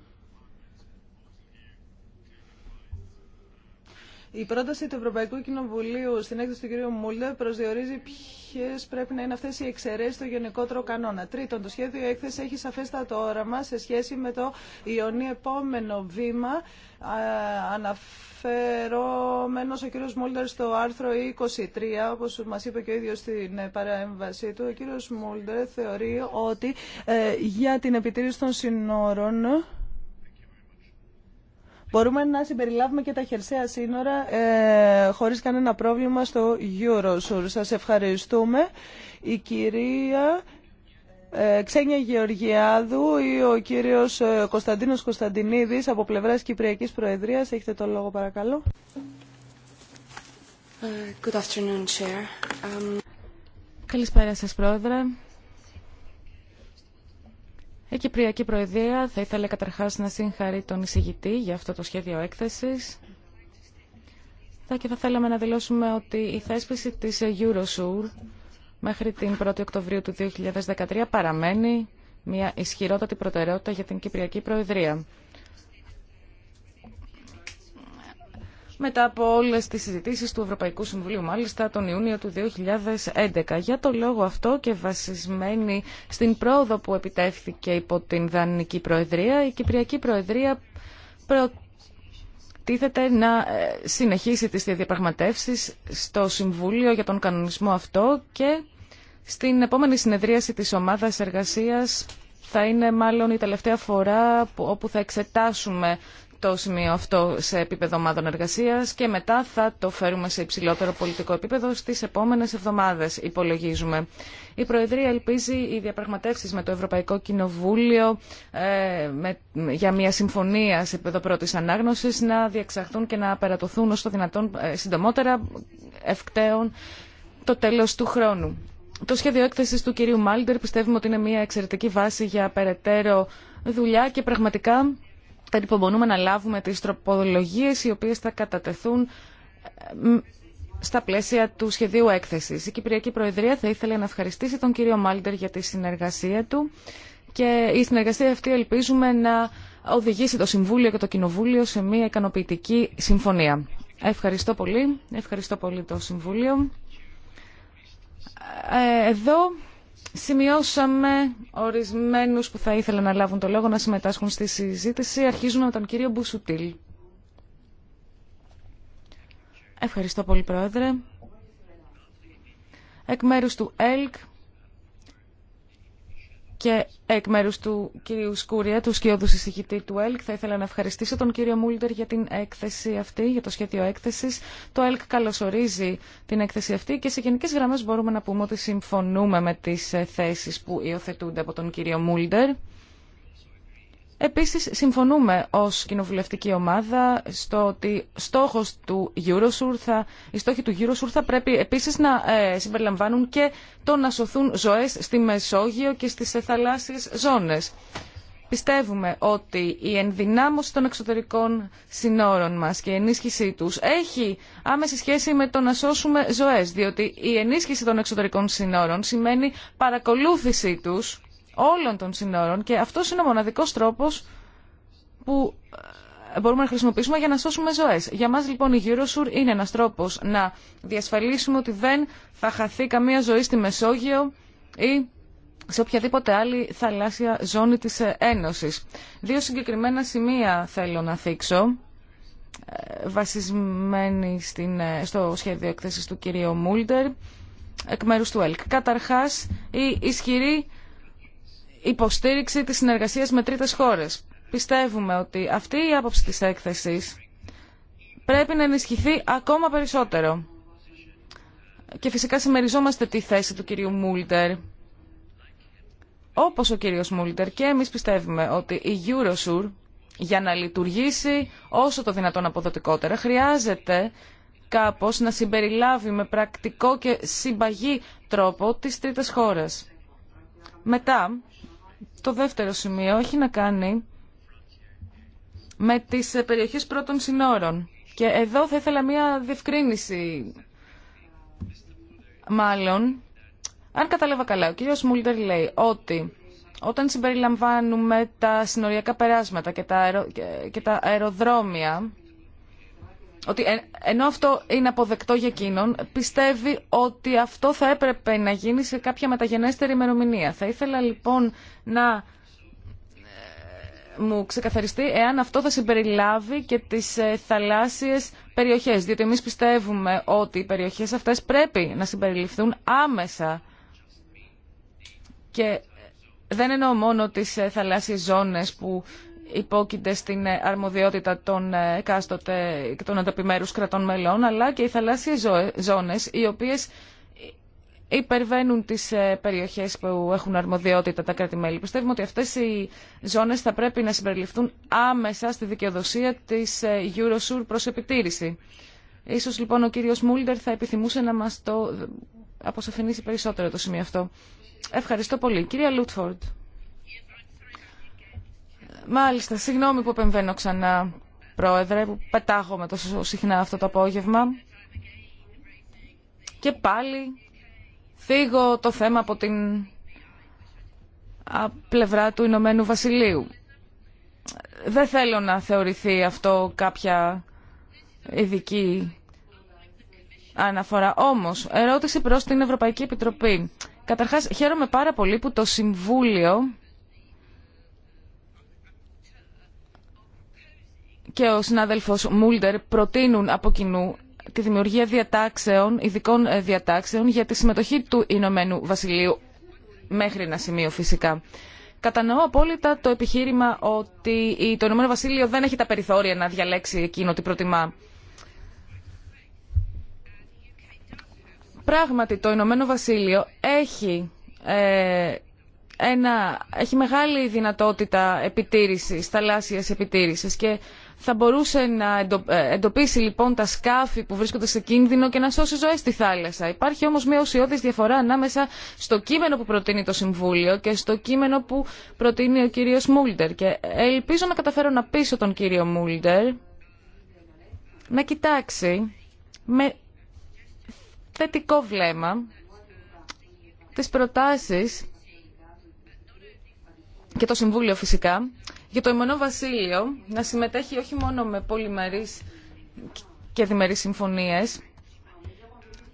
Η πρόταση του Ευρωπαϊκού Κοινοβουλίου στην έκθεση του κ. Μούλτερ προσδιορίζει ποιε πρέπει να είναι αυτέ οι εξαιρέσει στο γενικότερο κανόνα. Τρίτον, το σχέδιο έκθεση έχει σαφέστατο όραμα σε σχέση με το Ιωνί επόμενο βήμα. Αναφερόμενο ο κ. Μούλτερ στο άρθρο 23, όπω μα είπε και ο ίδιο στην ε, παρέμβασή του, ο κ. Μούλτερ θεωρεί ότι ε, για την επιτήρηση των συνόρων μπορούμε να συμπεριλάβουμε και τα χερσαία σύνορα ε, χωρίς κανένα πρόβλημα στο Eurosur. Σας ευχαριστούμε. Η κυρία ε, Ξένια Γεωργιάδου ή ο κύριος ε, Κωνσταντίνος Κωνσταντινίδης από πλευράς Κυπριακής Προεδρίας. Έχετε το λόγο παρακαλώ. Ε, good afternoon, Chair. Um... Καλησπέρα σας, Πρόεδρε. Η Κυπριακή Προεδρία θα ήθελε καταρχάς να συγχαρεί τον εισηγητή για αυτό το σχέδιο έκθεσης και θα θέλαμε να δηλώσουμε ότι η θέσπιση της Eurosur μέχρι την 1η Οκτωβρίου του 2013 παραμένει μια ισχυρότατη προτεραιότητα για την Κυπριακή Προεδρία. μετά από όλες τις συζητήσεις του Ευρωπαϊκού Συμβουλίου, μάλιστα τον Ιούνιο του 2011. Για το λόγο αυτό και βασισμένη στην πρόοδο που επιτεύχθηκε υπό την Δανική Προεδρία, η Κυπριακή Προεδρία προτίθεται να ε, συνεχίσει τις διαπραγματεύσεις στο Συμβούλιο για τον κανονισμό αυτό και στην επόμενη συνεδρίαση της ομάδας εργασίας θα είναι μάλλον η τελευταία φορά όπου θα εξετάσουμε το σημείο αυτό σε επίπεδο ομάδων εργασία, και μετά θα το φέρουμε σε υψηλότερο πολιτικό επίπεδο στι επόμενε εβδομάδε υπολογίζουμε. Η Προεδρία ελπίζει οι διαπραγματεύσει με το Ευρωπαϊκό Κοινοβούλιο ε, με, για μια συμφωνία σε επίπεδο πρώτη ανάγνωση, να διεξαχθούν και να περατωθούν όσο δυνατόν ε, συντομότερα ευκταίων το τέλο του χρόνου. Το σχέδιο έκθεση του κυρίου Μάλντερ πιστεύουμε ότι είναι μια εξαιρετική βάση για περαιτέρω δουλειά και πραγματικά υπομονούμε να λάβουμε τις τροπολογίες οι οποίες θα κατατεθούν ε, στα πλαίσια του σχεδίου έκθεσης. Η Κυπριακή Προεδρία θα ήθελε να ευχαριστήσει τον κύριο Μάλντερ για τη συνεργασία του και η συνεργασία αυτή ελπίζουμε να οδηγήσει το Συμβούλιο και το Κοινοβούλιο σε μια ικανοποιητική συμφωνία. Ευχαριστώ πολύ. Ευχαριστώ πολύ το Συμβούλιο. Ε, εδώ Σημειώσαμε ορισμένους που θα ήθελαν να λάβουν το λόγο να συμμετάσχουν στη συζήτηση. Αρχίζουμε με τον κύριο Μπουσουτήλ. Ευχαριστώ πολύ, Πρόεδρε. Εκ μέρου του ΕΛΚ και εκ μέρου του κυρίου Σκούρια, του σκιώδου συζητητή του ΕΛΚ, θα ήθελα να ευχαριστήσω τον κύριο Μούλτερ για την έκθεση αυτή, για το σχέδιο έκθεση. Το ΕΛΚ καλωσορίζει την έκθεση αυτή και σε γενικές γραμμές μπορούμε να πούμε ότι συμφωνούμε με τις ε, θέσει που υιοθετούνται από τον κύριο Μούλτερ. Επίσης, συμφωνούμε ως κοινοβουλευτική ομάδα στο ότι στόχος του Eurosur θα, οι στόχοι του Eurosur θα πρέπει επίσης να ε, συμπεριλαμβάνουν και το να σωθούν ζωές στη Μεσόγειο και στις θαλάσσιες ζώνες. Πιστεύουμε ότι η ενδυνάμωση των εξωτερικών συνόρων μας και η ενίσχυσή τους έχει άμεση σχέση με το να σώσουμε ζωές, διότι η ενίσχυση των εξωτερικών συνόρων σημαίνει παρακολούθησή τους όλων των συνόρων και αυτό είναι ο μοναδικό τρόπος που ε, μπορούμε να χρησιμοποιήσουμε για να σώσουμε ζωές. Για μας λοιπόν η Eurosur είναι ένας τρόπος να διασφαλίσουμε ότι δεν θα χαθεί καμία ζωή στη Μεσόγειο ή σε οποιαδήποτε άλλη θαλάσσια ζώνη της ε, Ένωση. Δύο συγκεκριμένα σημεία θέλω να θίξω, ε, βασισμένοι στην, στο σχέδιο εκθέσης του κυρίου Μούλτερ, εκ μέρους του ΕΛΚ. Καταρχάς, η ισχυρή υποστήριξη της συνεργασίας με τρίτες χώρες. Πιστεύουμε ότι αυτή η άποψη της έκθεσης πρέπει να ενισχυθεί ακόμα περισσότερο. Και φυσικά συμμεριζόμαστε τη θέση του κυρίου Μούλτερ. Όπως ο κύριος Μούλτερ και εμείς πιστεύουμε ότι η Eurosur για να λειτουργήσει όσο το δυνατόν αποδοτικότερα χρειάζεται κάπως να συμπεριλάβει με πρακτικό και συμπαγή τρόπο τις τρίτες χώρες. Μετά, το δεύτερο σημείο έχει να κάνει με τις περιοχές πρώτων συνόρων. Και εδώ θα ήθελα μία διευκρίνηση, μάλλον. Αν κατάλαβα καλά, ο κύριος Μούλτερ λέει ότι όταν συμπεριλαμβάνουμε τα συνοριακά περάσματα και τα αεροδρόμια, ότι ενώ αυτό είναι αποδεκτό για εκείνον, πιστεύει ότι αυτό θα έπρεπε να γίνει σε κάποια μεταγενέστερη ημερομηνία. Θα ήθελα λοιπόν να ε, μου ξεκαθαριστεί εάν αυτό θα συμπεριλάβει και τις ε, θαλάσσιες περιοχές, διότι εμείς πιστεύουμε ότι οι περιοχές αυτές πρέπει να συμπεριληφθούν άμεσα και δεν εννοώ μόνο τις ε, θαλάσσιες ζώνες που υπόκειται στην ε, αρμοδιότητα των ε, εκάστοτε των ανταπημέρους κρατών μελών, αλλά και οι θαλάσσιες ζώνες, οι οποίες υπερβαίνουν τις ε, περιοχές που έχουν αρμοδιότητα τα κράτη-μέλη. Πιστεύουμε ότι αυτές οι ζώνες θα πρέπει να συμπεριληφθούν άμεσα στη δικαιοδοσία της Eurosur προς επιτήρηση. Ίσως λοιπόν ο κύριος Μούλντερ θα επιθυμούσε να μας το αποσαφηνίσει περισσότερο το σημείο αυτό. Ευχαριστώ πολύ. Κυρία Λούτφορντ. Μάλιστα, συγγνώμη που επεμβαίνω ξανά, Πρόεδρε, που πετάγομαι τόσο συχνά αυτό το απόγευμα. Και πάλι θίγω το θέμα από την πλευρά του Ηνωμένου Βασιλείου. Δεν θέλω να θεωρηθεί αυτό κάποια ειδική αναφορά. Όμως, ερώτηση προς την Ευρωπαϊκή Επιτροπή. Καταρχάς, χαίρομαι πάρα πολύ που το Συμβούλιο και ο συνάδελφος Μούλτερ προτείνουν από κοινού τη δημιουργία διατάξεων, ειδικών ε, διατάξεων για τη συμμετοχή του Ηνωμένου Βασιλείου μέχρι ένα σημείο φυσικά. Κατανοώ απόλυτα το επιχείρημα ότι το Ηνωμένο Βασίλειο δεν έχει τα περιθώρια να διαλέξει εκείνο τι προτιμά. Πράγματι, το Ηνωμένο Βασίλειο έχει, ε, ένα, έχει μεγάλη δυνατότητα επιτήρησης, θαλάσσιας επιτήρησης και θα μπορούσε να ε, εντοπίσει λοιπόν τα σκάφη που βρίσκονται σε κίνδυνο και να σώσει ζωέ στη θάλασσα. Υπάρχει όμω μια ουσιώδη διαφορά ανάμεσα στο κείμενο που προτείνει το Συμβούλιο και στο κείμενο που προτείνει ο κύριο Μούλτερ. Και ελπίζω να καταφέρω να πείσω τον κύριο Μούλτερ να κοιτάξει με θετικό βλέμμα τις προτάσεις και το Συμβούλιο φυσικά για το Ηνωμένο Βασίλειο να συμμετέχει όχι μόνο με πολυμερείς και διμερείς συμφωνίες,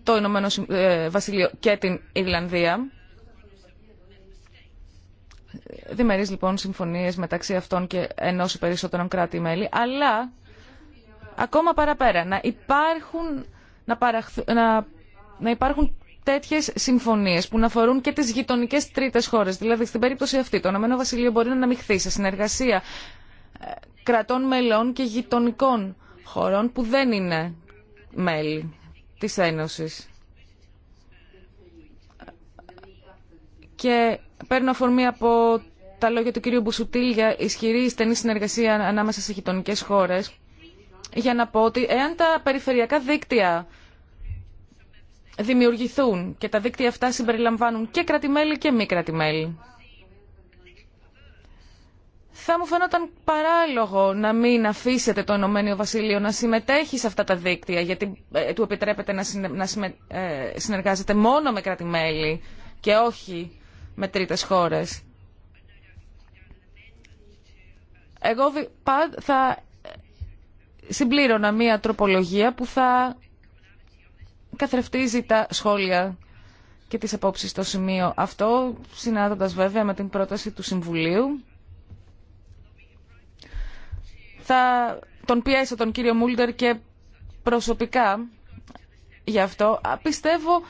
το Ηνωμένο ε, Βασίλειο και την Ιρλανδία, διμερείς λοιπόν συμφωνίες μεταξύ αυτών και ενός περισσότερων κράτη-μέλη, αλλά ακόμα παραπέρα να υπάρχουν, να, να υπάρχουν τέτοιε συμφωνίε που να αφορούν και τι γειτονικέ τρίτε χώρε. Δηλαδή, στην περίπτωση αυτή, το Ηνωμένο Βασίλειο μπορεί να αναμειχθεί σε συνεργασία ε, κρατών μελών και γειτονικών χωρών που δεν είναι μέλη της Ένωσης. Και παίρνω αφορμή από τα λόγια του κυρίου Μπουσουτήλ για ισχυρή στενή συνεργασία ανάμεσα σε γειτονικέ χώρε. για να πω ότι εάν τα περιφερειακά δίκτυα δημιουργηθούν και τα δίκτυα αυτά συμπεριλαμβάνουν και κρατημέλη και μη κρατημέλη. Θα μου φαινόταν παράλογο να μην αφήσετε το Ηνωμένο Βασίλειο να συμμετέχει σε αυτά τα δίκτυα, γιατί ε, του επιτρέπεται να, να ε, συνεργάζεται μόνο με κρατημέλη και όχι με τρίτες χώρες. Εγώ θα ε, συμπλήρωνα μία τροπολογία που θα καθρεφτίζει τα σχόλια και τις απόψεις στο σημείο αυτό, συνάδοντας βέβαια με την πρόταση του Συμβουλίου. Θα τον πιέσω τον κύριο Μούλτερ και προσωπικά για αυτό. Πιστεύω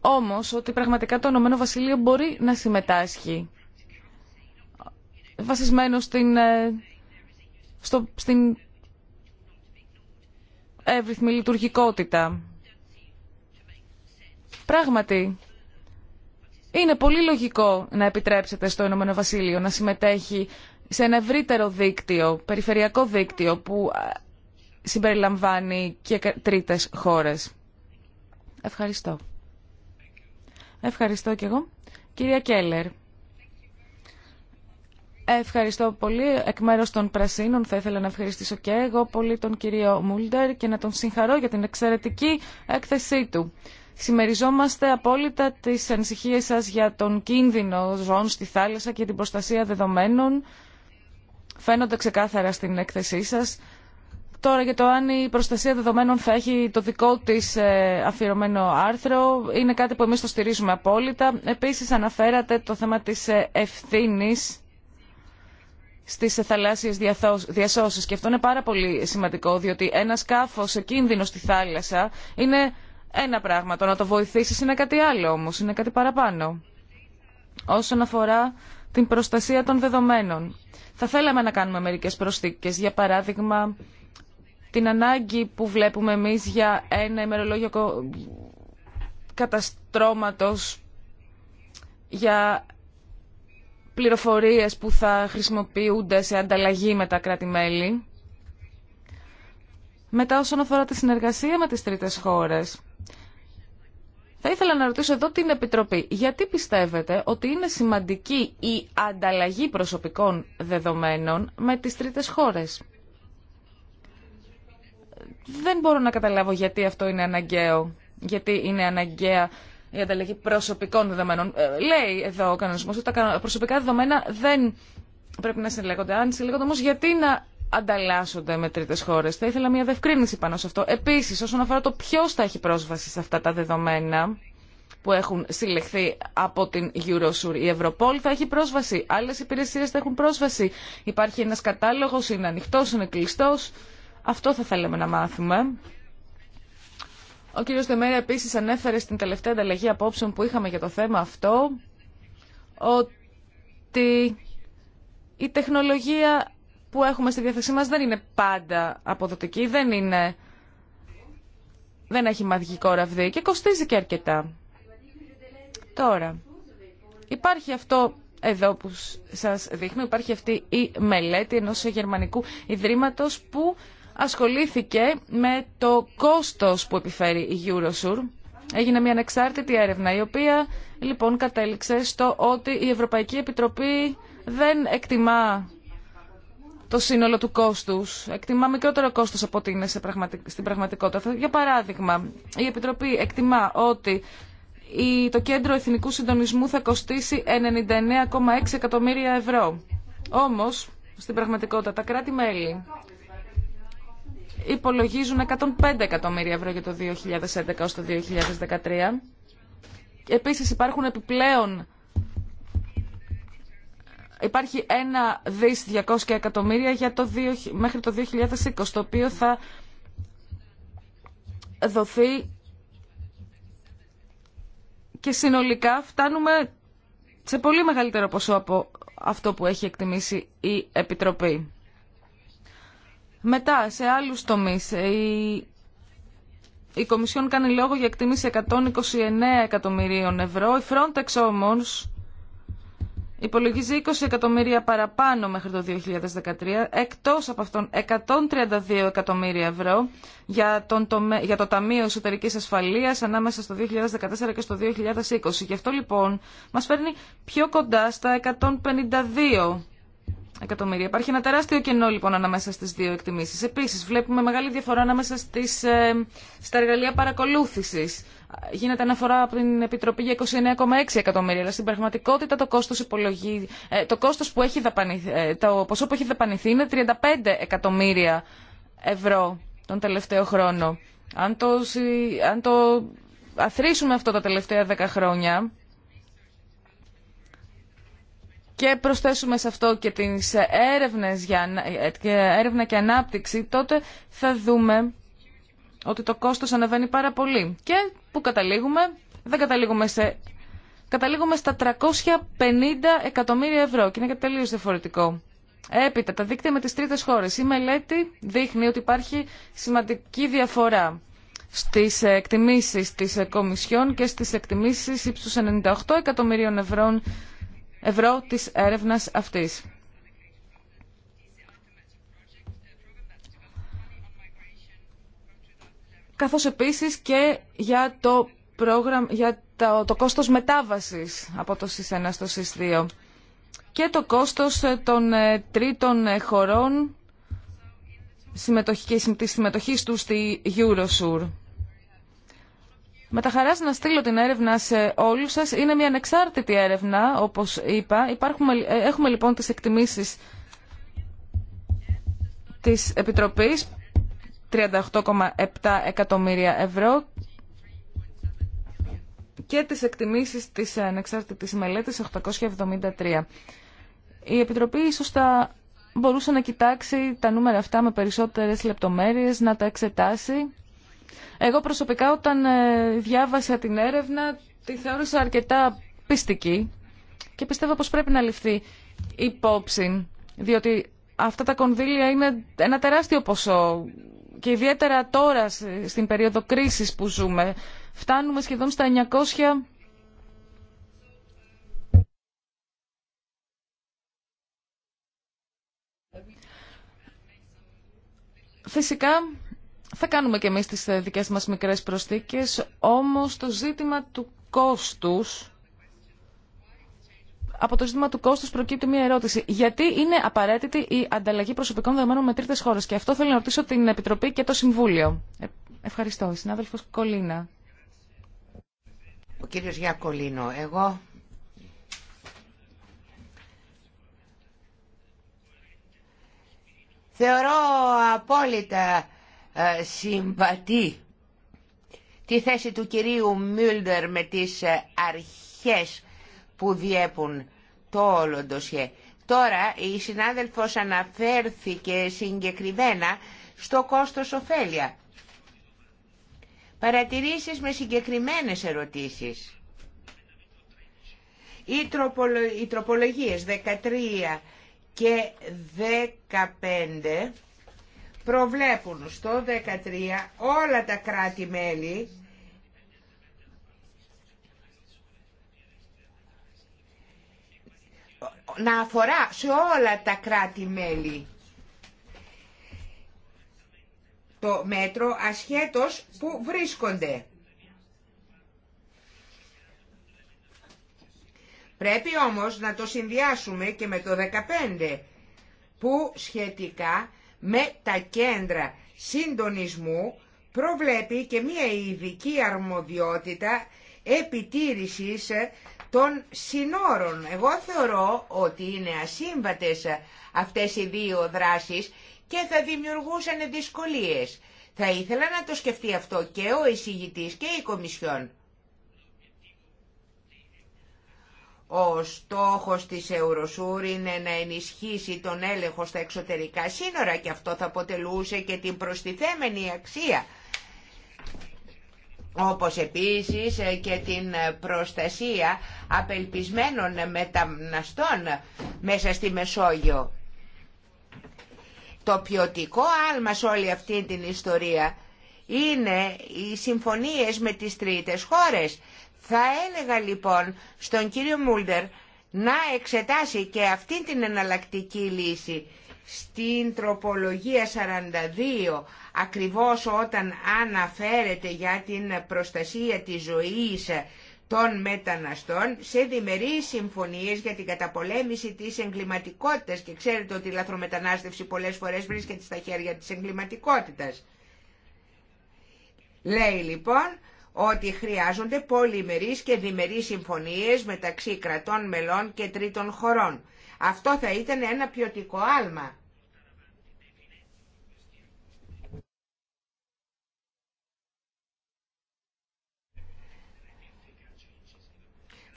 όμως ότι πραγματικά το Ηνωμένο Βασίλειο μπορεί να συμμετάσχει βασισμένο στην, ε, στο, στην εύρυθμη λειτουργικότητα Πράγματι, είναι πολύ λογικό να επιτρέψετε στο Ηνωμένο Βασίλειο να συμμετέχει σε ένα ευρύτερο δίκτυο, περιφερειακό δίκτυο που συμπεριλαμβάνει και τρίτες χώρες. Ευχαριστώ. Ευχαριστώ και εγώ. Κυρία Κέλλερ. Ευχαριστώ πολύ. Εκ μέρους των Πρασίνων θα ήθελα να ευχαριστήσω και εγώ πολύ τον κύριο Μούλντερ και να τον συγχαρώ για την εξαιρετική έκθεσή του. Συμμεριζόμαστε απόλυτα τις ανησυχίες σας για τον κίνδυνο ζώων στη θάλασσα και την προστασία δεδομένων. Φαίνονται ξεκάθαρα στην έκθεσή σας. Τώρα για το αν η προστασία δεδομένων θα έχει το δικό της ε, αφιερωμένο άρθρο, είναι κάτι που εμείς το στηρίζουμε απόλυτα. Επίσης αναφέρατε το θέμα της ε, ευθύνης στις θαλάσσιες διασώσεις και αυτό είναι πάρα πολύ σημαντικό διότι ένα σκάφος σε κίνδυνο στη θάλασσα είναι ένα πράγμα. Το να το βοηθήσει είναι κάτι άλλο όμω, είναι κάτι παραπάνω. Όσον αφορά την προστασία των δεδομένων. Θα θέλαμε να κάνουμε μερικές προσθήκες. Για παράδειγμα, την ανάγκη που βλέπουμε εμεί για ένα ημερολόγιο καταστρώματος για πληροφορίες που θα χρησιμοποιούνται σε ανταλλαγή με τα κράτη-μέλη. Μετά όσον αφορά τη συνεργασία με τις τρίτες χώρες. Θα ήθελα να ρωτήσω εδώ την Επιτροπή. Γιατί πιστεύετε ότι είναι σημαντική η ανταλλαγή προσωπικών δεδομένων με τις τρίτες χώρες. Δεν μπορώ να καταλάβω γιατί αυτό είναι αναγκαίο. Γιατί είναι αναγκαία η ανταλλαγή προσωπικών δεδομένων. Ε, λέει εδώ ο κανονισμός ότι τα προσωπικά δεδομένα δεν πρέπει να συλλέγονται. Αν συλλέγονται όμως γιατί να ανταλλάσσονται με τρίτε χώρε. Θα ήθελα μια διευκρίνηση πάνω σε αυτό. Επίση, όσον αφορά το ποιο θα έχει πρόσβαση σε αυτά τα δεδομένα που έχουν συλλεχθεί από την Eurosur. Η Ευρωπόλ θα έχει πρόσβαση, Άλλε υπηρεσίε θα έχουν πρόσβαση. Υπάρχει ένα κατάλογο, είναι ανοιχτό, είναι κλειστό. Αυτό θα θέλαμε να μάθουμε. Ο κύριος Δεμέρη επίσης ανέφερε στην τελευταία ανταλλαγή απόψεων που είχαμε για το θέμα αυτό ότι η τεχνολογία που έχουμε στη διάθεσή μας δεν είναι πάντα αποδοτική, δεν, είναι, δεν έχει μαγικό ραβδί και κοστίζει και αρκετά. Τώρα, υπάρχει αυτό εδώ που σας δείχνω, υπάρχει αυτή η μελέτη ενός γερμανικού ιδρύματος που ασχολήθηκε με το κόστος που επιφέρει η Eurosur. Έγινε μια ανεξάρτητη έρευνα η οποία λοιπόν κατέληξε στο ότι η Ευρωπαϊκή Επιτροπή δεν εκτιμά το σύνολο του κόστου. Εκτιμά μικρότερο κόστος από ό,τι είναι στην πραγματικότητα. Για παράδειγμα, η Επιτροπή εκτιμά ότι το κέντρο εθνικού συντονισμού θα κοστίσει 99,6 εκατομμύρια ευρώ. Όμω, στην πραγματικότητα, τα κράτη-μέλη υπολογίζουν 105 εκατομμύρια ευρώ για το 2011 ως το 2013. Επίσης υπάρχουν επιπλέον υπάρχει ένα δις 200 εκατομμύρια για το μέχρι το 2020, το οποίο θα δοθεί και συνολικά φτάνουμε σε πολύ μεγαλύτερο ποσό από αυτό που έχει εκτιμήσει η Επιτροπή. Μετά, σε άλλους τομείς, η, η Κομισιόν κάνει λόγο για εκτίμηση 129 εκατομμυρίων ευρώ. Η Frontex όμως υπολογίζει 20 εκατομμύρια παραπάνω μέχρι το 2013, εκτός από αυτών 132 εκατομμύρια ευρώ για, τον τομέ... για το Ταμείο Εσωτερικής Ασφαλείας ανάμεσα στο 2014 και στο 2020. Γι' αυτό λοιπόν μας φέρνει πιο κοντά στα 152 εκατομμύρια. Υπάρχει ένα τεράστιο κενό λοιπόν ανάμεσα στις δύο εκτιμήσεις. Επίσης βλέπουμε μεγάλη διαφορά ανάμεσα στις, ε, στα εργαλεία παρακολούθησης γίνεται αναφορά από την Επιτροπή για 29,6 εκατομμύρια, αλλά στην πραγματικότητα το κόστος, ε, το, που έχει δαπανηθεί, ε, το ποσό που έχει δαπανηθεί είναι 35 εκατομμύρια ευρώ τον τελευταίο χρόνο. Αν το, αν το αθροίσουμε αυτό τα τελευταία 10 χρόνια, και προσθέσουμε σε αυτό και τις έρευνες για, ε, και έρευνα και ανάπτυξη, τότε θα δούμε ότι το κόστος ανεβαίνει πάρα πολύ. Και που καταλήγουμε, δεν καταλήγουμε σε... Καταλήγουμε στα 350 εκατομμύρια ευρώ και είναι κάτι τελείω διαφορετικό. Έπειτα, τα δίκτυα με τις τρίτες χώρες. Η μελέτη δείχνει ότι υπάρχει σημαντική διαφορά στις εκτιμήσεις της Κομισιόν και στις εκτιμήσεις ύψους 98 εκατομμυρίων ευρώ, ευρώ της έρευνας αυτής. καθώς επίσης και για το, πρόγραμμα, για το, το κόστος μετάβασης από το ΣΥΣ στο ΣΥΣ 2 και το κόστος ε, των ε, τρίτων ε, χωρών συμμετοχή, της συμμετοχής του στη Eurosur. Με τα χαράς να στείλω την έρευνα σε όλους σας. Είναι μια ανεξάρτητη έρευνα, όπως είπα. έχουμε λοιπόν τις εκτιμήσεις της Επιτροπής 38,7 εκατομμύρια ευρώ και τις εκτιμήσεις της ανεξάρτητης μελέτης 873. Η Επιτροπή ίσως θα μπορούσε να κοιτάξει τα νούμερα αυτά με περισσότερες λεπτομέρειες, να τα εξετάσει. Εγώ προσωπικά όταν ε, διάβασα την έρευνα τη θεώρησα αρκετά πιστική και πιστεύω πως πρέπει να ληφθεί υπόψη, διότι αυτά τα κονδύλια είναι ένα τεράστιο ποσό και ιδιαίτερα τώρα στην περίοδο κρίσης που ζούμε. Φτάνουμε σχεδόν στα 900 Φυσικά θα κάνουμε και εμείς τις δικές μας μικρές προσθήκες, όμως το ζήτημα του κόστους από το ζήτημα του κόστου προκύπτει μια ερώτηση. Γιατί είναι απαραίτητη η ανταλλαγή προσωπικών δεδομένων με τρίτε χώρε. Και αυτό θέλω να ρωτήσω την Επιτροπή και το Συμβούλιο. Ε, ευχαριστώ. Συνάδελφο Κολίνα. Ο κύριος Γιακολίνο, εγώ θεωρώ απόλυτα ε, συμπατή τη θέση του κυρίου Μιούλντερ με τις ε, αρχές που διέπουν το όλο ντοσιέ. Τώρα η συνάδελφος αναφέρθηκε συγκεκριμένα στο κόστος ωφέλεια. Παρατηρήσεις με συγκεκριμένες ερωτήσεις. Οι, τροπολο... οι τροπολογίες 13 και 15 προβλέπουν στο 13 όλα τα κράτη-μέλη να αφορά σε όλα τα κράτη-μέλη. Το μέτρο ασχέτως που βρίσκονται. Πρέπει όμως να το συνδυάσουμε και με το 15 που σχετικά με τα κέντρα συντονισμού προβλέπει και μία ειδική αρμοδιότητα επιτήρησης των συνόρων. Εγώ θεωρώ ότι είναι ασύμβατες αυτές οι δύο δράσεις και θα δημιουργούσαν δυσκολίες. Θα ήθελα να το σκεφτεί αυτό και ο εισηγητής και η Κομισιόν. Ο στόχος της Ευρωσούρ είναι να ενισχύσει τον έλεγχο στα εξωτερικά σύνορα και αυτό θα αποτελούσε και την προστιθέμενη αξία όπως επίσης ε, και την ε, προστασία απελπισμένων μεταναστών μέσα στη Μεσόγειο. Το ποιοτικό άλμα σε όλη αυτή την ιστορία είναι οι συμφωνίες με τις τρίτες χώρες. Θα έλεγα λοιπόν στον κύριο Μούλτερ να εξετάσει και αυτή την εναλλακτική λύση στην τροπολογία 42 ακριβώς όταν αναφέρεται για την προστασία της ζωής των μεταναστών σε διμερείς συμφωνίες για την καταπολέμηση της εγκληματικότητα και ξέρετε ότι η λαθρομετανάστευση πολλές φορές βρίσκεται στα χέρια της εγκληματικότητα. Λέει λοιπόν ότι χρειάζονται πολυμερείς και διμερείς συμφωνίες μεταξύ κρατών μελών και τρίτων χωρών. Αυτό θα ήταν ένα ποιοτικό άλμα.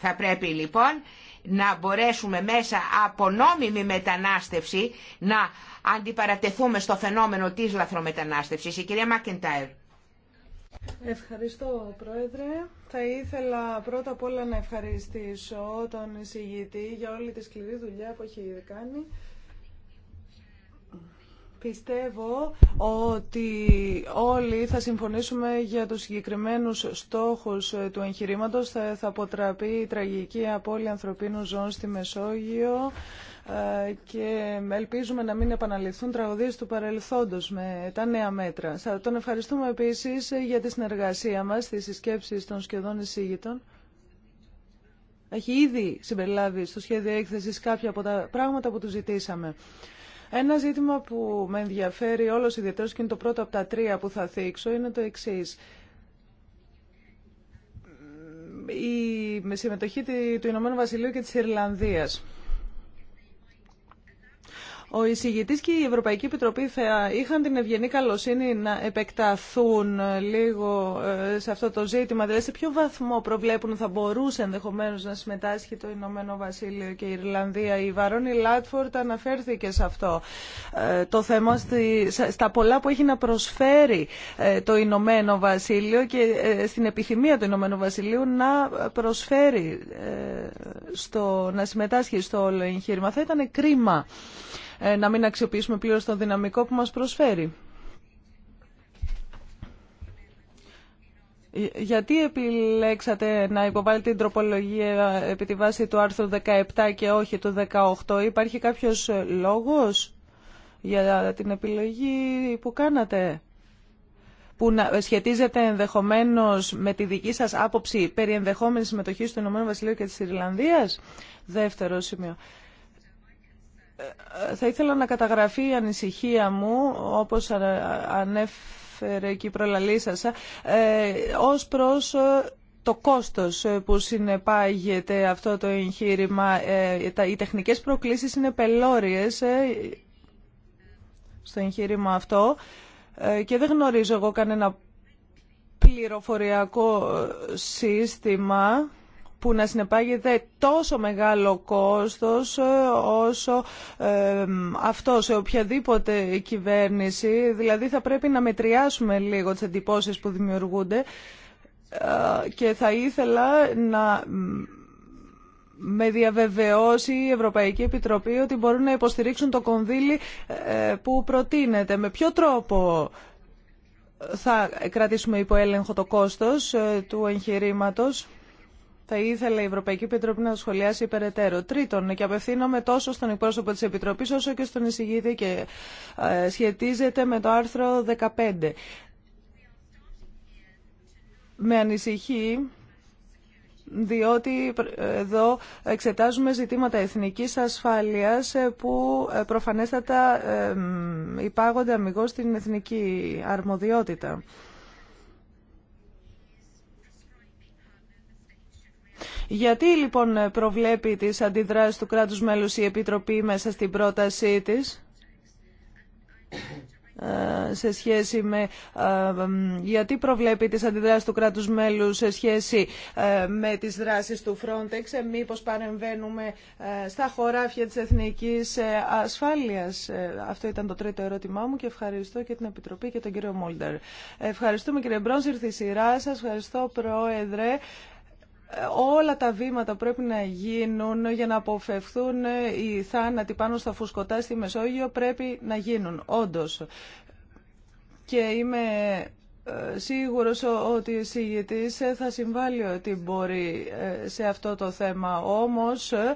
Θα πρέπει λοιπόν να μπορέσουμε μέσα από νόμιμη μετανάστευση να αντιπαρατεθούμε στο φαινόμενο της λαθρομετανάστευσης. Η κυρία Μάκεντάιρ. Ευχαριστώ, Πρόεδρε. Θα ήθελα πρώτα απ' όλα να ευχαριστήσω τον εισηγητή για όλη τη σκληρή δουλειά που έχει κάνει. Πιστεύω ότι όλοι θα συμφωνήσουμε για τους συγκεκριμένους στόχους του εγχειρήματος. Θα αποτραπεί η τραγική απώλεια ανθρωπίνων ζώων στη Μεσόγειο. Ε, και ελπίζουμε να μην επαναληφθούν τραγωδίες του παρελθόντος με τα νέα μέτρα. Θα τον ευχαριστούμε επίσης για τη συνεργασία μας στις συσκέψεις των σχεδόν εισήγητων. Έχει ήδη συμπεριλάβει στο σχέδιο έκθεσης κάποια από τα πράγματα που του ζητήσαμε. Ένα ζήτημα που με ενδιαφέρει όλος ιδιαίτερο και είναι το πρώτο από τα τρία που θα θίξω είναι το εξή. η συμμετοχή του Ηνωμένου Βασιλείου και της Ιρλανδίας. Ο εισηγητή και η Ευρωπαϊκή Επιτροπή θα είχαν την ευγενή καλοσύνη να επεκταθούν λίγο ε, σε αυτό το ζήτημα. Δηλαδή, σε ποιο βαθμό προβλέπουν θα μπορούσε ενδεχομένω να συμμετάσχει το Ηνωμένο Βασίλειο και η Ιρλανδία. Η Βαρόνι Λάτφορντ αναφέρθηκε σε αυτό ε, το θέμα, στα πολλά που έχει να προσφέρει ε, το Ηνωμένο Βασίλειο και στην επιθυμία του Ηνωμένου Βασιλείου να προσφέρει, στο, να συμμετάσχει στο όλο εγχείρημα. Θα ήταν κρίμα ε, να μην αξιοποιήσουμε πλήρως το δυναμικό που μας προσφέρει. Ε, γιατί επιλέξατε να υποβάλλετε την τροπολογία επί τη βάση του άρθρου 17 και όχι του 18. Υπάρχει κάποιος ε, λόγος για την επιλογή που κάνατε που σχετίζεται ενδεχομένως με τη δική σας άποψη περί ενδεχόμενης συμμετοχής του Ηνωμένου Βασιλείου και της Ιρλανδίας. Δεύτερο σημείο θα ήθελα να καταγραφεί η ανησυχία μου, όπως ανέφερε και η προλαλήσασα, ε, ως προς ε, το κόστος ε, που συνεπάγεται αυτό το εγχείρημα. Οι τεχνικές προκλήσεις είναι πελώριες στο εγχείρημα αυτό και δεν γνωρίζω εγώ κανένα πληροφοριακό σύστημα που να συνεπάγεται τόσο μεγάλο κόστος ε, όσο αυτό σε οποιαδήποτε κυβέρνηση. Δηλαδή θα πρέπει να μετριάσουμε λίγο τις εντυπώσεις που δημιουργούνται ε, και θα ήθελα να με διαβεβαιώσει η Ευρωπαϊκή Επιτροπή ότι μπορούν να υποστηρίξουν το κονδύλι ε, που προτείνεται. Με ποιο τρόπο θα κρατήσουμε υπό έλεγχο το κόστος του εγχειρήματος θα ήθελε η Ευρωπαϊκή Επιτροπή να σχολιάσει περαιτέρω. Τρίτον, και απευθύνομαι τόσο στον εκπρόσωπο της Επιτροπής όσο και στον εισηγήτη και ε, σχετίζεται με το άρθρο 15. Με ανησυχεί διότι ε, εδώ εξετάζουμε ζητήματα εθνικής ασφάλειας ε, που προφανέστατα υπάγονται αμυγός στην εθνική αρμοδιότητα. Γιατί λοιπόν προβλέπει τις αντιδράσεις του κράτους μέλους η Επιτροπή μέσα στην πρότασή της ε, σε σχέση με ε, γιατί προβλέπει τις αντιδράσεις του κράτους μέλους σε σχέση ε, με τις δράσεις του Frontex μήπως παρεμβαίνουμε στα χωράφια της εθνικής ασφάλειας αυτό ήταν το τρίτο ερώτημά μου και ευχαριστώ και την Επιτροπή και τον κύριο Μόλτερ ευχαριστούμε κύριε Μπρόνς ήρθε η σειρά σας ευχαριστώ πρόεδρε όλα τα βήματα πρέπει να γίνουν για να αποφευθούν οι θάνατοι πάνω στα φουσκωτά στη Μεσόγειο πρέπει να γίνουν, όντως. Και είμαι ε, σίγουρος ότι η συγητής θα συμβάλλει ότι μπορεί ε, σε αυτό το θέμα. Όμως, ε,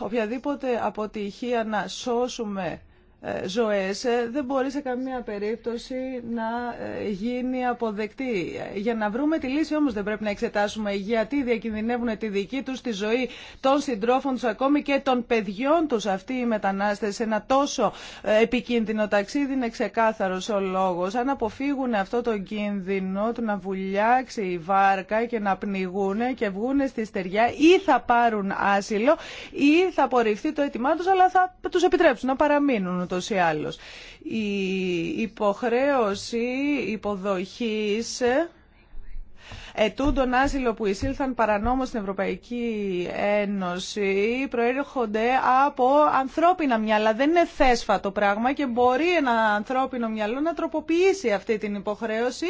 οποιαδήποτε αποτυχία να σώσουμε ε, ζωές ε, δεν μπορεί σε καμία περίπτωση να ε, γίνει αποδεκτή. Για να βρούμε τη λύση όμως δεν πρέπει να εξετάσουμε γιατί διακινδυνεύουν τη δική τους τη ζωή των συντρόφων τους ακόμη και των παιδιών τους αυτοί οι μετανάστες σε ένα τόσο επικίνδυνο ταξίδι είναι ξεκάθαρος ο λόγος. Αν αποφύγουν αυτό το κίνδυνο του να βουλιάξει η βάρκα και να πνιγούν και βγουν στη στεριά ή θα πάρουν άσυλο ή θα απορριφθεί το αίτημά τους αλλά θα τους επιτρέψουν να παραμείνουν ούτως ή άλλως. Η υποχρέωση υποδοχής ετούντων άσυλο που εισήλθαν παρανόμως στην Ευρωπαϊκή Ένωση προέρχονται από ανθρώπινα μυαλά. Δεν είναι θέσφατο πράγμα και μπορεί ένα ανθρώπινο μυαλό να τροποποιήσει αυτή την υποχρέωση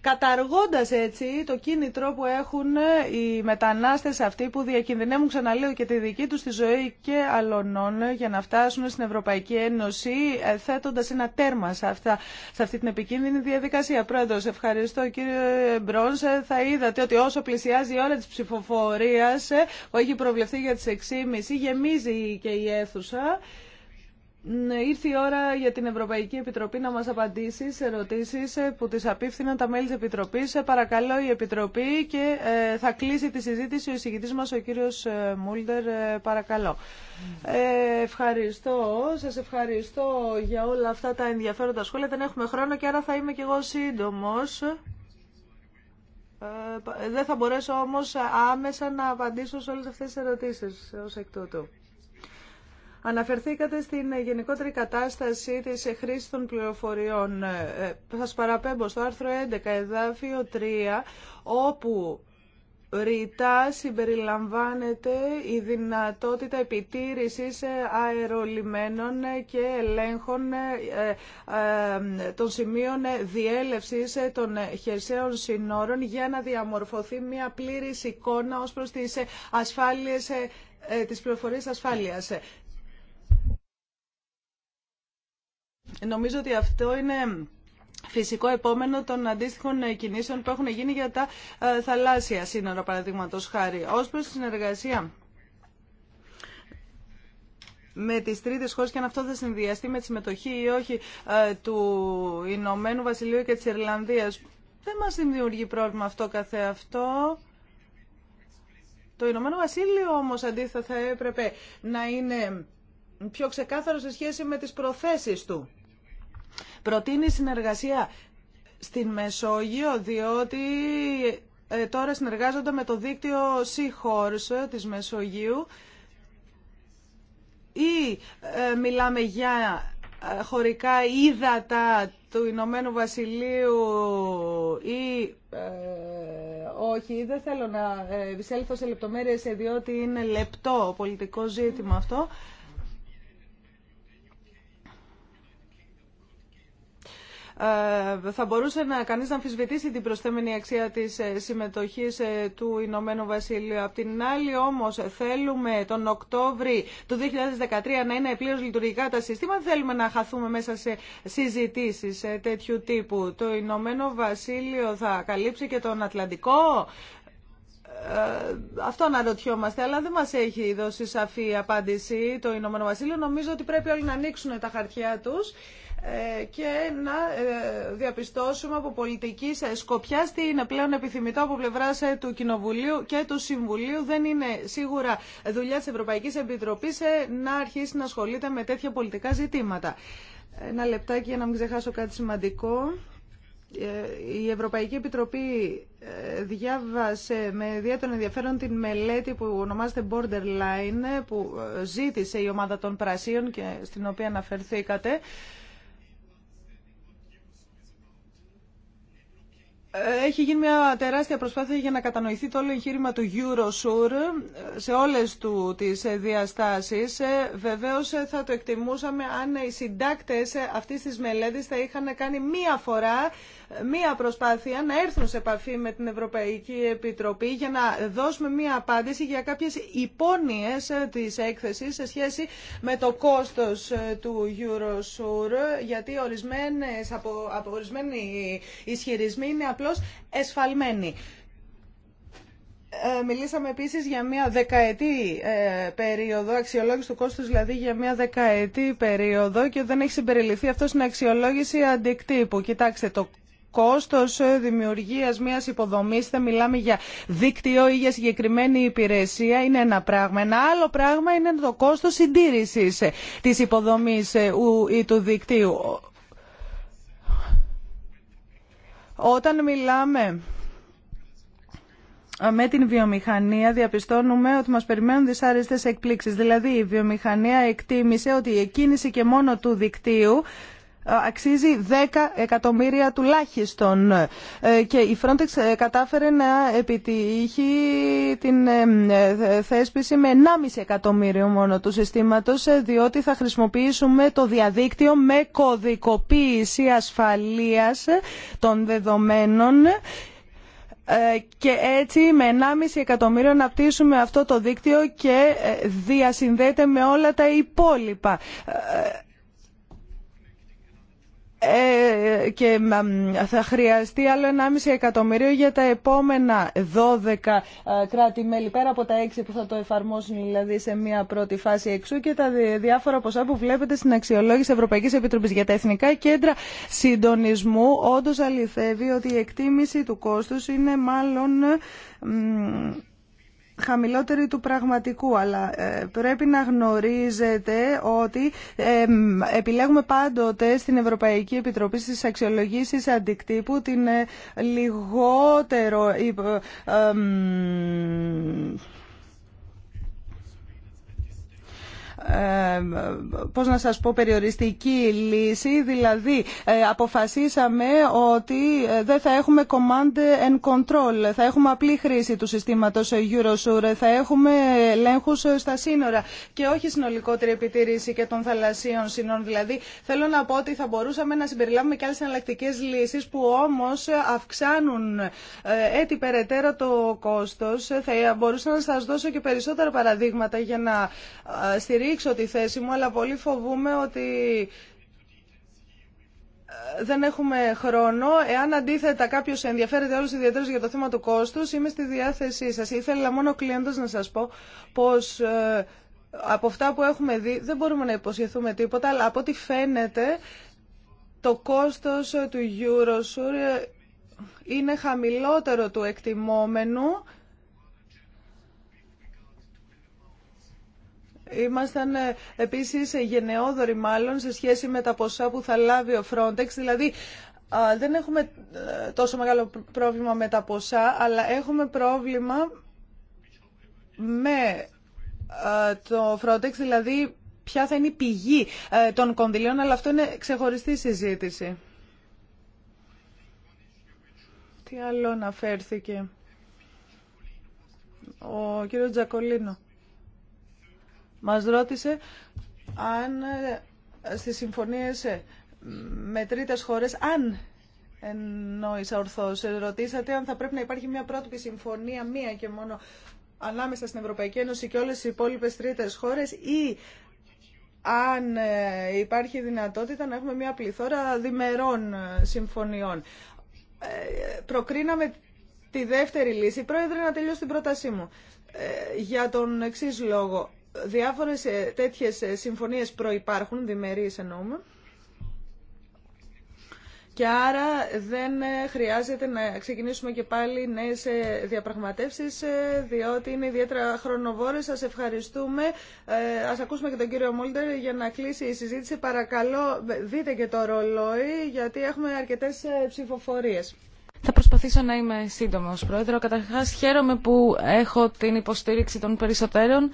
καταργώντας έτσι το κίνητρο που έχουν οι μετανάστες αυτοί που διακινδυνεύουν ξαναλέω και τη δική τους τη ζωή και αλωνών για να φτάσουν στην Ευρωπαϊκή Ένωση ε, θέτοντας ένα τέρμα σε, αυτά, σε αυτή την επικίνδυνη διαδικασία. Πρόεδρος, ευχαριστώ κύριε Μπρόνς. Ε, θα είδατε ότι όσο πλησιάζει η ώρα της ψηφοφορίας ε, που έχει προβλεφθεί για τις 6.30 γεμίζει και η αίθουσα. Ναι, ήρθε η ώρα για την Ευρωπαϊκή Επιτροπή να μας απαντήσει σε ερωτήσεις ε, που τις απίφθηναν τα μέλη της Επιτροπής. Ε, παρακαλώ η Επιτροπή και ε, θα κλείσει τη συζήτηση ο εισηγητής μας ο κύριος Μούλτερ. Παρακαλώ. Ε, ευχαριστώ. Σας ευχαριστώ για όλα αυτά τα ενδιαφέροντα σχόλια. Δεν έχουμε χρόνο και άρα θα είμαι κι εγώ σύντομος. Ε, δεν θα μπορέσω όμως άμεσα να απαντήσω σε όλες αυτές τις ερωτήσεις ως εκ τούτου. Αναφερθήκατε στην γενικότερη κατάσταση της χρήση των πληροφοριών. Ε, σας παραπέμπω στο άρθρο 11, εδάφιο 3, όπου ρητά συμπεριλαμβάνεται η δυνατότητα επιτήρησης ε, αερολιμένων ε, και ελέγχων των σημείων διέλευσης των χερσαίων συνόρων για να διαμορφωθεί μια πλήρης εικόνα ως προς τις ασφάλειες τις πληροφορίες ασφάλειας. Νομίζω ότι αυτό είναι φυσικό επόμενο των αντίστοιχων κινήσεων που έχουν γίνει για τα ε, θαλάσσια σύνορα, παραδείγματο χάρη. Ω προ τη συνεργασία με τι τρίτε χώρε και αν αυτό θα συνδυαστεί με τη συμμετοχή ή όχι ε, του Ηνωμένου Βασιλείου και τη Ιρλανδία, Δεν μας δημιουργεί πρόβλημα αυτό καθεαυτό. Το Ηνωμένο Βασίλειο όμως αντίθετα θα έπρεπε να είναι πιο ξεκάθαρο σε σχέση με τις προθέσεις του προτείνει συνεργασία στην Μεσόγειο, διότι ε, τώρα συνεργάζονται με το δίκτυο Seahorse της Μεσογείου ή ε, μιλάμε για ε, χωρικά ύδατα του Ηνωμένου Βασιλείου ή όχι, δεν θέλω να εισέλθω σε λεπτομέρειες διότι είναι λεπτό πολιτικό ζήτημα αυτό. Ε, θα μπορούσε να, κανείς να αμφισβητήσει την προσθέμενη αξία της ε, συμμετοχής ε, του Ηνωμένου Βασιλείου. Απ' την άλλη όμως θέλουμε τον Οκτώβρη του 2013 να είναι πλήρως λειτουργικά τα συστήματα. Θέλουμε να χαθούμε μέσα σε συζητήσεις τέτοιου τύπου. Το Ηνωμένο Βασίλειο θα καλύψει και τον Ατλαντικό. Ε, αυτό αναρωτιόμαστε, αλλά δεν μας έχει δώσει σαφή απάντηση το Ηνωμένο Βασίλειο. Νομίζω ότι πρέπει όλοι να ανοίξουν τα χαρτιά τους ε, και να ε, διαπιστώσουμε από πολιτική ε, σκοπιά τι είναι πλέον επιθυμητό από πλευρά του Κοινοβουλίου και του Συμβουλίου. Δεν είναι σίγουρα δουλειά τη Ευρωπαϊκή Επιτροπή να αρχίσει να ασχολείται με τέτοια πολιτικά ζητήματα. Ένα λεπτάκι για να μην ξεχάσω κάτι σημαντικό. Η Ευρωπαϊκή Επιτροπή διάβασε με ιδιαίτερο ενδιαφέρον την μελέτη που ονομάζεται Borderline που ζήτησε η ομάδα των Πρασίων και στην οποία αναφερθήκατε. έχει γίνει μια τεράστια προσπάθεια για να κατανοηθεί το όλο εγχείρημα του Eurosur σε όλες του τις διαστάσεις. Ε, βεβαίως ε, θα το εκτιμούσαμε αν οι συντάκτες ε, αυτής της μελέτης θα είχαν κάνει μία φορά μία προσπάθεια να έρθουν σε επαφή με την Ευρωπαϊκή Επιτροπή για να δώσουμε μία απάντηση για κάποιες υπόνοιες της έκθεσης σε σχέση με το κόστος ε, του Eurosur γιατί ορισμένες, απο, ορισμένοι ισχυρισμοί είναι απλώς εσφαλμένοι. Ε, μιλήσαμε επίσης για μια δεκαετή ε, περίοδο, αξιολόγηση του κόστους δηλαδή για μια δεκαετή περίοδο και δεν έχει συμπεριληφθεί αυτό στην αξιολόγηση αντικτύπου. Κοιτάξτε, το κόστος δημιουργίας μιας υποδομής, θα μιλάμε για δίκτυο ή για συγκεκριμένη υπηρεσία, είναι ένα πράγμα. Ένα άλλο πράγμα είναι το κόστος συντήρησης της υποδομής ε, ή του δικτύου. Όταν μιλάμε με την βιομηχανία διαπιστώνουμε ότι μας περιμένουν δυσάρεστες εκπλήξεις. Δηλαδή η βιομηχανία εκτίμησε ότι η εκκίνηση και μόνο του δικτύου ε, αξίζει 10 εκατομμύρια τουλάχιστον. Ε, και η Frontex ε, κατάφερε να επιτύχει την θέσπιση με 1,5 εκατομμύριο μόνο του συστήματος, διότι θα χρησιμοποιήσουμε το διαδίκτυο με κωδικοποίηση ασφαλείας των δεδομένων και έτσι με 1,5 εκατομμύριο να πτήσουμε αυτό το δίκτυο και διασυνδέεται με όλα τα υπόλοιπα. Ε, και θα χρειαστεί άλλο 1,5 εκατομμύριο για τα επόμενα 12 ε, κράτη-μέλη, πέρα από τα 6 που θα το εφαρμόσουν δηλαδή σε μια πρώτη φάση εξού και τα διάφορα ποσά που βλέπετε στην αξιολόγηση Ευρωπαϊκής Επιτροπής για τα Εθνικά Κέντρα Συντονισμού. Όντως αληθεύει ότι η εκτίμηση του κόστους είναι μάλλον χαμηλότερη του πραγματικού, αλλά ε, πρέπει να γνωρίζετε ότι επιλέγουμε πάντοτε στην Ευρωπαϊκή Επιτροπή στις αξιολογήσεις αντικτύπου την ε, λιγότερο ε, πώς να σας πω, περιοριστική λύση. Δηλαδή, ε, αποφασίσαμε ότι ε, δεν θα έχουμε command and control. Θα έχουμε απλή χρήση του συστήματος Eurosur. Θα έχουμε ελέγχους στα σύνορα και όχι συνολικότερη επιτήρηση και των θαλασσίων σύνορων. Δηλαδή, θέλω να πω ότι θα μπορούσαμε να συμπεριλάβουμε και άλλες εναλλακτικέ λύσεις που όμως αυξάνουν ε, έτσι περαιτέρω το κόστος. Θα μπορούσα να σας δώσω και περισσότερα παραδείγματα για να στηρίξω τη θέση θέση μου, αλλά πολύ φοβούμαι ότι ε, δεν έχουμε χρόνο. Εάν αντίθετα κάποιος ενδιαφέρεται όλος ιδιαίτερο για το θέμα του κόστους, είμαι στη διάθεσή σας. Ήθελα μόνο κλείνοντα να σας πω πως ε, από αυτά που έχουμε δει δεν μπορούμε να υποσχεθούμε τίποτα, αλλά από ό,τι φαίνεται το κόστος του Eurosur ε, είναι χαμηλότερο του εκτιμόμενου Ήμασταν ε, επίσης ε, γενναιόδοροι μάλλον σε σχέση με τα ποσά που θα λάβει ο Frontex, δηλαδή δεν έχουμε ε, τόσο μεγάλο πρόβλημα με τα ποσά, αλλά έχουμε πρόβλημα με το Frontex, δηλαδή ποια θα είναι η πηγή των κονδυλίων, αλλά αυτό είναι ξεχωριστή συζήτηση. Τι άλλο αναφέρθηκε. Ο κύριος Τζακολίνο. Μας ρώτησε αν ε, στις συμφωνίες ε, με τρίτες χώρες, αν εννοήσα ορθώς, ε, ρωτήσατε αν θα πρέπει να υπάρχει μια πρότυπη συμφωνία, μία και μόνο ανάμεσα στην Ευρωπαϊκή Ένωση και όλες οι υπόλοιπες τρίτες χώρες ή αν υπάρχει δυνατότητα να έχουμε μια πληθώρα διμερών συμφωνιών. προκρίναμε τη δεύτερη λύση. Πρόεδρε, να τελειώσω την πρότασή μου. για τον εξή λόγο διάφορες ε, τέτοιες ε, συμφωνίες προϋπάρχουν, διμερείς εννοούμε, και άρα δεν ε, χρειάζεται να ξεκινήσουμε και πάλι νέες διαπραγματεύσεις, διότι είναι ιδιαίτερα χρονοβόρες. Σας ευχαριστούμε. Ας ακούσουμε και τον κύριο Μόλτερ για να κλείσει η συζήτηση. Παρακαλώ, δείτε και το ρολόι, γιατί έχουμε αρκετές ψηφοφορίες. Θα προσπαθήσω να είμαι σύντομος, Πρόεδρο. Καταρχάς, χαίρομαι που έχω την υποστήριξη των περισσότερων.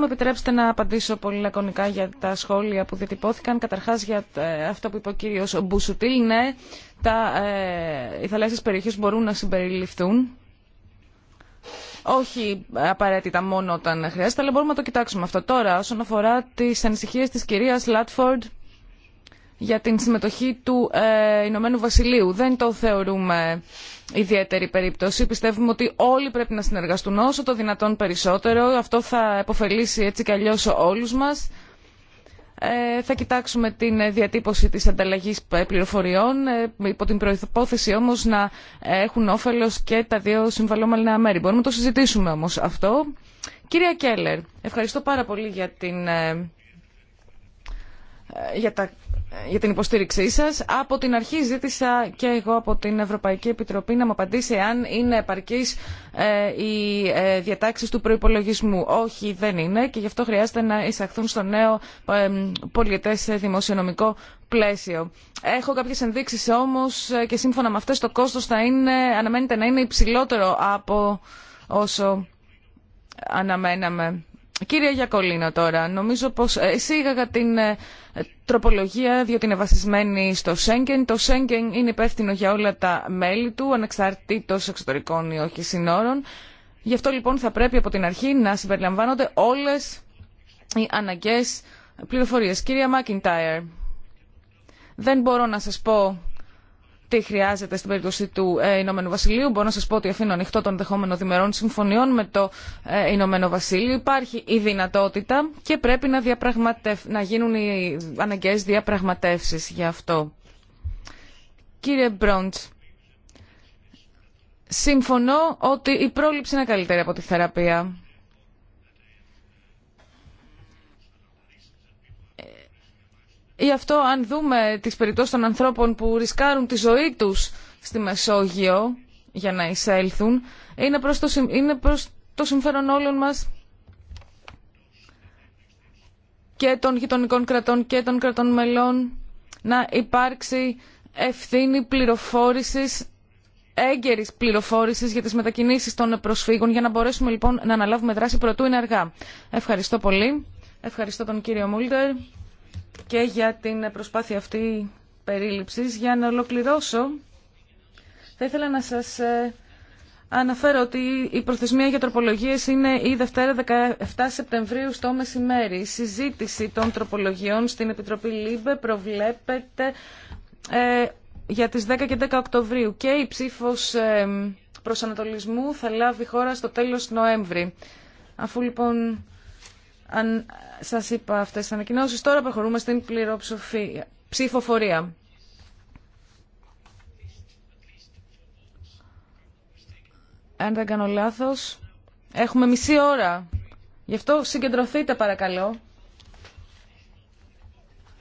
Θα μου επιτρέψετε να απαντήσω πολύ λακωνικά για τα σχόλια που διατυπώθηκαν. Καταρχάς για αυτό που είπε ο κύριο Μπουσουτήλ, ναι, τα, ε, οι θαλάσσιε περιοχές μπορούν να συμπεριληφθούν. Όχι απαραίτητα μόνο όταν χρειάζεται, αλλά μπορούμε να το κοιτάξουμε αυτό. Τώρα, όσον αφορά τι ανησυχίε τη κυρίας Λάτφορντ, για την συμμετοχή του ε, Ηνωμένου Βασιλείου. Δεν το θεωρούμε ιδιαίτερη περίπτωση. Πιστεύουμε ότι όλοι πρέπει να συνεργαστούν όσο το δυνατόν περισσότερο. Αυτό θα επωφελήσει έτσι κι αλλιώς όλους μας. Ε, θα κοιτάξουμε την διατύπωση της ανταλλαγής πληροφοριών ε, υπό την προϋπόθεση όμως να έχουν όφελος και τα δύο συμβαλόμενα μέρη. Μπορούμε να το συζητήσουμε όμως αυτό. Κυρία Κέλλερ, ευχαριστώ πάρα πολύ για, την, ε, ε, για για την υποστήριξή σας. Από την αρχή ζήτησα και εγώ από την Ευρωπαϊκή Επιτροπή να μου απαντήσει αν είναι επαρκή ε, οι ε, διατάξεις του προϋπολογισμού. Όχι, δεν είναι και γι' αυτό χρειάζεται να εισαχθούν στο νέο σε δημοσιονομικό πλαίσιο. Έχω κάποιε ενδείξει όμως ε, και σύμφωνα με αυτέ, το κόστο αναμένεται να είναι υψηλότερο από όσο αναμέναμε. Κύριε Γιακολίνο τώρα, νομίζω πως ε, εισήγαγα την ε, τροπολογία διότι είναι βασισμένη στο Σέγγεν. Το Σέγγεν είναι υπεύθυνο για όλα τα μέλη του, ανεξαρτήτως εξωτερικών ή όχι συνόρων. Γι' αυτό λοιπόν θα πρέπει από την αρχή να συμπεριλαμβάνονται όλες οι αναγκαίες πληροφορίες. Κυρία Μάκιντάιρ, δεν μπορώ να σας πω τι χρειάζεται στην περίπτωση του ε, Ηνωμένου Βασιλείου. Μπορώ να σας πω ότι αφήνω ανοιχτό τον δεχόμενο διμερών συμφωνιών με το ε, Ηνωμένο Βασίλειο. Υπάρχει η δυνατότητα και πρέπει να, διαπραγματευ... να γίνουν οι αναγκαίε διαπραγματεύσεις γι' αυτό. Κύριε Μπρόντ, συμφωνώ ότι η πρόληψη είναι καλύτερη από τη θεραπεία. Ή αυτό αν δούμε τις περιπτώσεις των ανθρώπων που ρισκάρουν τη ζωή τους στη Μεσόγειο για να εισέλθουν, είναι προς το, είναι προς το συμφέρον όλων μας και των γειτονικών κρατών και των κρατών μελών να υπάρξει ευθύνη πληροφόρησης, έγκαιρης πληροφόρησης για τις μετακινήσεις των προσφύγων για να μπορέσουμε λοιπόν να αναλάβουμε δράση πρωτού είναι αργά. Ευχαριστώ πολύ. Ευχαριστώ τον κύριο Μούλτερ και για την προσπάθεια αυτή περίληψης. Για να ολοκληρώσω, θα ήθελα να σας ε, αναφέρω ότι η προθεσμία για τροπολογίες είναι η Δευτέρα 17 Σεπτεμβρίου στο μεσημέρι. Η συζήτηση των τροπολογιών στην Επιτροπή ΛΥΜΠΕ προβλέπεται ε, για τις 10 και 10 Οκτωβρίου και η ψήφος ε, προσανατολισμού θα λάβει χώρα στο τέλος Νοέμβρη. Αφού λοιπόν αν σας είπα αυτές τις ανακοινώσεις, τώρα προχωρούμε στην ψηφοφορία. Αν δεν κάνω λάθος, έχουμε μισή ώρα. Γι' αυτό συγκεντρωθείτε παρακαλώ.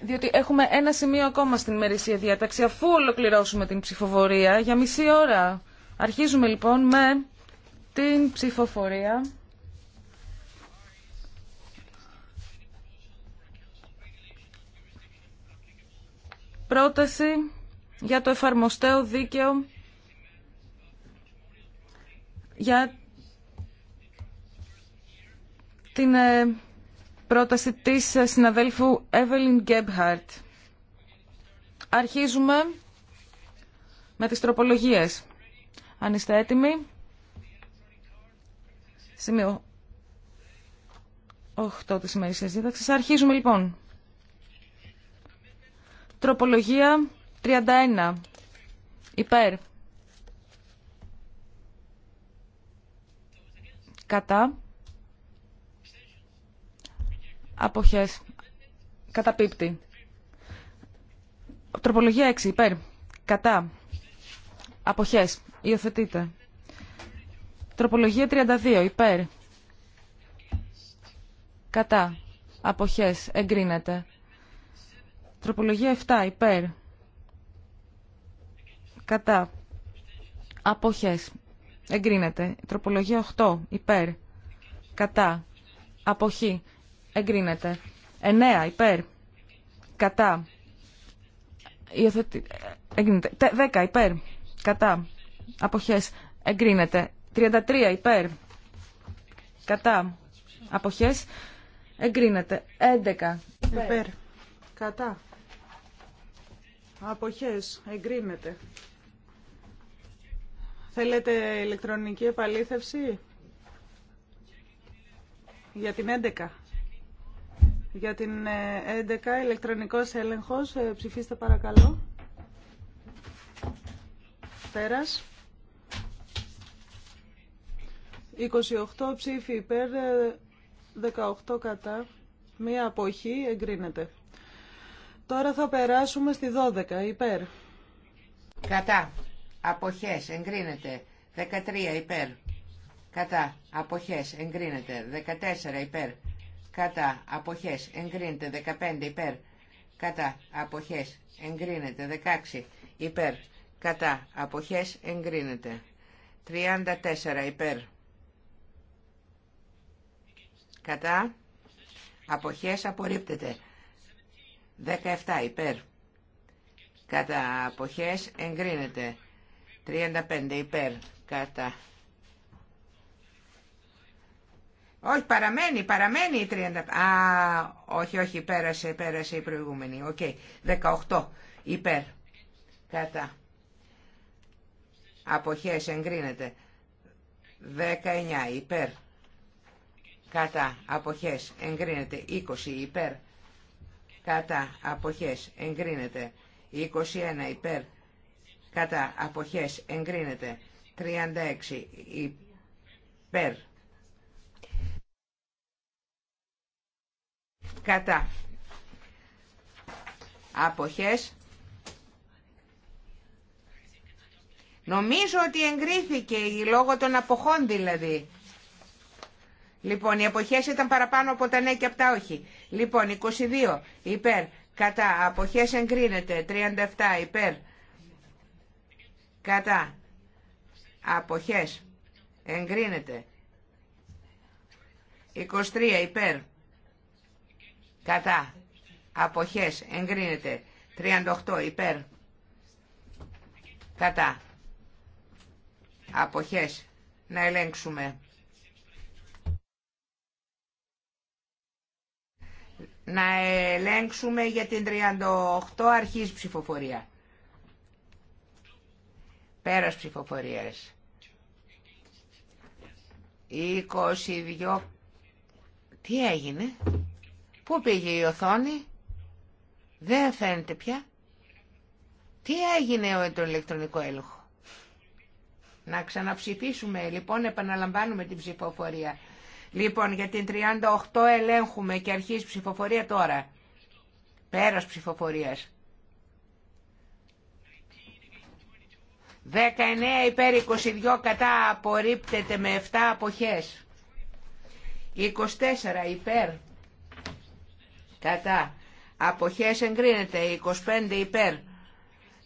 Διότι έχουμε ένα σημείο ακόμα στην ημερησία διάταξη, αφού ολοκληρώσουμε την ψηφοφορία για μισή ώρα. Αρχίζουμε λοιπόν με την ψηφοφορία. πρόταση για το εφαρμοστέο δίκαιο για την ε, πρόταση της συναδέλφου Εύελιν Γκέμπχαρτ. Αρχίζουμε με τις τροπολογίες. Αν είστε έτοιμοι. Σημείο 8 της ημερήσιας δίδαξης. Αρχίζουμε λοιπόν. Τροπολογία 31. Υπέρ. Κατά. Αποχές. Καταπίπτει. Τροπολογία 6. Υπέρ. Κατά. Αποχές. Υιοθετείτε. Τροπολογία 32. Υπέρ. Κατά. Αποχές. Εγκρίνεται. Τροπολογία 7. Υπέρ. Κατά. Αποχές. Εγκρίνεται. Τροπολογία 8. Υπέρ. Κατά. Αποχή. Εγκρίνεται. 9. Υπέρ. Κατά. Υιοθετη... Εγκρίνεται. 10. Υπέρ. Κατά. Αποχές. Εγκρίνεται. 33. Υπέρ. Κατά. Αποχές. Εγκρίνεται. 11. Υπέρ. Κατά. Αποχές. Εγκρίνεται. Θέλετε ηλεκτρονική επαλήθευση για την 11. Για την 11 ε, ηλεκτρονικός έλεγχος. Ε, ψηφίστε παρακαλώ. Πέρας. 28 ψήφοι υπέρ, 18 ε, κατά. Μία αποχή εγκρίνεται. Τώρα θα περάσουμε στη 12, υπέρ. Κατά. Αποχές, εγκρίνεται. 13, υπέρ. Κατά. Αποχές, εγκρίνεται. 14, υπέρ. Κατά. Αποχές, εγκρίνεται. 15, υπέρ. Κατά. Αποχές, εγκρίνεται. 16, υπέρ. Κατά. Αποχές, εγκρίνεται. 34, υπέρ. Κατά. Αποχές απορρίπτεται. 17 υπέρ. Κατά αποχές εγκρίνεται. 35 υπέρ. Κατά. Όχι, παραμένει, παραμένει η 35. Α, όχι, όχι, πέρασε, πέρασε η προηγούμενη. Οκ, okay. 18 υπέρ. Κατά. Αποχές εγκρίνεται. 19 υπέρ. Κατά. Αποχές εγκρίνεται. 20 υπέρ κατά αποχές εγκρίνεται 21 υπέρ κατά αποχές εγκρίνεται 36 υπέρ κατά αποχές Νομίζω ότι εγκρίθηκε λόγω των αποχών δηλαδή. Λοιπόν, οι εποχές ήταν παραπάνω από τα ναι και από τα όχι. Λοιπόν, 22 υπέρ, κατά, αποχές εγκρίνεται, 37 υπέρ, κατά, αποχές εγκρίνεται, 23 υπέρ, κατά, αποχές εγκρίνεται, 38 υπέρ, κατά, αποχές να ελέγξουμε. Να ελέγξουμε για την 38 αρχής ψηφοφορία. Πέρας ψηφοφορίας. 22... Τι έγινε? Πού πήγε η οθόνη? Δεν φαίνεται πια. Τι έγινε ο τον ηλεκτρονικό έλεγχο. Να ξαναψηφίσουμε, λοιπόν, επαναλαμβάνουμε την ψηφοφορία. Λοιπόν, για την 38 ελέγχουμε και αρχίζει ψηφοφορία τώρα. Πέρας ψηφοφορίας. 19 υπέρ 22 κατά απορρίπτεται με 7 αποχές. 24 υπέρ κατά αποχές εγκρίνεται. 25 υπέρ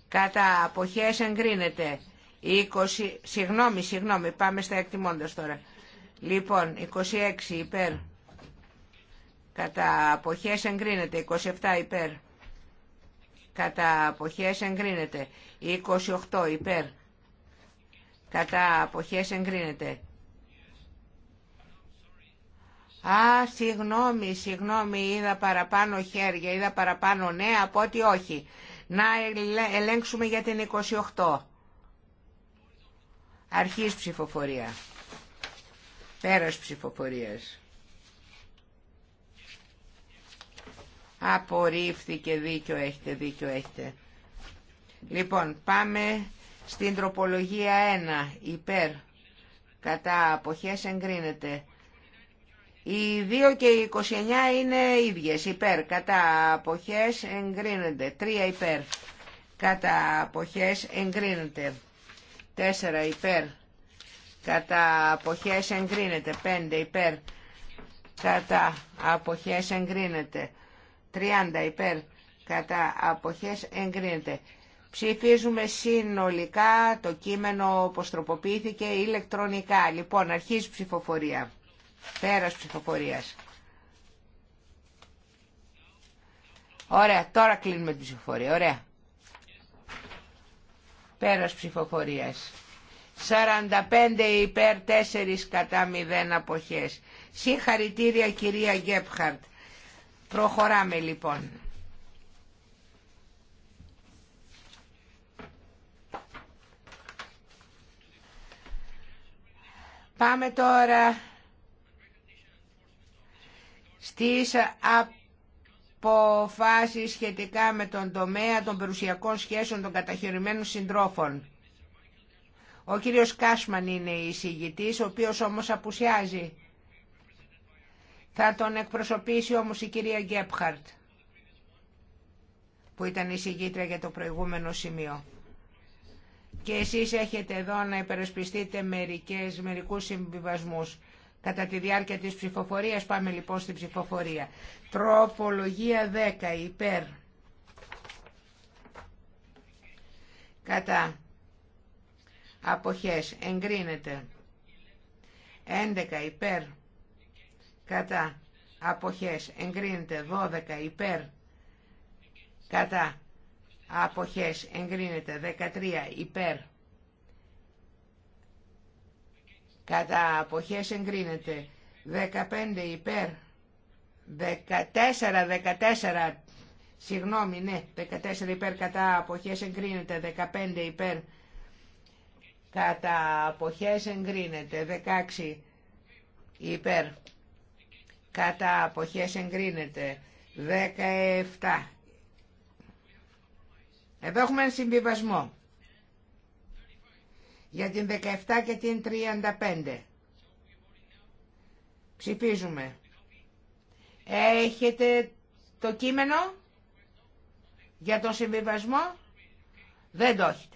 κατά αποχές εγκρίνεται. 20... Συγγνώμη, συγγνώμη, πάμε στα εκτιμώντας τώρα. Λοιπόν, 26 υπέρ. Κατά αποχές εγκρίνεται. 27 υπέρ. Κατά αποχές εγκρίνεται. 28 υπέρ. Κατά αποχές εγκρίνεται. Α, συγγνώμη, συγγνώμη, είδα παραπάνω χέρια, είδα παραπάνω ναι, από ότι όχι. Να ελέγξουμε για την 28. Αρχής ψηφοφορία. Πέρας ψηφοφορίας. Απορρίφθηκε δίκιο έχετε, δίκιο έχετε. Λοιπόν, πάμε στην τροπολογία 1, υπέρ, κατά αποχές εγκρίνεται. Οι 2 και οι 29 είναι ίδιες, υπέρ, κατά αποχές εγκρίνεται. 3 υπέρ, κατά αποχές εγκρίνεται. 4 υπέρ, κατά αποχές εγκρίνεται 5 υπέρ κατά αποχές εγκρίνεται 30 υπέρ κατά αποχές εγκρίνεται ψηφίζουμε συνολικά το κείμενο όπως τροποποιήθηκε ηλεκτρονικά λοιπόν αρχίζει ψηφοφορία πέρας ψηφοφορίας Ωραία, τώρα κλείνουμε την ψηφοφορία. Ωραία. Πέρας ψηφοφορίας. 45 υπέρ 4 κατά 0 αποχές. Συγχαρητήρια κυρία Γκέπχαρτ. Προχωράμε λοιπόν. Πάμε τώρα στις αποφάσεις σχετικά με τον τομέα των περιουσιακών σχέσεων των καταχειρημένων συντρόφων. Ο κύριος Κάσμαν είναι η εισηγητής, ο οποίος όμως απουσιάζει. Θα τον εκπροσωπήσει όμως η κυρία Γκέπχαρτ, που ήταν εισηγήτρια για το προηγούμενο σημείο. Και εσείς έχετε εδώ να υπερασπιστείτε μερικές, μερικούς συμβιβασμούς. Κατά τη διάρκεια της ψηφοφορίας πάμε λοιπόν στην ψηφοφορία. Τροπολογία 10 υπέρ. Κατά αποχές εγκρίνεται 11 υπέρ κατά αποχές εγκρίνεται 12 υπέρ κατά αποχές εγκρίνεται 13 υπέρ κατά αποχές εγκρίνεται 15 υπέρ 14 14 συγγνώμη ναι 14 υπέρ κατά αποχές εγκρίνεται 15 υπέρ κατά αποχές εγκρίνεται 16 υπέρ κατά αποχές εγκρίνεται 17 εδώ έχουμε ένα συμβιβασμό για την 17 και την 35 ψηφίζουμε έχετε το κείμενο για τον συμβιβασμό δεν το έχετε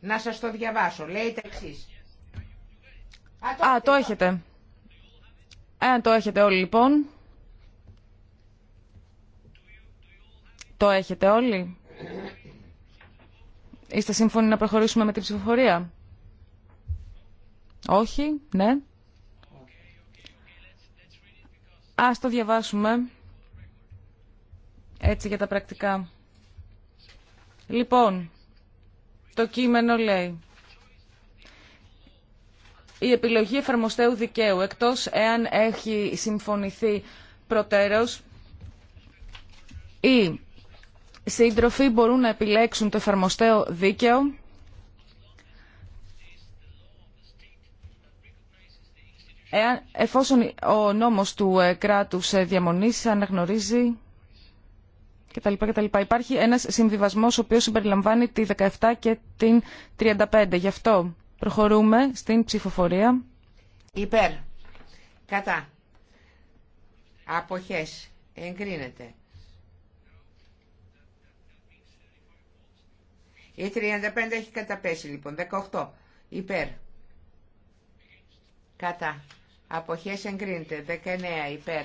να σας το διαβάσω. Λέει τα Α, το, έχετε. Εάν ε, το έχετε όλοι λοιπόν. Το έχετε όλοι. Είστε σύμφωνοι να προχωρήσουμε με την ψηφοφορία. Όχι, ναι. Ας το διαβάσουμε. Έτσι για τα πρακτικά. Λοιπόν, το κείμενο λέει η επιλογή εφαρμοστέου δικαίου, εκτός εάν έχει συμφωνηθεί προτέρως, οι σύντροφοι μπορούν να επιλέξουν το εφαρμοστέο δίκαιο εάν, εφόσον ο νόμος του ε, κράτους ε, διαμονής αναγνωρίζει κτλ. Υπάρχει ένας συμβιβασμό ο οποίος συμπεριλαμβάνει τη 17 και την 35. Γι' αυτό προχωρούμε στην ψηφοφορία. Υπέρ. Κατά. Αποχές. Εγκρίνεται. Η 35 έχει καταπέσει λοιπόν. 18. Υπέρ. Κατά. Αποχές εγκρίνεται. 19. Υπέρ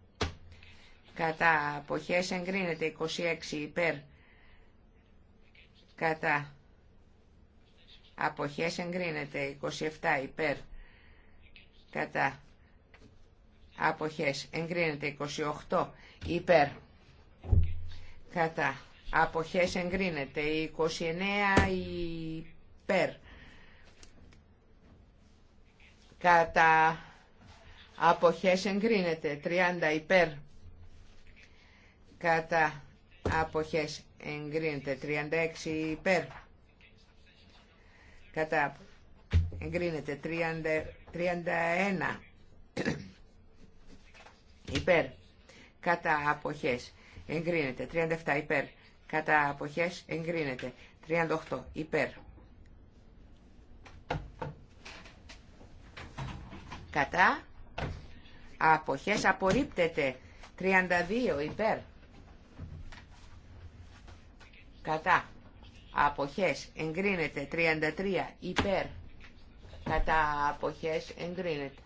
κατά αποχές εγκρίνεται 26 υπέρ κατά αποχές εγκρίνεται 27 υπέρ κατά αποχές εγκρίνεται 28 υπέρ κατά αποχές εγκρίνεται 29 υπέρ κατά αποχές εγκρίνεται 30 υπέρ κατά αποχές εγκρίνεται 36 υπέρ κατά εγκρίνεται 30, 31 υπέρ κατά αποχές εγκρίνεται 37 υπέρ κατά αποχές εγκρίνεται 38 υπέρ κατά αποχές απορρίπτεται 32 υπέρ κατά αποχές εγκρίνεται 33 υπέρ κατά αποχές εγκρίνεται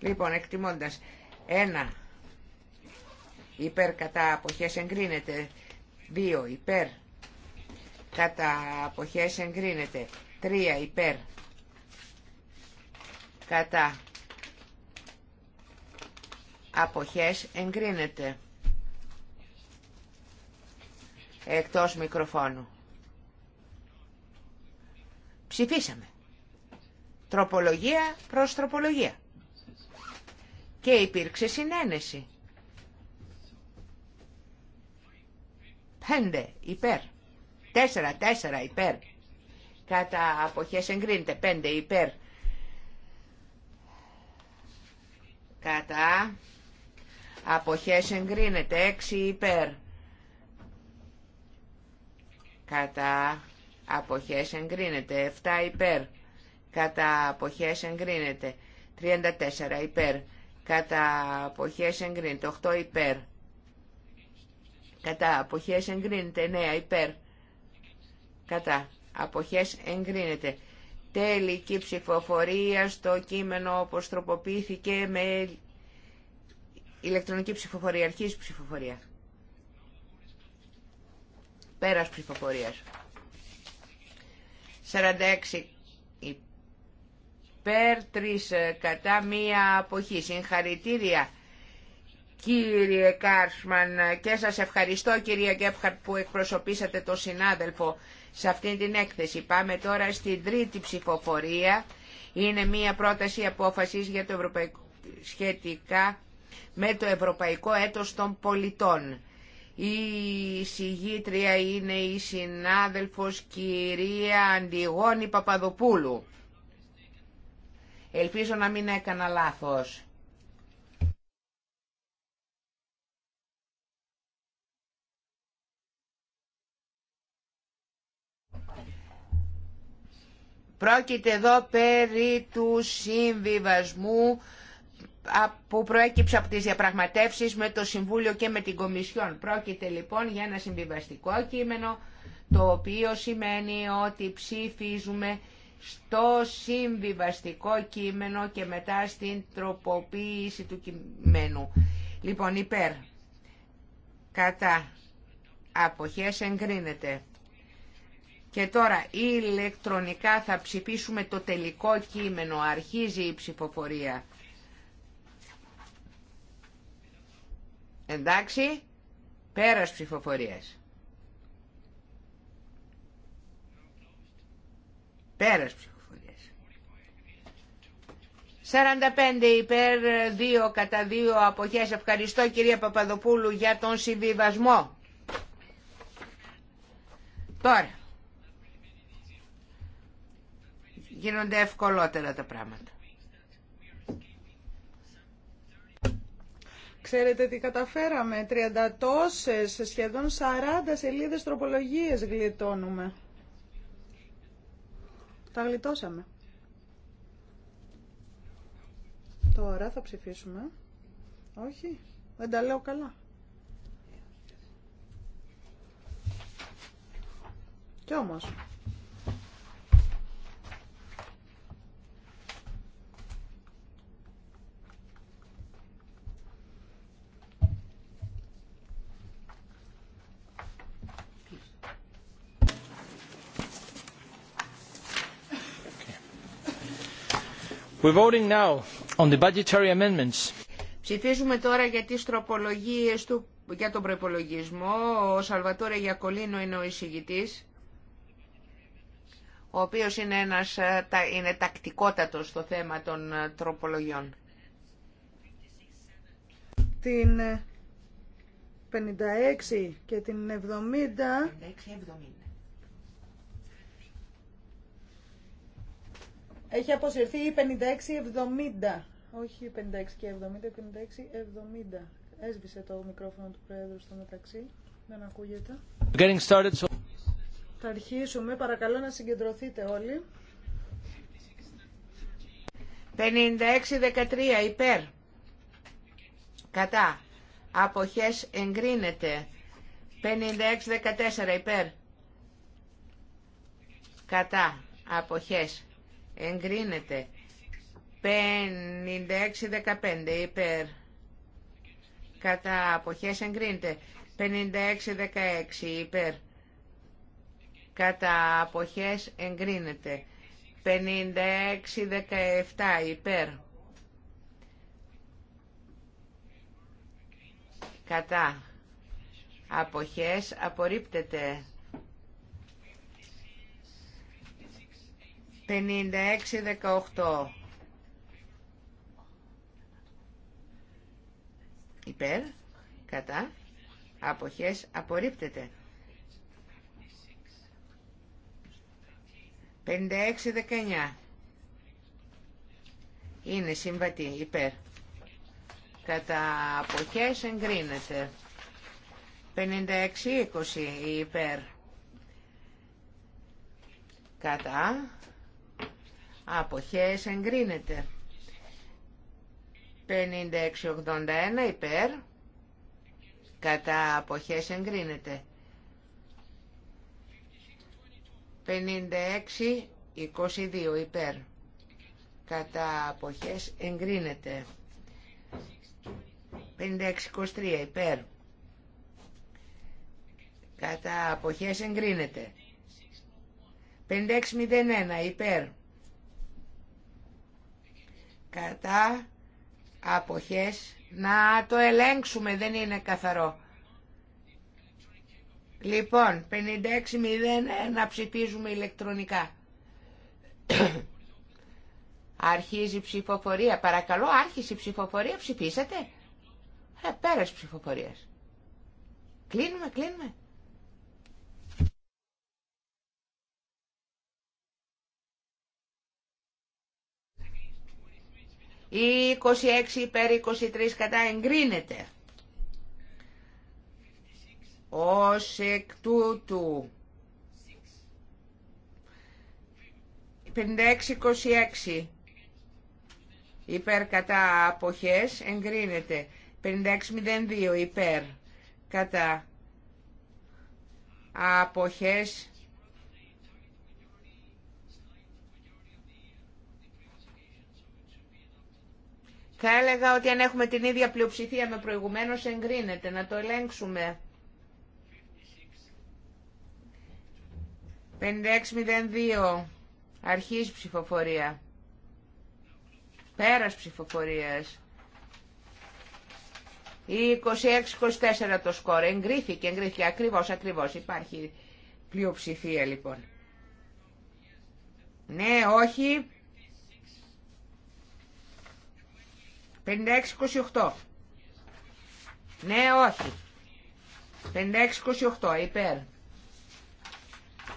λοιπόν εκτιμώντας 1 υπέρ κατά αποχές εγκρίνεται 2 υπέρ κατά αποχές εγκρίνεται 3 υπέρ κατά αποχές εγκρίνεται εκτός μικροφώνου. Ψηφίσαμε. Τροπολογία προς τροπολογία. Και υπήρξε συνένεση. Πέντε υπέρ. Τέσσερα, τέσσερα υπέρ. Κατά αποχές εγκρίνεται. Πέντε υπέρ. Κατά αποχές εγκρίνεται. Έξι υπέρ κατά αποχές εγκρίνεται. 7 υπέρ κατά αποχές εγκρίνεται. 34 υπέρ κατά αποχές εγκρίνεται. 8 υπέρ κατά αποχές εγκρίνεται. 9 υπέρ κατά αποχές εγκρίνεται. Τέλικη ψηφοφορία στο κείμενο όπως τροποποιήθηκε με ηλεκτρονική ψηφοφορία, αρχής ψηφοφορία. Πέρας ψηφοφορίας. 46 υπέρ, 3 ε, κατά, μία αποχή. Συγχαρητήρια κύριε Κάρσμαν και σας ευχαριστώ κυρία Γκέπχαρτ που εκπροσωπήσατε τον συνάδελφο σε αυτήν την έκθεση. Πάμε τώρα στην τρίτη ψηφοφορία. Είναι μία πρόταση απόφασης για το ευρωπαϊκό... σχετικά με το Ευρωπαϊκό Έτος των Πολιτών. Η συγγήτρια είναι η συνάδελφος κυρία Αντιγόνη Παπαδοπούλου. Ελπίζω να μην έκανα λάθος. Πρόκειται εδώ περί του συμβιβασμού που προέκυψε από τις διαπραγματεύσεις με το Συμβούλιο και με την Κομισιόν. Πρόκειται λοιπόν για ένα συμβιβαστικό κείμενο, το οποίο σημαίνει ότι ψηφίζουμε στο συμβιβαστικό κείμενο και μετά στην τροποποίηση του κειμένου. Λοιπόν, υπέρ, κατά, αποχές εγκρίνεται. Και τώρα ηλεκτρονικά θα ψηφίσουμε το τελικό κείμενο. Αρχίζει η ψηφοφορία. Εντάξει, πέρας ψηφοφορίας. Πέρας ψηφοφορίες. 45 υπέρ 2 κατά 2 αποχές. Ευχαριστώ κυρία Παπαδοπούλου για τον συμβιβασμό. Τώρα. Γίνονται ευκολότερα τα πράγματα. Ξέρετε τι καταφέραμε, 30 τόσες, σχεδόν 40 σελίδες τροπολογίες γλιτώνουμε. Τα γλιτώσαμε. Τώρα θα ψηφίσουμε. Όχι, δεν τα λέω καλά. Κι όμως, Ψηφίζουμε τώρα για τις τροπολογίες του, για τον προπολογισμό. Ο Σαλβατόρε Γιακολίνο είναι ο εισηγητής, ο οποίος είναι, ένας, ε, είναι τακτικότατος στο θέμα των ε, τροπολογιών. Την 56 ε, και την 70... 56, 70. Έχει αποσυρθεί η 5670. Όχι η 56 και 70, η 5670. Έσβησε το μικρόφωνο του Πρόεδρου στο μεταξύ. Δεν ακούγεται. Getting started, Θα αρχίσουμε. Παρακαλώ να συγκεντρωθείτε 5613 υπέρ. Κατά. Αποχές 5614 υπέρ. Κατά. Αποχές εγκρίνεται 56-15 υπέρ κατά αποχές εγκρίνεται 56-16 υπέρ κατά αποχές εγκρίνεται 56-17 υπέρ κατά αποχές απορρίπτεται 56-18 υπέρ, κατά, αποχές, απορρίπτεται. 56-19 είναι συμβατή, υπέρ. Κατά αποχές εγκρίνεται. 56-20 υπέρ. Κατά αποχές εγκρίνεται. 5681 υπέρ, κατά αποχές εγκρίνεται. 5622 υπέρ, κατά αποχές εγκρίνεται. 5623 υπέρ, κατά αποχές εγκρίνεται. 5601 υπέρ, κατά αποχές να το ελέγξουμε δεν είναι καθαρό λοιπόν 56-0 να ψηφίζουμε ηλεκτρονικά αρχίζει ψηφοφορία παρακαλώ άρχισε η ψηφοφορία ψηφίσατε ε, πέρας ψηφοφορίας κλείνουμε κλείνουμε Η 26 υπέρ 23 κατά εγκρίνεται. Ως εκ τούτου 56-26 υπέρ κατά αποχές εγκρίνεται. 56-02 υπέρ κατά αποχές Θα έλεγα ότι αν έχουμε την ίδια πλειοψηφία με προηγουμένως εγκρίνεται. Να το ελέγξουμε. 5602. Αρχής ψηφοφορία. Πέρας ψηφοφορίας. 26-24 το σκορ. Εγκρίθηκε, εγκρίθηκε. Ακριβώς, ακριβώς. Υπάρχει πλειοψηφία λοιπόν. Ναι, όχι. 56-28. Ναι, όχι. 56-28 υπέρ.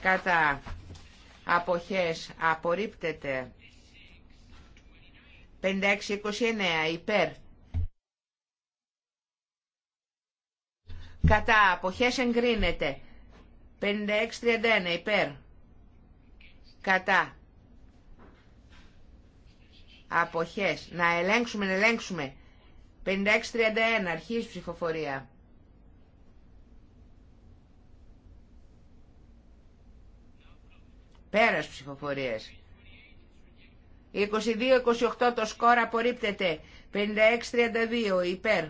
Κατά αποχές απορρίπτεται. 56-29 υπέρ. Κατά αποχές 5631 56-31 υπέρ. Κατά αποχές. Να ελέγξουμε, να ελέγξουμε. 56-31, αρχίζει ψηφοφορία. Πέρας ψηφοφορίες. 22-28 το σκορ απορρίπτεται. 56-32 υπέρ.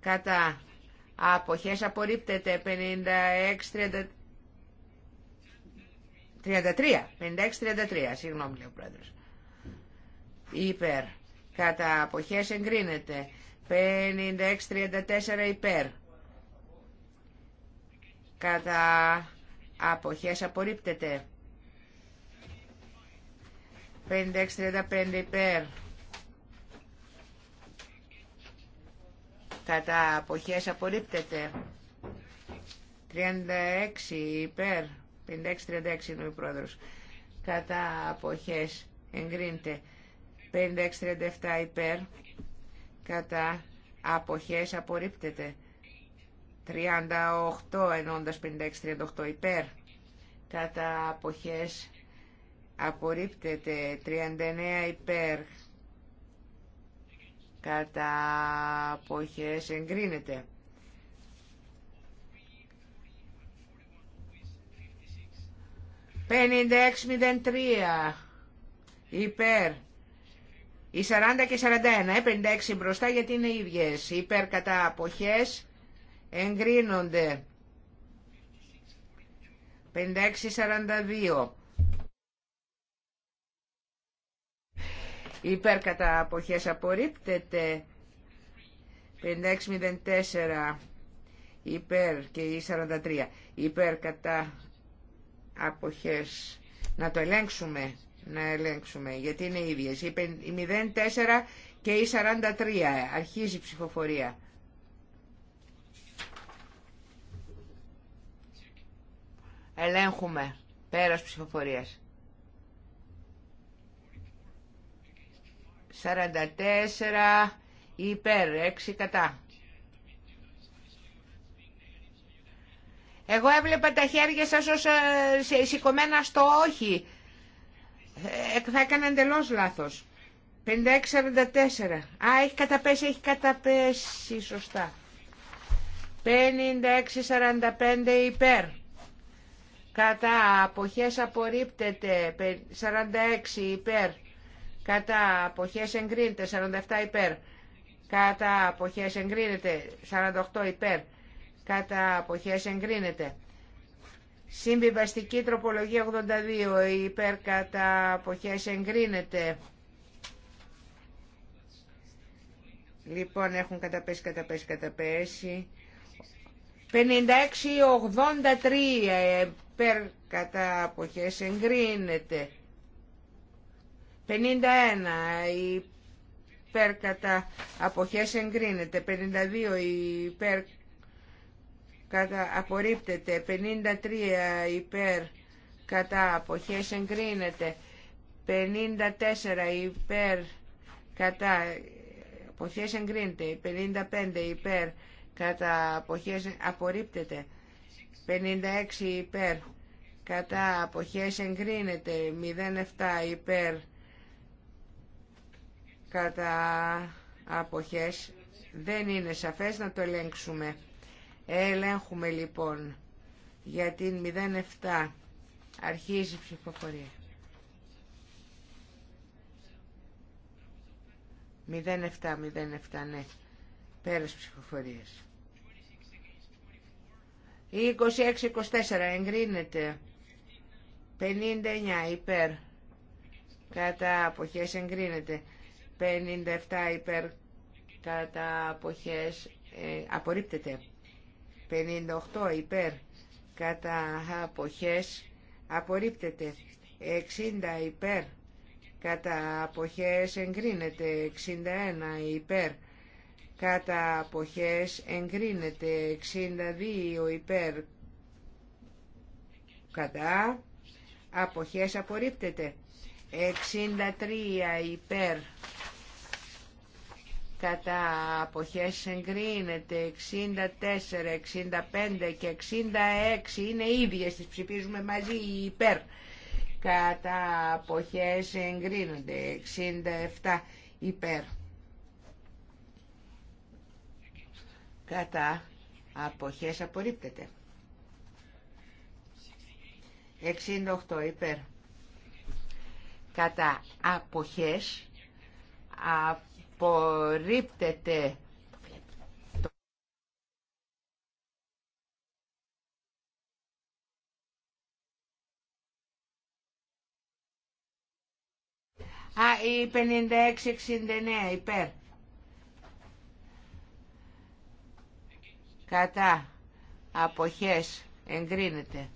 Κατά. Αποχές απορρίπτεται. 56-32. 33, 56-33, συγγνώμη λέει ο πρόεδρος. Υπέρ. Κατά αποχές εγκρίνεται. 56-34 υπέρ. Κατά αποχές απορρίπτεται. 56-35 υπέρ. Κατά αποχές απορρίπτεται. 36 υπέρ. 5636. είναι ο προεδρο κατα αποχέ αποχές εγκρίνεται 56-37 υπέρ. Κατά αποχέ απορρίπτεται 38 ενωντας 5638 56-38 υπέρ. Κατά αποχές απορρίπτεται 39 υπέρ. Κατά αποχές εγκρίνεται 5603 υπέρ. Οι 40 και 41, 56 ε, μπροστά γιατί είναι ίδιες. Υπέρ κατά αποχές εγκρίνονται. 56-42. Υπέρ κατά αποχές απορρίπτεται. 56-04 υπέρ και η 43 υπέρ κατά αποχές. Να το ελέγξουμε, να ελέγξουμε, γιατί είναι ίδιες. Η 04 και η 43, αρχίζει η ψηφοφορία. Ελέγχουμε, πέρας ψηφοφορίας. 44 υπέρ, 6 κατά. Εγώ έβλεπα τα χέρια σας ως ε, σηκωμένα στο όχι. Ε, θα έκανα εντελώ λάθος. 56-44. Α, έχει καταπέσει, έχει καταπέσει, σωστά. 56-45 υπέρ. Κατά αποχές απορρίπτεται. 46 υπέρ. Κατά αποχές εγκρίνεται. 47 υπέρ. Κατά αποχές εγκρίνεται. 48 υπέρ κατά αποχές εγκρίνεται. Συμβιβαστική τροπολογία 82 υπέρ κατά αποχές εγκρίνεται. Λοιπόν, έχουν καταπέσει, καταπέσει, καταπέσει. 56-83 υπέρ κατά αποχές εγκρίνεται. 51 υπέρ κατά αποχές εγκρίνεται. 52 υπέρ κατά απορρίπτεται 53 υπέρ κατά αποχές εγκρίνεται 54 υπέρ κατά αποχές εγκρίνεται 55 υπέρ κατά αποχές απορρίπτεται 56 υπέρ κατά αποχές εγκρίνεται 07 υπέρ κατά αποχές δεν είναι σαφές να το ελέγξουμε Ελέγχουμε λοιπόν για την 07. Αρχίζει η ψηφοφορία. 07, 07, ναι. Πέρας ψηφοφορίας. 26-24 εγκρίνεται. 59 υπέρ. Κατά αποχές εγκρίνεται. 57 υπέρ. Κατά αποχές ε, απορρίπτεται. 58 υπέρ κατά αποχές απορρίπτεται 60 υπέρ κατά αποχές εγκρίνεται 61 υπέρ κατά αποχές εγκρίνεται 62 υπέρ κατά αποχές απορρίπτεται 63 υπέρ κατά αποχές εγκρίνεται 64, 65 και 66 είναι ίδιες τις ψηφίζουμε μαζί υπέρ κατά αποχές εγκρίνονται 67 υπέρ κατά αποχές απορρίπτεται 68 υπέρ κατά αποχές απορρίπτεται. Α, η 56, 69 υπέρ. Κατά αποχές εγκρίνεται.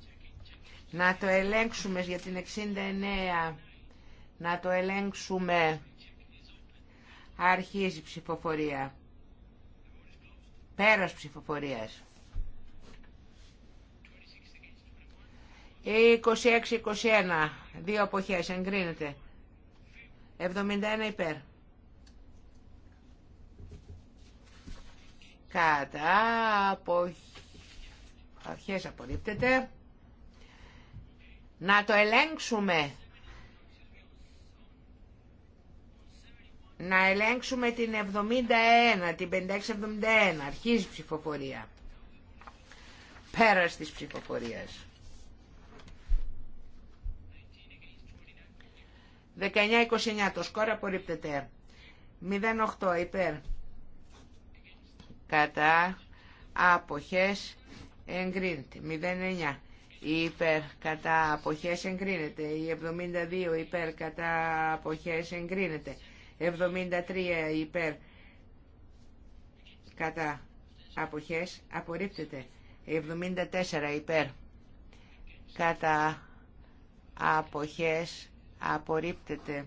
Να το ελέγξουμε για την 69. Να το ελέγξουμε. Αρχίζει ψηφοφορία. Πέρας ψηφοφορίας. 26-21. Δύο αποχές. Εγκρίνεται. 71 υπέρ. Κατά αποχές απορρίπτεται. Να το ελέγξουμε. Να ελέγξουμε την 71, την 5671, αρχίζει ψηφοφορία. Πέρας της ψηφοφορίας. 19-29, το σκορ απορρίπτεται. 08 υπέρ. Κατά αποχές εγκρίνεται. 09 υπέρ κατά αποχές εγκρίνεται. Η 72 υπέρ κατά αποχές εγκρίνεται. 73 υπέρ κατά αποχές απορρίπτεται 74 υπέρ κατά αποχές απορρίπτεται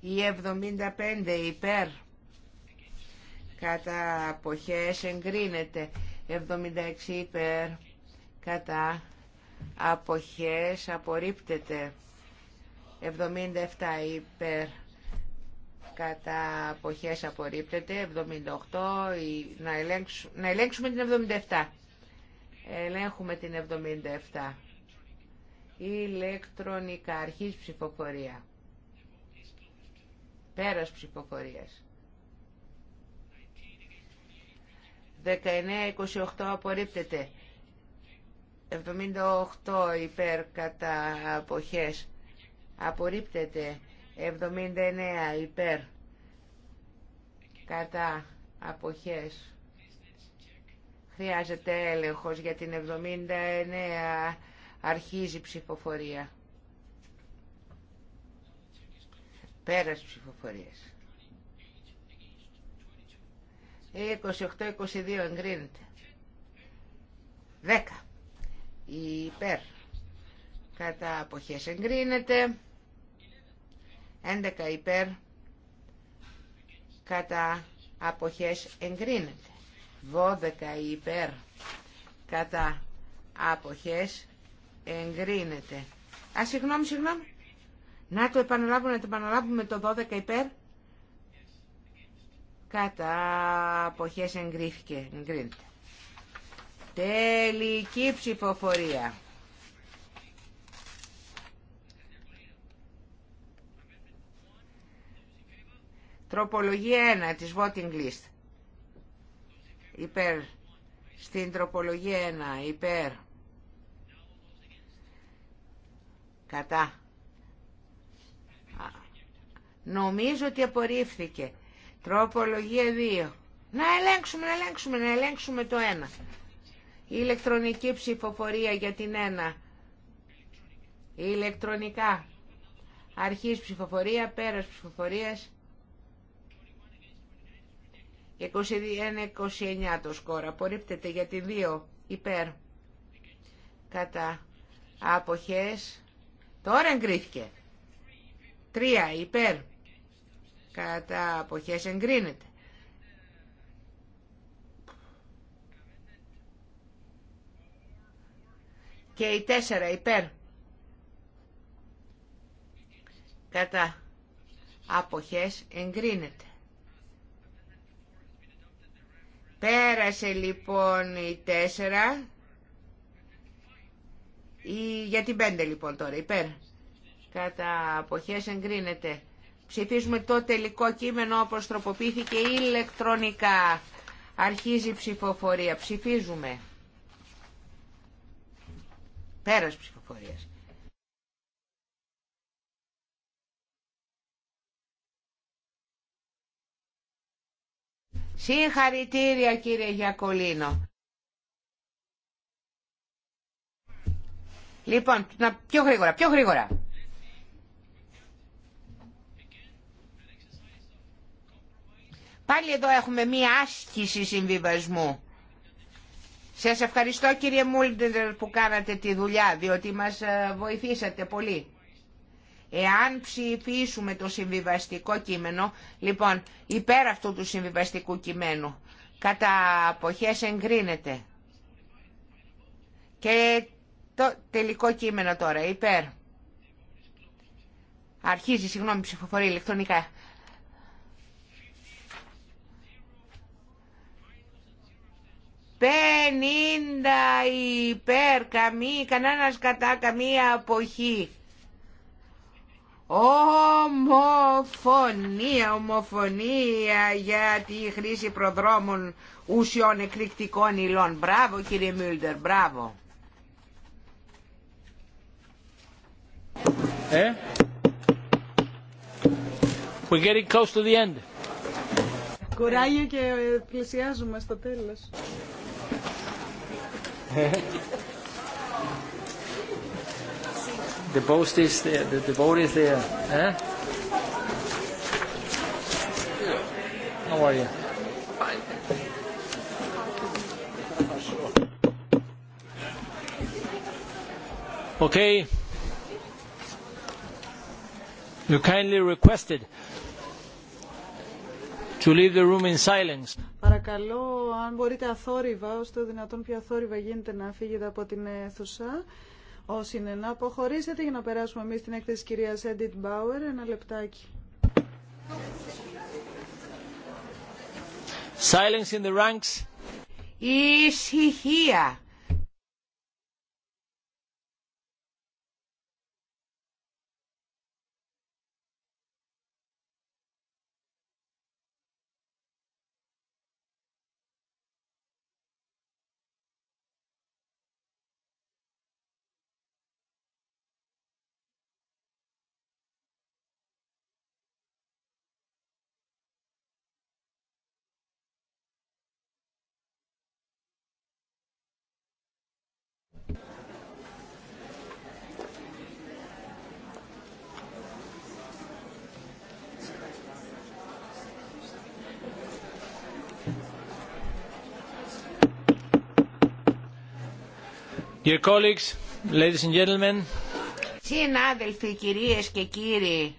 ή 75 υπέρ κατά αποχές εγκρίνεται 76 υπέρ κατά αποχές απορρίπτεται 77 υπέρ κατά αποχές απορρίπτεται 78 να, ελέγξουμε, να ελέγξουμε την 77 ελέγχουμε την 77 ηλεκτρονικά αρχής ψηφοφορία πέρας ψηφοφορίας 19-28 απορρίπτεται 78 υπέρ κατά αποχές απορρίπτεται 79 υπέρ κατά αποχές χρειάζεται έλεγχος για την 79 αρχίζει ψηφοφορία Πέρας ψηφοφορίας 28-22 εγκρίνεται 10 υπέρ κατά αποχές εγκρίνεται 11 υπέρ κατά αποχές εγκρίνεται 12 υπέρ κατά αποχές εγκρίνεται Α, συγγνώμη, συγγνώμη να το επαναλάβουμε, να το επαναλάβουμε το 12 υπέρ κατά αποχές εγκρίθηκε εγκρίνεται τελική ψηφοφορία Τροπολογία 1 της voting list. Υπέρ. Στην τροπολογία 1. Υπέρ. Κατά. Νομίζω ότι απορρίφθηκε. Τροπολογία 2. Να ελέγξουμε, να ελέγξουμε, να ελέγξουμε το 1. Η ηλεκτρονική ψηφοφορία για την 1. Η ηλεκτρονικά. Αρχής ψηφοφορία, πέρας ψηφοφορίας. 21-29 το σκορ. Απορρίπτεται για τη 2 υπέρ κατά αποχές. Τώρα εγκρίθηκε. 3 υπέρ κατά αποχές εγκρίνεται. Και η 4 υπέρ κατά αποχές εγκρίνεται. Πέρασε λοιπόν η τέσσερα, Η... Για την πέντε λοιπόν τώρα, υπέρ. Κατά αποχές εγκρίνεται. Ψηφίζουμε το τελικό κείμενο όπως τροποποιήθηκε ηλεκτρονικά. Αρχίζει η ψηφοφορία. Ψηφίζουμε. Πέρας ψηφοφορίας. Συγχαρητήρια κύριε Γιακολίνο. Λοιπόν, να, πιο γρήγορα, πιο γρήγορα. Πάλι εδώ έχουμε μία άσκηση συμβιβασμού. Σας ευχαριστώ κύριε Μούλντερ που κάνατε τη δουλειά, διότι μας ε, βοηθήσατε πολύ. Εάν ψηφίσουμε το συμβιβαστικό κείμενο, λοιπόν, υπέρ αυτού του συμβιβαστικού κειμένου, κατά αποχές εγκρίνεται. Και το τελικό κείμενο τώρα, υπέρ. Αρχίζει, συγγνώμη, ψηφοφορεί ηλεκτρονικά. 50 υπέρ, καμία, κανένας κατά καμία αποχή. Ομοφωνία, ομοφωνία για τη χρήση προδρόμων ουσιών εκρηκτικών υλών. Μπράβο κύριε Μιούλτερ, μπράβο. Ε? We're getting close to the end. Κουράγιο και πλησιάζουμε στο τέλος. Ε? The boast is there. The, the boat is there. Eh? How are you? Okay. You kindly requested to leave the room in silence. Παρακαλώ, αν μπορείτε αθόρυβα, ώστε δυνατόν πιο αθόρυβα γίνεται να φύγετε από την αίθουσα όσοι είναι να αποχωρήσετε για να περάσουμε εμείς την έκθεση κυρία Έντιτ Μπάουερ. Ένα λεπτάκι. Silence in the ranks. Ησυχία Dear colleagues, Συνάδελφοι, κυρίες και κύριοι,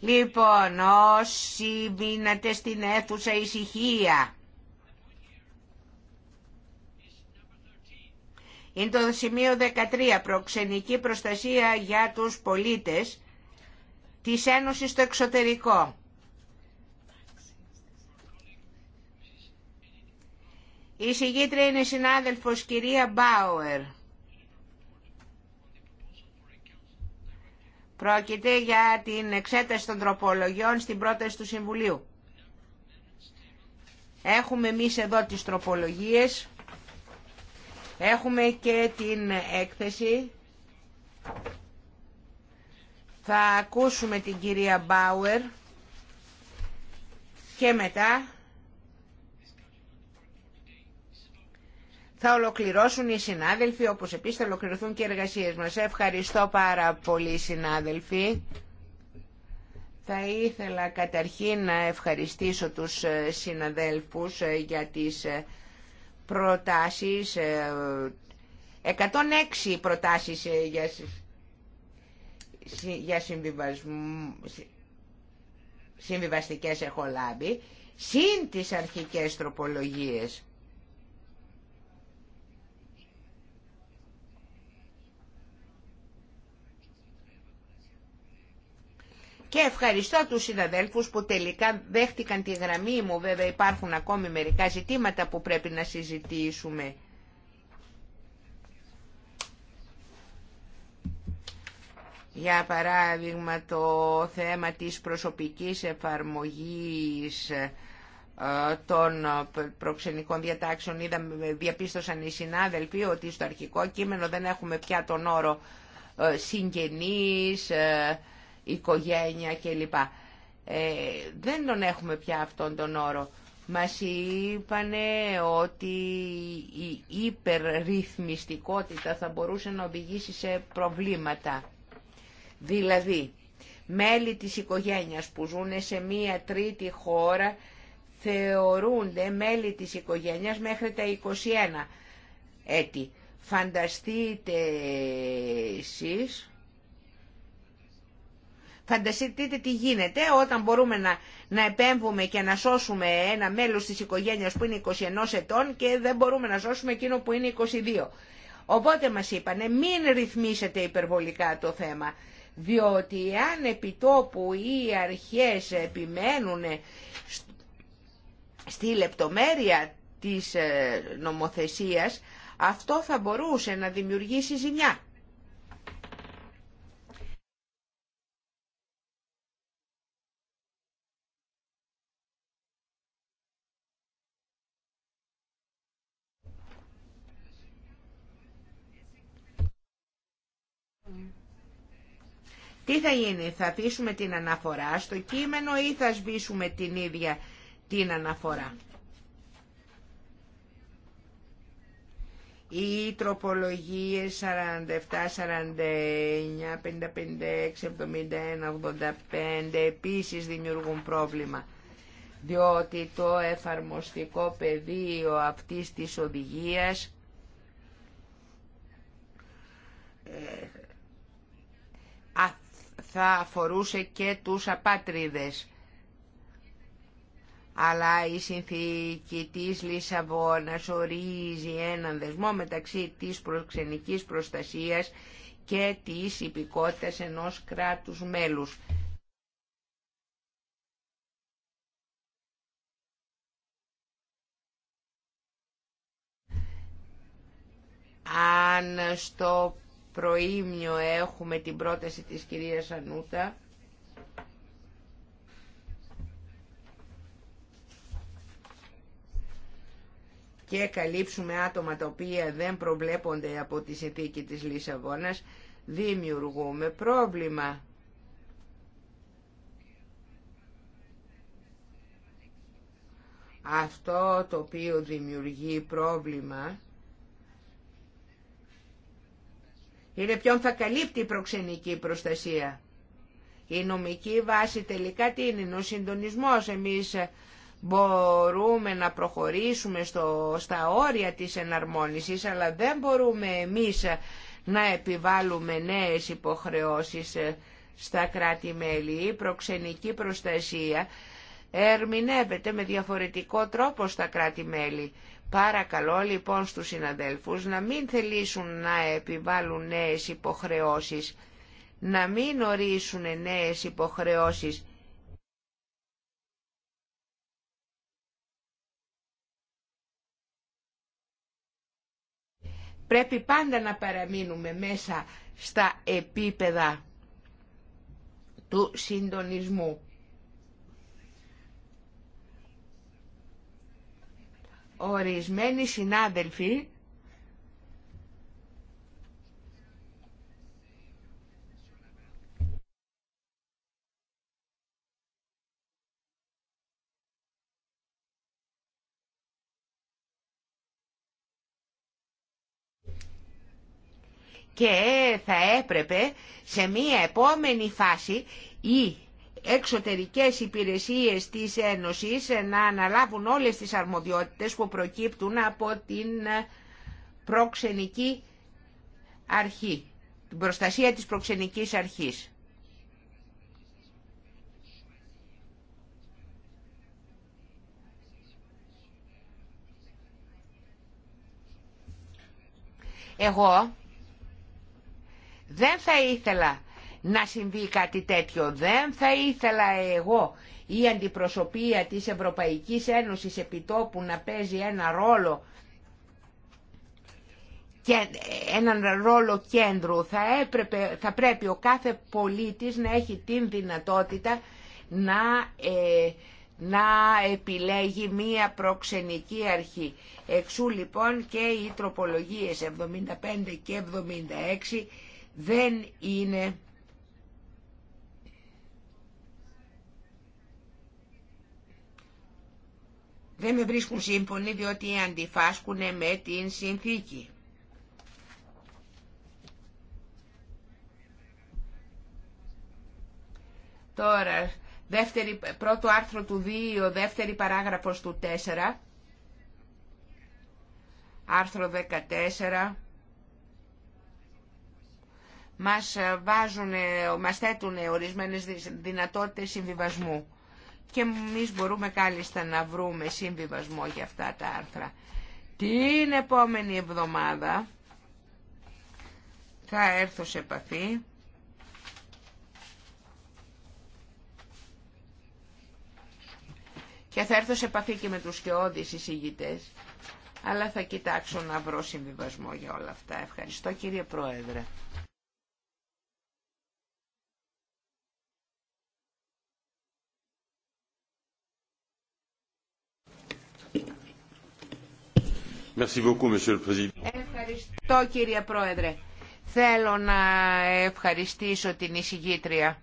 Λοιπόν, όσοι μείνατε στην αίθουσα ησυχία. Είναι το σημείο 13, προξενική προστασία για τους πολίτες της Ένωσης στο εξωτερικό. Η συγγήτρια είναι συνάδελφος κυρία Μπάουερ. Πρόκειται για την εξέταση των τροπολογιών στην πρόταση του Συμβουλίου. Έχουμε εμεί εδώ τις τροπολογίες. Έχουμε και την έκθεση. Θα ακούσουμε την κυρία Μπάουερ και μετά θα ολοκληρώσουν οι συνάδελφοι, όπως επίσης θα ολοκληρωθούν και οι εργασίες μας. Ευχαριστώ πάρα πολύ συνάδελφοι. Θα ήθελα καταρχήν να ευχαριστήσω τους ε, συναδέλφους ε, για τις ε, προτάσεις. 106 προτάσεις για, για συμβιβαστικές έχω λάβει, συν τις αρχικές τροπολογίες. Και ευχαριστώ τους συναδέλφους που τελικά δέχτηκαν τη γραμμή μου. Βέβαια υπάρχουν ακόμη μερικά ζητήματα που πρέπει να συζητήσουμε. Για παράδειγμα το θέμα της προσωπικής εφαρμογής ε, των προξενικών διατάξεων είδαμε, διαπίστωσαν οι συνάδελφοι ότι στο αρχικό κείμενο δεν έχουμε πια τον όρο ε, συγγενής... Ε, οικογένεια κλπ. Ε, δεν τον έχουμε πια αυτόν τον όρο. Μας είπανε ότι η υπερρυθμιστικότητα θα μπορούσε να οδηγήσει σε προβλήματα. Δηλαδή, μέλη της οικογένειας που ζουν σε μία τρίτη χώρα θεωρούνται μέλη της οικογένειας μέχρι τα 21 έτη. Φανταστείτε εσείς Φανταστείτε τι γίνεται όταν μπορούμε να, να επέμβουμε και να σώσουμε ένα μέλος της οικογένειας που είναι 21 ετών και δεν μπορούμε να σώσουμε εκείνο που είναι 22. Οπότε μας είπανε μην ρυθμίσετε υπερβολικά το θέμα, διότι αν επιτόπου οι αρχές επιμένουν στη λεπτομέρεια της ε, νομοθεσίας, αυτό θα μπορούσε να δημιουργήσει ζημιά. Τι θα γίνει, θα αφήσουμε την αναφορά στο κείμενο ή θα σβήσουμε την ίδια την αναφορά. Οι τροπολογίες 47, 49, 55, 71, 85 επίσης δημιουργούν πρόβλημα διότι το εφαρμοστικό πεδίο αυτής της οδηγίας ε, θα αφορούσε και τους απάτριδες. Αλλά η συνθήκη της Λισαβόνας ορίζει έναν δεσμό μεταξύ της προξενικής προστασίας και της υπηκότητας ενός κράτους μέλους. αν στο προήμιο έχουμε την πρόταση της κυρίας Ανούτα. και καλύψουμε άτομα τα οποία δεν προβλέπονται από τη συνθήκη της Λισαβόνας, δημιουργούμε πρόβλημα. Αυτό το οποίο δημιουργεί πρόβλημα είναι ποιον θα καλύπτει η προξενική προστασία. Η νομική βάση τελικά τι είναι, ο συντονισμός. Εμείς μπορούμε να προχωρήσουμε στο, στα όρια της εναρμόνισης, αλλά δεν μπορούμε εμείς να επιβάλλουμε νέες υποχρεώσεις ε, στα κράτη-μέλη. Η προξενική προστασία ερμηνεύεται με διαφορετικό τρόπο στα κράτη-μέλη. Παρακαλώ λοιπόν στους συναδέλφους να μην θελήσουν να επιβάλλουν νέες υποχρεώσεις, να μην ορίσουν νέες υποχρεώσεις πρέπει πάντα να παραμείνουμε μέσα στα επίπεδα του συντονισμού. Ορισμένοι συνάδελφοι και θα έπρεπε σε μία επόμενη φάση η εξωτερικές υπηρεσίες της Ένωσης ε, να αναλάβουν όλες τις αρμοδιότητες που προκύπτουν από την ε, προξενική αρχή, την προστασία της προξενικής αρχής. Εγώ δεν θα ήθελα να συμβεί κάτι τέτοιο. Δεν θα ήθελα εγώ η αντιπροσωπεία της Ευρωπαϊκής Ένωσης επιτόπου να παίζει ένα ρόλο και έναν ρόλο κέντρου. Θα, έπρεπε, θα πρέπει ο κάθε πολίτης να έχει την δυνατότητα να, ε, να επιλέγει μία προξενική αρχή. Εξού λοιπόν και οι τροπολογίες 75 και 76 δεν είναι δεν με βρίσκουν σύμφωνοι διότι αντιφάσκουν με την συνθήκη. Τώρα, δεύτερη, πρώτο άρθρο του 2, δεύτερη παράγραφος του 4, άρθρο 14, μας, βάζουν, μας θέτουν ορισμένες δυνατότητες συμβιβασμού και εμεί μπορούμε κάλλιστα να βρούμε συμβιβασμό για αυτά τα άρθρα. Την επόμενη εβδομάδα θα έρθω σε επαφή και θα έρθω σε επαφή και με τους σκεώδεις εισηγητές, αλλά θα κοιτάξω να βρω συμβιβασμό για όλα αυτά. Ευχαριστώ κύριε Πρόεδρε. Ευχαριστώ κύριε Πρόεδρε. Θέλω να ευχαριστήσω την εισηγήτρια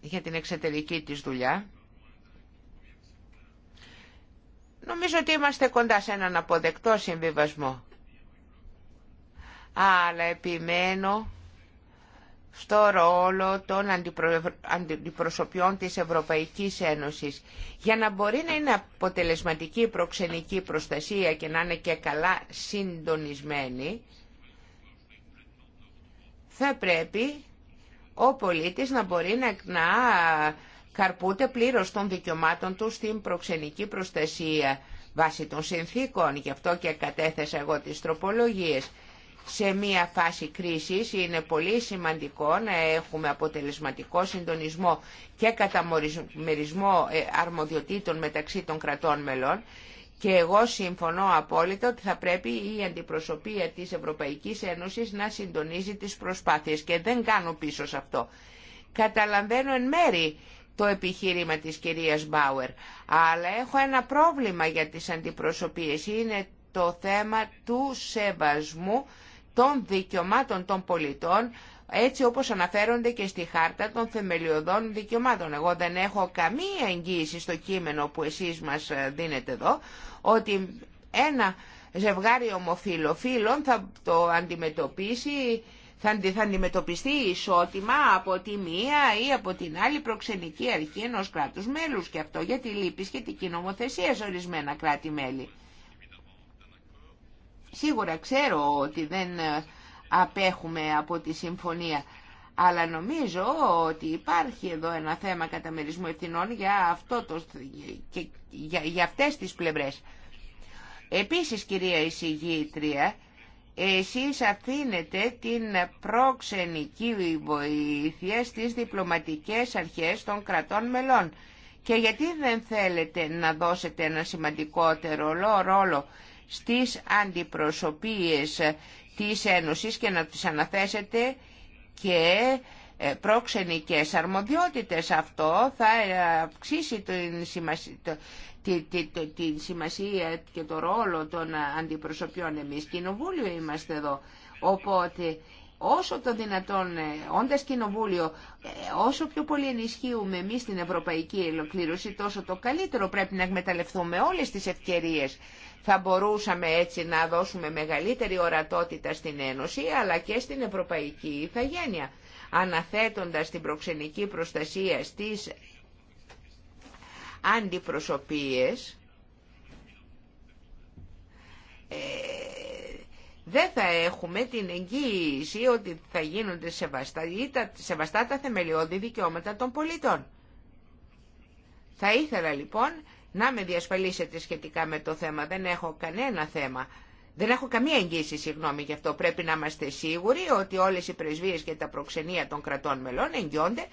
για την εξωτερική της δουλειά. Νομίζω ότι είμαστε κοντά σε έναν αποδεκτό συμβιβασμό. Αλλά επιμένω στο ρόλο των αντιπροσωπιών της Ευρωπαϊκής Ένωσης. Για να μπορεί να είναι αποτελεσματική προξενική προστασία και να είναι και καλά συντονισμένη, θα πρέπει ο πολίτης να μπορεί να, να καρπούται πλήρως των δικαιωμάτων του στην προξενική προστασία βάσει των συνθήκων. Γι' αυτό και κατέθεσα εγώ τις τροπολογίες σε μία φάση κρίσης είναι πολύ σημαντικό να έχουμε αποτελεσματικό συντονισμό και καταμερισμό ε, αρμοδιοτήτων μεταξύ των κρατών μελών και εγώ συμφωνώ απόλυτα ότι θα πρέπει η αντιπροσωπεία της Ευρωπαϊκής Ένωσης να συντονίζει τις προσπάθειες και δεν κάνω πίσω σε αυτό. Καταλαβαίνω εν μέρη το επιχείρημα της κυρίας Μπάουερ, αλλά έχω ένα πρόβλημα για τις αντιπροσωπείες. Είναι το θέμα του σεβασμού των δικαιωμάτων των πολιτών έτσι όπως αναφέρονται και στη χάρτα των θεμελιωδών δικαιωμάτων. Εγώ δεν έχω καμία εγγύηση στο κείμενο που εσείς μας ε, δίνετε εδώ ότι ένα ζευγάρι ομοφιλοφίλων θα το αντιμετωπίσει θα αντιμετωπιστεί ισότιμα από τη μία ή από την άλλη προξενική αρχή ενός κράτους μέλους και αυτό γιατί λείπει σχετική νομοθεσία σε ορισμένα κράτη-μέλη. Σίγουρα ξέρω ότι δεν ε, απέχουμε από τη συμφωνία, αλλά νομίζω ότι υπάρχει εδώ ένα θέμα καταμερισμού ευθυνών για, αυτό το, και για, αυτές τις πλευρές. Επίσης, κυρία εισηγήτρια, εσείς αφήνετε την προξενική βοήθεια στις διπλωματικές αρχές των κρατών μελών. Και γιατί δεν θέλετε να δώσετε ένα σημαντικότερο ρόλο στις αντιπροσωπείες της Ένωσης και να τις αναθέσετε και ε, και αρμοδιότητες. Αυτό θα ε, αυξήσει την σημασία, σημασία και το ρόλο των αντιπροσωπιών. Εμείς κοινοβούλιο είμαστε εδώ, οπότε όσο το δυνατόν, ε, όντας κοινοβούλιο, όσο πιο πολύ ενισχύουμε εμείς την ευρωπαϊκή ολοκλήρωση, τόσο το καλύτερο πρέπει να εκμεταλλευτούμε όλες τις ευκαιρίες θα μπορούσαμε έτσι να δώσουμε μεγαλύτερη ορατότητα στην Ένωση αλλά και στην Ευρωπαϊκή Ιθαγένεια, αναθέτοντας την προξενική προστασία στις αντιπροσωπείες, ε, δεν θα έχουμε την εγγύηση ότι θα γίνονται σεβαστά, ή τα, σεβαστά τα θεμελιώδη δικαιώματα των πολιτών. Θα ήθελα λοιπόν να με διασφαλίσετε σχετικά με το θέμα. Δεν έχω κανένα θέμα. Δεν έχω καμία εγγύηση, συγγνώμη, γι' αυτό πρέπει να είμαστε σίγουροι ότι όλες οι πρεσβείες και τα προξενία των κρατών μελών εγγυώνται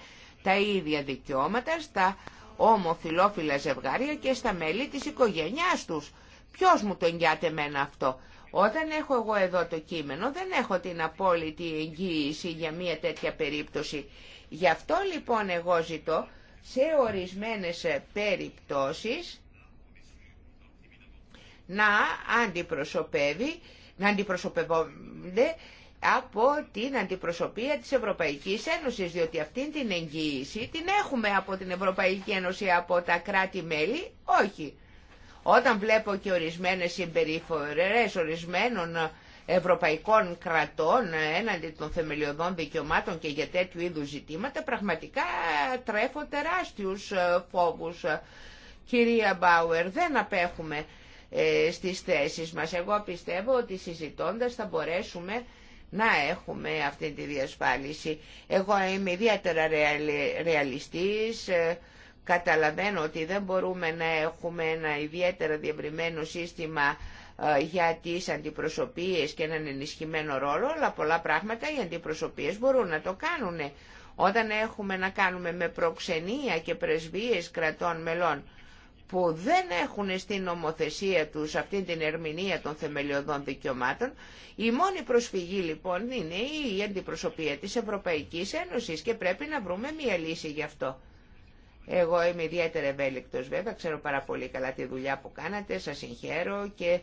τα ίδια δικαιώματα στα ομοφιλόφιλα ζευγάρια και στα μέλη της οικογένειάς τους. Ποιος μου το εγγυάται εμένα αυτό. Όταν έχω εγώ εδώ το κείμενο δεν έχω την απόλυτη εγγύηση για μια τέτοια περίπτωση. Γι' αυτό λοιπόν εγώ ζητώ σε ορισμένες ε, περιπτώσεις να αντιπροσωπεύει, να αντιπροσωπεύονται από την αντιπροσωπεία της Ευρωπαϊκής Ένωσης, διότι αυτήν την εγγύηση την έχουμε από την Ευρωπαϊκή Ένωση, από τα κράτη-μέλη, όχι. Όταν βλέπω και ορισμένες συμπεριφορές ορισμένων ευρωπαϊκών κρατών ε, έναντι των θεμελιωδών δικαιωμάτων και για τέτοιου είδους ζητήματα πραγματικά τρέφω τεράστιους ε, φόβους. Κυρία Μπάουερ, δεν απέχουμε ε, στις θέσεις μας. Εγώ πιστεύω ότι συζητώντας θα μπορέσουμε να έχουμε αυτή τη διασφάλιση. Εγώ είμαι ιδιαίτερα ρεαλιστής, καταλαβαίνω ότι δεν μπορούμε να έχουμε ένα ιδιαίτερα διευρυμένο σύστημα ε, για τις αντιπροσωπείες και έναν ενισχυμένο ρόλο, αλλά πολλά πράγματα οι αντιπροσωπείες μπορούν να το κάνουν. Όταν έχουμε να κάνουμε με προξενία και πρεσβείες κρατών μελών που δεν έχουν στην νομοθεσία τους αυτή την ερμηνεία των θεμελιωδών δικαιωμάτων, η μόνη προσφυγή λοιπόν είναι η αντιπροσωπεία της Ευρωπαϊκής Ένωσης και πρέπει να βρούμε μια λύση γι' αυτό. Εγώ είμαι ιδιαίτερα ευέλικτος βέβαια, ξέρω πάρα πολύ καλά τη δουλειά που κάνατε, σας συγχαίρω και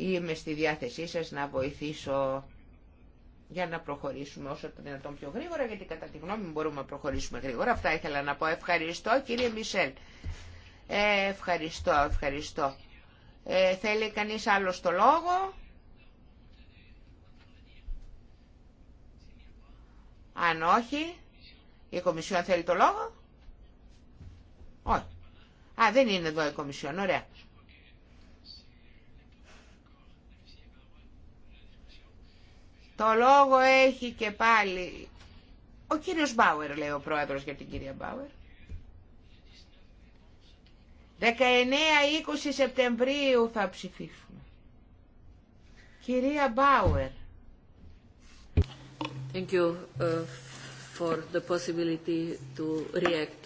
Είμαι στη διάθεσή σας να βοηθήσω για να προχωρήσουμε όσο το δυνατόν πιο γρήγορα, γιατί κατά τη γνώμη μου μπορούμε να προχωρήσουμε γρήγορα. Αυτά ήθελα να πω. Ευχαριστώ κύριε Μισελ. Ε, ευχαριστώ, ευχαριστώ. Ε, θέλει κανείς άλλο το λόγο. Αν όχι, η Κομισιόν θέλει το λόγο. Όχι. Α, δεν είναι εδώ η Κομισιόν, ωραία. Το λόγο έχει και πάλι ο κύριος Μπάουερ, λέει ο πρόεδρος για την κυρία Μπάουερ. 19-20 Σεπτεμβρίου θα ψηφίσουμε. Κυρία Μπάουερ. Thank you uh, for the possibility to react.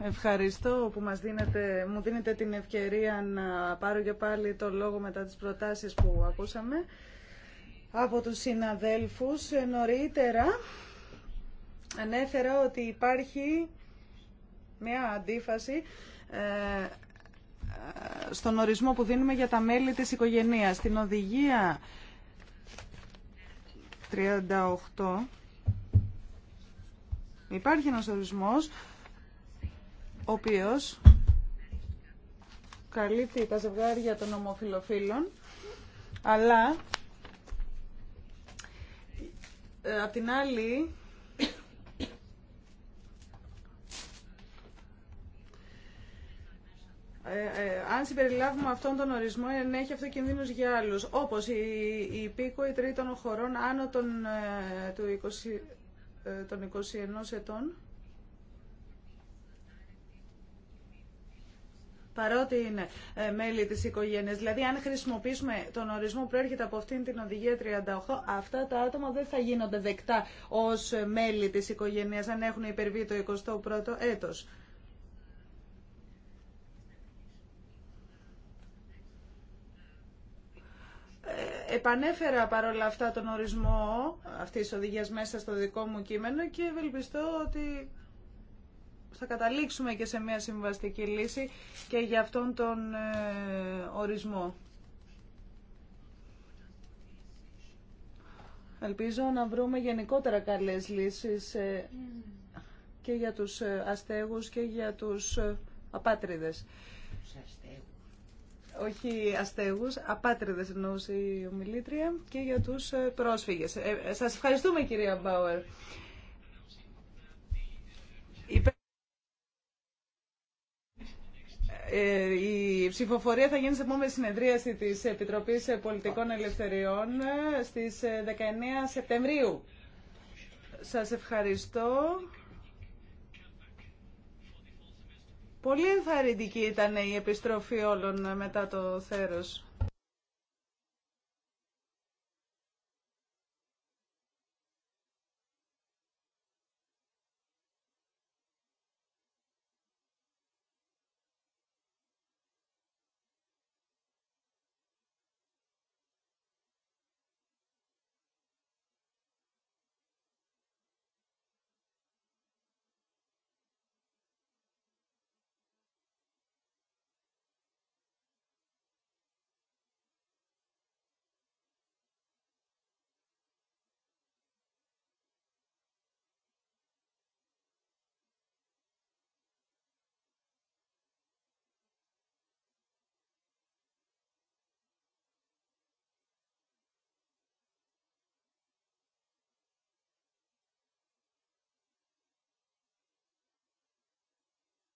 Uh. Ευχαριστώ που μας δίνετε, μου δίνετε την ευκαιρία να πάρω και πάλι το λόγο μετά τις προτάσεις που ακούσαμε από τους συναδέλφους νωρίτερα ανέφερα ότι υπάρχει μια αντίφαση ε, στον ορισμό που δίνουμε για τα μέλη της οικογενείας. Στην οδηγία 38 υπάρχει ένας ορισμός ο οποίος καλύπτει τα ζευγάρια των ομοφιλοφίλων αλλά ε, απ' την άλλη, ε, ε, αν συμπεριλάβουμε αυτόν τον ορισμό, έχει αυτό κινδύνους για άλλους, όπως η η υπήκοοι τρίτων χωρών άνω των, του 20, των 21 ετών. παρότι είναι ε, μέλη της οικογένειας. Δηλαδή, αν χρησιμοποιήσουμε τον ορισμό που έρχεται από αυτήν την οδηγία 38, αυτά τα άτομα δεν θα γίνονται δεκτά ως ε, μέλη της οικογένειας, αν έχουν υπερβεί το 21ο έτος. Ε, επανέφερα παρόλα αυτά τον ορισμό αυτής της οδηγίας μέσα στο δικό μου κείμενο και ευελπιστώ ότι θα καταλήξουμε και σε μια συμβαστική λύση και για αυτόν τον ε, ορισμό. Ελπίζω να βρούμε γενικότερα καλές λύσεις ε, και για τους ε, αστέγους και για τους απάτριδες. Όχι αστέγους, απάτριδες εννοούσε η ομιλήτρια και για τους πρόσφυγες. Σας ευχαριστούμε κυρία Μπάουερ. Ε, η ψηφοφορία θα γίνει σε επόμενη συνεδρίαση της Επιτροπής Πολιτικών Ελευθεριών στις 19 ε, Σεπτεμβρίου. Σας ευχαριστώ. Πολύ ενθαρρυντική ήταν η επιστροφή όλων μετά το θέρος.